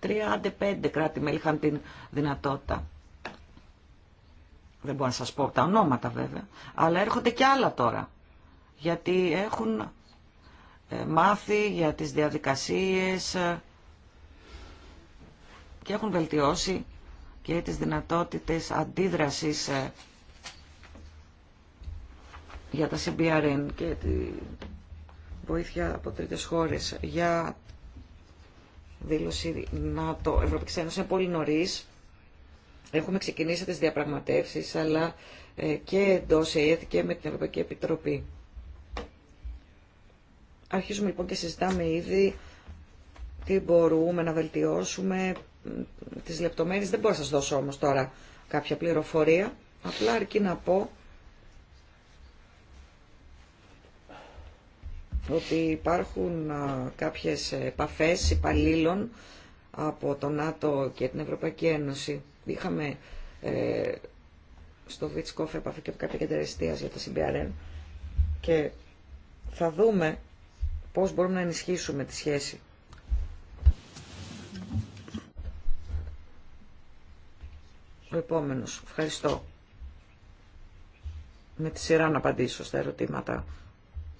Speaker 1: τρία πέντε κράτη-μέλη είχαν την δυνατότητα δεν μπορώ να σας πω τα ονόματα βέβαια, αλλά έρχονται και άλλα τώρα. Γιατί έχουν ε, μάθει για τις διαδικασίες ε, και έχουν βελτιώσει και τις δυνατότητες αντίδρασης ε, για τα CBRN και τη βοήθεια από τρίτες χώρες για δήλωση ΝΑΤΟ Ευρωπαϊκής Ένωσης είναι πολύ νωρίς Έχουμε ξεκινήσει τις διαπραγματεύσεις, αλλά ε, και εντός η και με την Ευρωπαϊκή Επιτροπή. Αρχίζουμε λοιπόν και συζητάμε ήδη τι μπορούμε να βελτιώσουμε, τις λεπτομέρειες. Δεν μπορώ να σας δώσω όμως τώρα κάποια πληροφορία, απλά αρκεί να πω ότι υπάρχουν κάποιες επαφές υπαλλήλων από το ΝΑΤΟ και την Ευρωπαϊκή Ένωση. Είχαμε ε, στο Βιτσκόφ επαφή και από κάποια για το CBRN και θα δούμε πώς μπορούμε να ενισχύσουμε τη σχέση. Ο επόμενος. Ευχαριστώ. Με τη σειρά να απαντήσω στα ερωτήματα.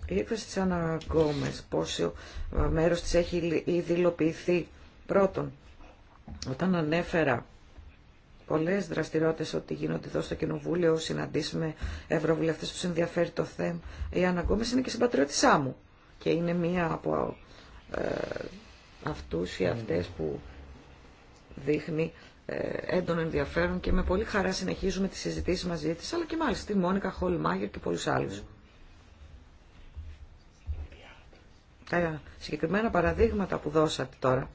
Speaker 1: Η έκθεση της Άννα πόσο ε, μέρος της έχει ήδη υλοποιηθεί. Πρώτον, όταν ανέφερα Πολλέ δραστηριότητε ότι γίνονται εδώ στο Κοινοβούλιο, συναντήσει με ευρωβουλευτέ που ενδιαφέρει το θέμα. Η Αναγκόμες είναι και συμπατριώτησά μου και είναι μία από ε, αυτούς ή αυτές που δείχνει ε, έντονο ενδιαφέρον και με πολύ χαρά συνεχίζουμε τις συζητήσεις μαζί της, αλλά και μάλιστα τη Μόνικα Χολμάγερ και πολλούς άλλους. Τα συγκεκριμένα παραδείγματα που δώσατε τώρα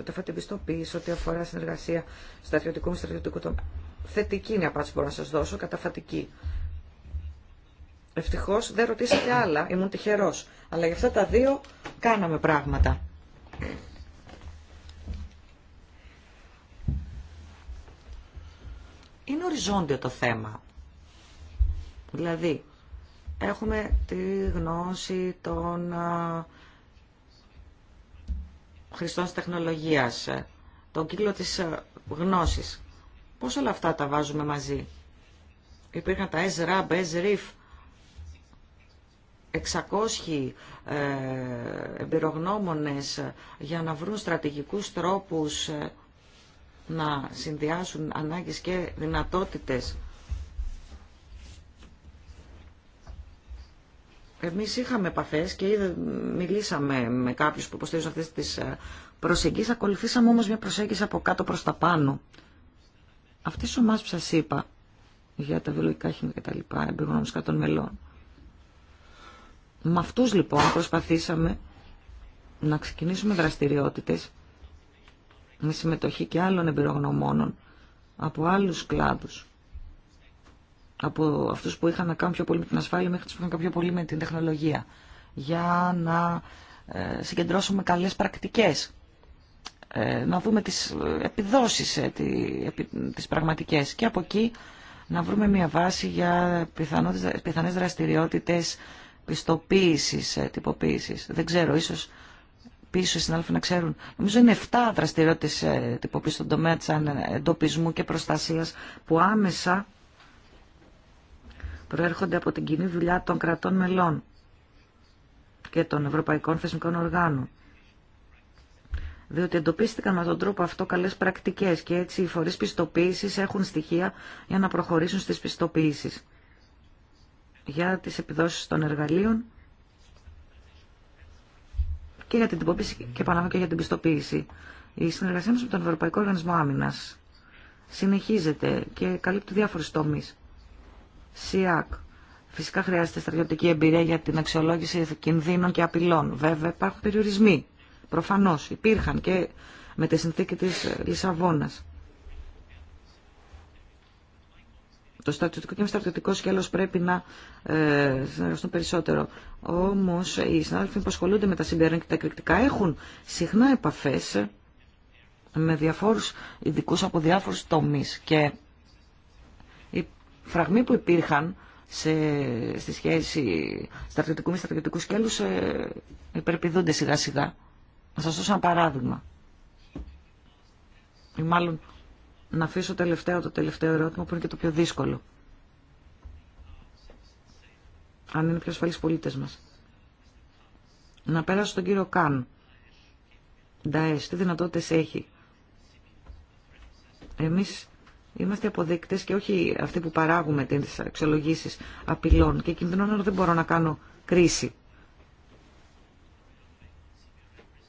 Speaker 1: ό,τι αφορά την πιστοποίηση, ό,τι αφορά συνεργασία στρατιωτικού με στρατιωτικού τομέα. Θετική είναι η απάντηση που μπορώ να σα δώσω, καταφατική. Ευτυχώ δεν ρωτήσατε άλλα, ήμουν τυχερό. Αλλά για αυτά τα δύο κάναμε πράγματα. Είναι οριζόντιο το θέμα. Δηλαδή, έχουμε τη γνώση των χρηστών της τεχνολογίας, τον κύκλο της ε, γνώσης. Πώς όλα αυτά τα βάζουμε μαζί. Υπήρχαν τα SRAB, SRIF, 600 εμπειρογνώμονες ε, για να βρουν στρατηγικούς τρόπους ε, να συνδυάσουν ανάγκες και δυνατότητες Εμείς είχαμε επαφές και μιλήσαμε με κάποιους που υποστηρίζουν αυτές τις ε, προσεγγίσεις, ακολουθήσαμε όμως μια προσέγγιση από κάτω προς τα πάνω. Αυτές οι ομάδες που σας είπα, για τα βιολογικά χημικά λοιπά, εμπειρογνώμους των μελών, με αυτού, λοιπόν προσπαθήσαμε να ξεκινήσουμε δραστηριότητες με συμμετοχή και άλλων εμπειρογνωμόνων από άλλους κλάδους από αυτούς που είχαν να κάνουν πιο πολύ με την ασφάλεια μέχρι τους που είχαν πιο πολύ με την τεχνολογία για να ε, συγκεντρώσουμε καλές πρακτικές ε, να δούμε τις ε, επιδόσεις τις πραγματικές και από εκεί να βρούμε μια βάση για πιθανές δραστηριότητες πιστοποίησης, τυποποίησης. Δεν ξέρω, ίσως πίσω οι συνάδελφοι να ξέρουν. Νομίζω είναι 7 δραστηριότητες τυποποίησης στον τομέα της εντοπισμού και προστασίας που άμεσα προέρχονται από την κοινή δουλειά των κρατών μελών και των ευρωπαϊκών θεσμικών οργάνων. Διότι εντοπίστηκαν με τον τρόπο αυτό καλέ πρακτικέ. και έτσι οι φορεί πιστοποίηση έχουν στοιχεία για να προχωρήσουν στι πιστοποίησει. για τι επιδόσει των εργαλείων και για την τυποποίηση και και για την πιστοποίηση. Η συνεργασία μα με τον Ευρωπαϊκό Οργανισμό Άμυνα. συνεχίζεται και καλύπτει διάφορου τομεί. ΣΥΑΚ. Φυσικά χρειάζεται στρατιωτική εμπειρία για την αξιολόγηση κινδύνων και απειλών. Βέβαια υπάρχουν περιορισμοί. Προφανώς υπήρχαν και με τη συνθήκη τη Λισαβόνα. το στρατιωτικό και με στρατιωτικό σκέλος πρέπει να ε, συνεργαστούν περισσότερο. Όμως οι συνάδελφοι που ασχολούνται με τα συμπεράσματα και τα εκρηκτικά έχουν συχνά επαφέ με διαφόρου ειδικού από διάφορου τομεί. και φραγμοί που υπήρχαν σε, στη σχέση στρατιωτικού με στρατιωτικού σκέλους ε, υπερπηδούνται σιγά σιγά. Να σα δώσω ένα παράδειγμα. Ή μάλλον να αφήσω τελευταίο το τελευταίο ερώτημα που είναι και το πιο δύσκολο. Αν είναι πιο ασφαλεί πολίτε μας. Να πέρασω τον κύριο Καν. Νταέ, τι δυνατότητε έχει. Εμείς Είμαστε αποδείκτε και όχι αυτοί που παράγουμε τι αξιολογήσει απειλών και κινδυνών, αλλά δεν μπορώ να κάνω κρίση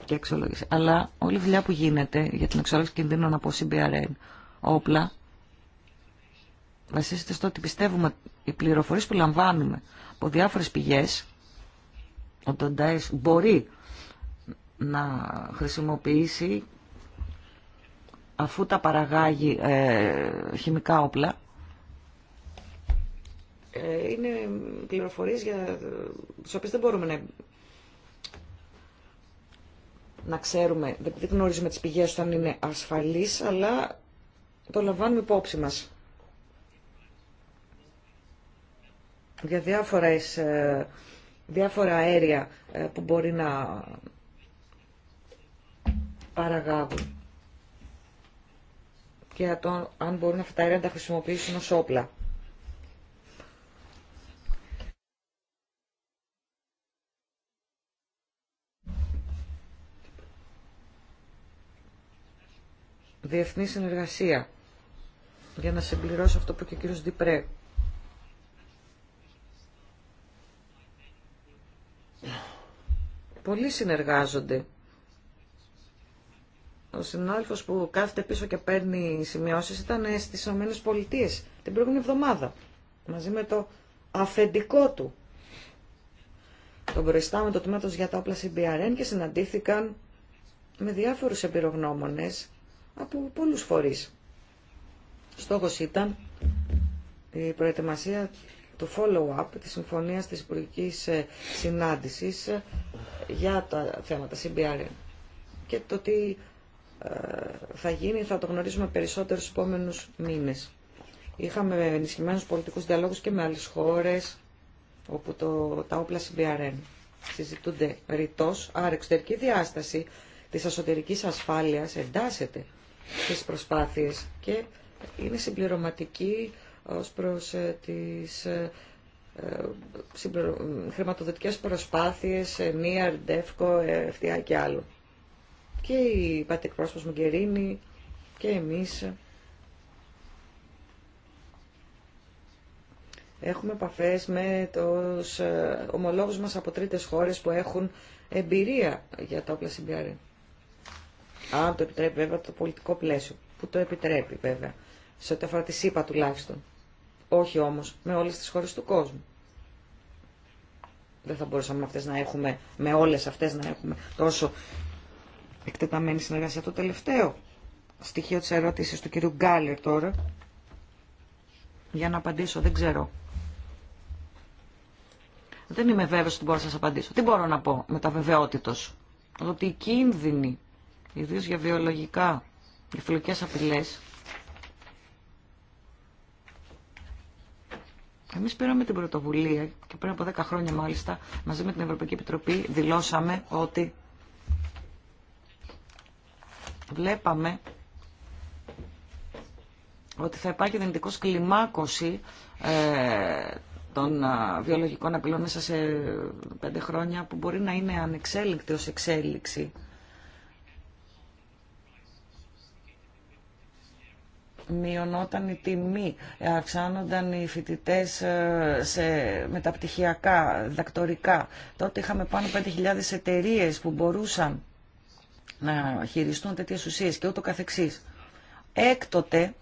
Speaker 1: και αξιολόγηση. Αλλά όλη η δουλειά που γίνεται για την αξιολόγηση κινδύνων από CBRN, όπλα, βασίζεται στο ότι πιστεύουμε οι πληροφορίες που λαμβάνουμε από διάφορες πηγές, ότι ο Ντάι μπορεί να χρησιμοποιήσει αφού τα παραγάγει ε, χημικά όπλα, ε, είναι πληροφορίες για τις οποίες δεν μπορούμε να, ξέρουμε, δεν γνωρίζουμε τις πηγές όταν είναι ασφαλείς, αλλά το λαμβάνουμε υπόψη μας. Για ε, διάφορα αέρια ε, που μπορεί να παραγάγουν και αν μπορούν αυτά τα αέρια να τα χρησιμοποιήσουν ως όπλα. Διεθνή συνεργασία. Για να συμπληρώσω αυτό που και ο κύριος Διπρέ. Πολλοί συνεργάζονται ο συνάδελφος που κάθεται πίσω και παίρνει σημειώσεις ήταν στις ΗΠΑ την προηγούμενη εβδομάδα μαζί με το αφεντικό του τον προϊστάμενο το τμήματος για τα όπλα CBRN και συναντήθηκαν με διάφορους εμπειρογνώμονε από πολλούς φορείς. Στόχο ήταν η προετοιμασία του follow-up τη συμφωνία τη Υπουργική ε, συνάντησης ε, για τα θέματα CBRN και το τι θα γίνει θα το γνωρίζουμε περισσότερο στους επόμενους μήνες. Είχαμε ενισχυμένους πολιτικούς διαλόγους και με άλλες χώρες όπου το, τα όπλα CBRN συζητούνται ρητός, άρα εξωτερική διάσταση της εσωτερικής ασφάλειας εντάσσεται στις προσπάθειες και είναι συμπληρωματική ως προς ε, τις ε, ε, χρηματοδοτικές προσπάθειες, μία, DEFCO, και άλλο και η πατή εκπρόσωπος Μουγκερίνη και εμείς έχουμε επαφές με τους ε, ομολόγους μας από τρίτες χώρες που έχουν εμπειρία για τα όπλα συμπιάρια. Αν το επιτρέπει βέβαια το πολιτικό πλαίσιο, που το επιτρέπει βέβαια, σε ό,τι αφορά τη ΣΥΠΑ τουλάχιστον. Όχι όμως με όλες τις χώρες του κόσμου. Δεν θα μπορούσαμε αυτές να έχουμε, με όλες αυτές να έχουμε τόσο εκτεταμένη συνεργασία. Το τελευταίο στοιχείο της ερώτησης του κυρίου Γκάλερ τώρα, για να απαντήσω, δεν ξέρω. Δεν είμαι βέβαιος ότι μπορώ να σας απαντήσω. Τι μπορώ να πω με τα βεβαιότητος. Ότι οι κίνδυνοι, ιδίως για βιολογικά, για φιλικές απειλές, Εμείς πήραμε την πρωτοβουλία και πριν από 10 χρόνια μάλιστα, μαζί με την Ευρωπαϊκή Επιτροπή, δηλώσαμε ότι βλέπαμε ότι θα υπάρχει δυνητικός κλιμάκωση ε, των βιολογικών απειλών μέσα σε πέντε χρόνια που μπορεί να είναι ανεξέλιξη ως εξέλιξη. μειωνόταν η τιμή, ε, αυξάνονταν οι φοιτητέ ε, σε μεταπτυχιακά, δακτορικά. Τότε είχαμε πάνω 5.000 εταιρείε που μπορούσαν να χειριστούν τέτοιε ουσίε και ούτω καθεξής. Έκτοτε,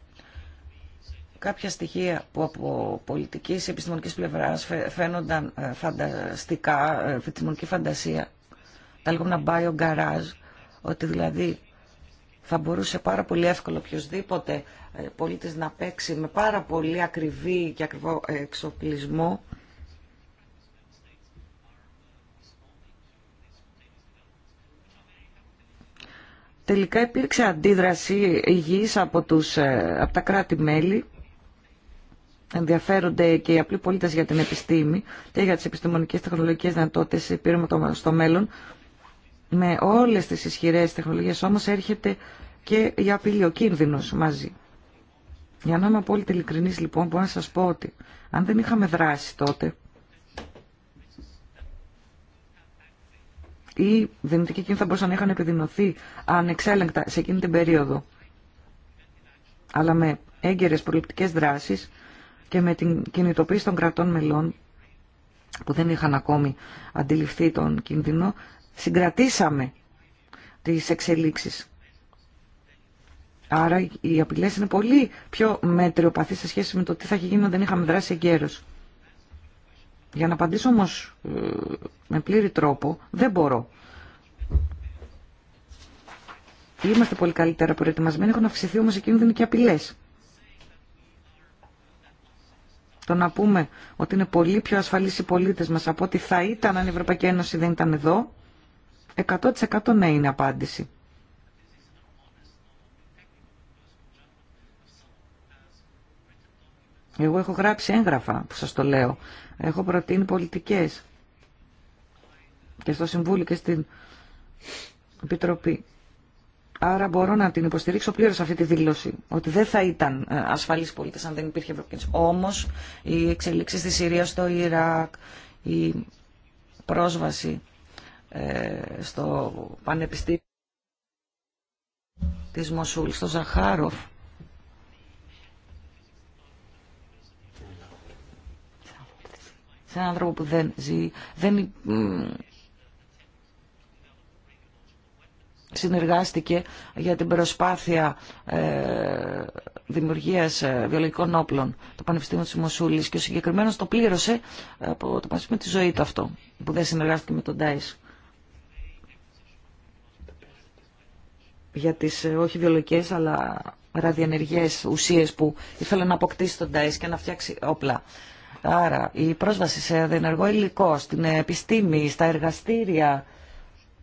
Speaker 1: κάποια στοιχεία που από πολιτική και επιστημονική πλευράς φαίνονταν ε, φανταστικά, ε, επιστημονική φαντασία, τα λεγόμενα bio garage, ότι δηλαδή θα μπορούσε πάρα πολύ εύκολο οποιοδήποτε ε, πολίτης να παίξει με πάρα πολύ ακριβή και ακριβό εξοπλισμό Τελικά υπήρξε αντίδραση υγιής από, τους, ε, από τα κράτη-μέλη. Ενδιαφέρονται και οι απλοί πολίτες για την επιστήμη και για τις επιστημονικές τεχνολογικές δυνατότητες πήραμε στο μέλλον. Με όλες τις ισχυρές τεχνολογίες όμως έρχεται και η απειλή, ο κίνδυνος μαζί. Για να είμαι απόλυτη ειλικρινής λοιπόν, μπορώ να σας πω ότι αν δεν είχαμε δράσει τότε, οι δυνητικοί κίνδυνοι θα μπορούσαν να είχαν επιδεινωθεί ανεξέλεγκτα σε εκείνη την περίοδο. Αλλά με έγκαιρες προληπτικές δράσεις και με την κινητοποίηση των κρατών μελών που δεν είχαν ακόμη αντιληφθεί τον κίνδυνο, συγκρατήσαμε τις εξελίξεις. Άρα οι απειλές είναι πολύ πιο μέτριοπαθείς σε σχέση με το τι θα είχε γίνει αν δεν είχαμε δράσει εγκαίρως. Για να απαντήσω όμως ε, με πλήρη τρόπο, δεν μπορώ. Είμαστε πολύ καλύτερα προετοιμασμένοι, έχουν αυξηθεί όμως οι κίνδυνοι και απειλές. Το να πούμε ότι είναι πολύ πιο ασφαλείς οι πολίτες μας από ότι θα ήταν αν η Ευρωπαϊκή Ένωση δεν ήταν εδώ, 100% ναι είναι απάντηση. Εγώ έχω γράψει έγγραφα που σας το λέω. Έχω προτείνει πολιτικές και στο Συμβούλιο και στην Επιτροπή. Άρα μπορώ να την υποστηρίξω πλήρω αυτή τη δήλωση. Ότι δεν θα ήταν ε, ασφαλής πολίτε αν δεν υπήρχε Ευρωπαϊκή Όμω οι εξελίξει στη Συρία, στο Ιράκ, η πρόσβαση ε, στο Πανεπιστήμιο τη Μοσούλη, στο Ζαχάροφ, σε έναν άνθρωπο που δεν ζει, δεν συνεργάστηκε για την προσπάθεια ε, δημιουργίας ε, βιολογικών όπλων το Πανεπιστήμιο της Μοσούλης και ο συγκεκριμένος το πλήρωσε από το Πανεπιστήμιο τη ζωή του αυτό που δεν συνεργάστηκε με τον Τάις για τις ε, όχι βιολογικές αλλά ραδιενεργές ουσίες που ήθελε να αποκτήσει τον Τάις και να φτιάξει όπλα. Άρα η πρόσβαση σε ενεργό υλικό, στην επιστήμη, στα εργαστήρια,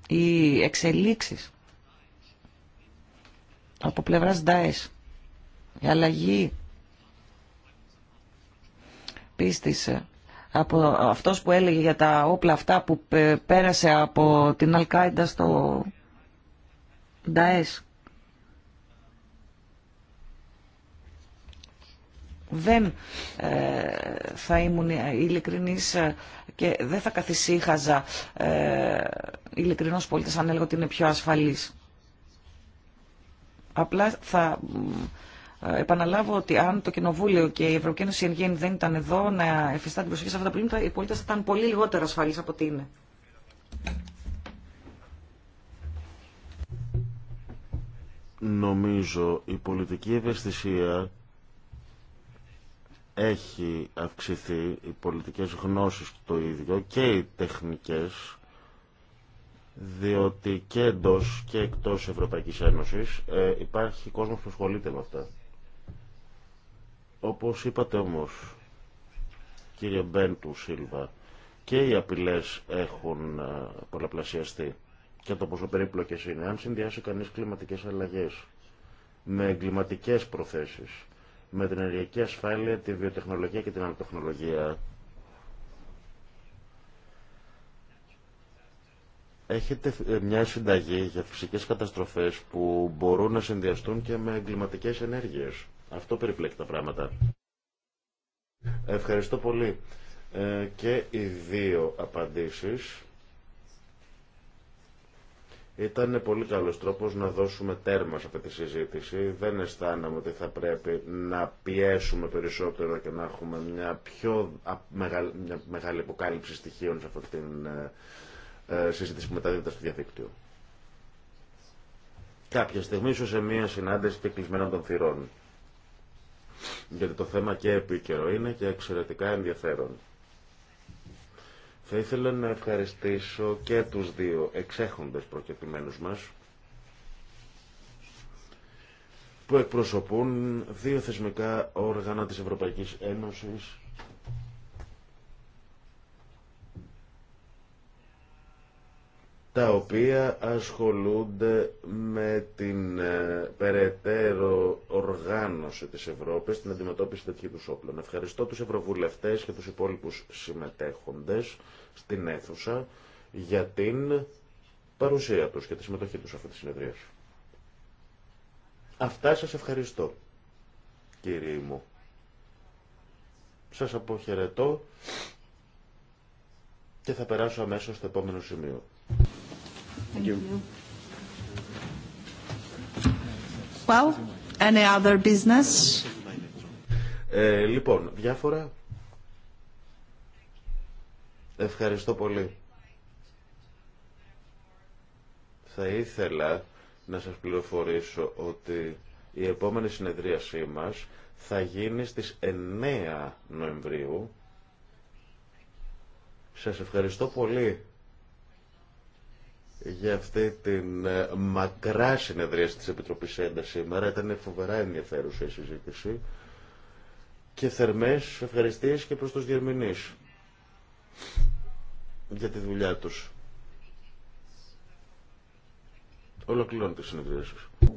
Speaker 1: οι εξελίξεις από πλευράς ΔΑΕΣ, η αλλαγή πίστης ε, από αυτός που έλεγε για τα όπλα αυτά που πέρασε από την Αλκάιντα στο Δαές. δεν ε, θα ήμουν ειλικρινής και δεν θα καθυσίχαζα ε, ειλικρινός πολίτης αν έλεγα ότι είναι πιο ασφαλής. Απλά θα ε, επαναλάβω ότι αν το Κοινοβούλιο και η Ευρωπαϊκή Ένωση δεν ήταν εδώ να εφιστά την προσοχή σε αυτά τα προβλήματα, οι πολίτες θα ήταν πολύ λιγότερο ασφαλείς από ότι είναι.
Speaker 2: Νομίζω η πολιτική ευαισθησία έχει αυξηθεί οι πολιτικές γνώσεις το ίδιο και οι τεχνικές διότι και εντό και εκτός Ευρωπαϊκής Ένωσης ε, υπάρχει κόσμος που ασχολείται με αυτά. Όπως είπατε όμως, κύριε Μπέντου Σίλβα, και οι απειλές έχουν ε, πολλαπλασιαστεί και το πόσο περίπλοκες είναι, αν συνδυάσει κανείς κλιματικές αλλαγές με εγκληματικές προθέσεις, με την ενεργειακή ασφάλεια, τη βιοτεχνολογία και την ανατεχνολογία. Έχετε ε, μια συνταγή για φυσικές καταστροφές που μπορούν να συνδυαστούν και με εγκληματικές ενέργειες. Αυτό περιπλέκει τα πράγματα. Ευχαριστώ πολύ. Ε, και οι δύο απαντήσεις ήταν πολύ καλός τρόπος να δώσουμε τέρμα σε αυτή τη συζήτηση. Δεν αισθάνομαι ότι θα πρέπει να πιέσουμε περισσότερο και να έχουμε μια πιο μεγάλη, αποκάλυψη στοιχείων σε αυτή τη ε, ε, συζήτηση που μεταδίδεται στο διαδίκτυο. Κάποια στιγμή ίσω σε μια συνάντηση και κλεισμένων των θυρών. Γιατί το θέμα και επίκαιρο είναι και εξαιρετικά ενδιαφέρον. Θα ήθελα να ευχαριστήσω και τους δύο εξέχοντες προκειμένους μας που εκπροσωπούν δύο θεσμικά όργανα της Ευρωπαϊκής Ένωσης τα οποία ασχολούνται με την ε, περαιτέρω οργάνωση της Ευρώπης την αντιμετώπιση τέτοιου τους όπλων. Ευχαριστώ τους Ευρωβουλευτές και τους υπόλοιπους συμμετέχοντες στην αίθουσα για την παρουσία τους και τη συμμετοχή τους σε αυτή τη συνεδρία. Αυτά σας ευχαριστώ, κύριοι μου. Σας αποχαιρετώ και θα περάσω αμέσως στο επόμενο σημείο.
Speaker 1: Well, business?
Speaker 2: Ε, λοιπόν, διάφορα. Ευχαριστώ πολύ. Θα ήθελα να σας πληροφορήσω ότι η επόμενη συνεδρίασή μας θα γίνει στις 9 Νοεμβρίου. Σας ευχαριστώ πολύ για αυτή την ε, μακρά συνεδρία της Επιτροπής ΕΝΤΑ σήμερα. Ήταν φοβερά ενδιαφέρουσα η συζήτηση και θερμές ευχαριστίες και προς τους διερμηνείς για τη δουλειά τους.
Speaker 4: Ολοκληρώνω τη συνεδρία σας.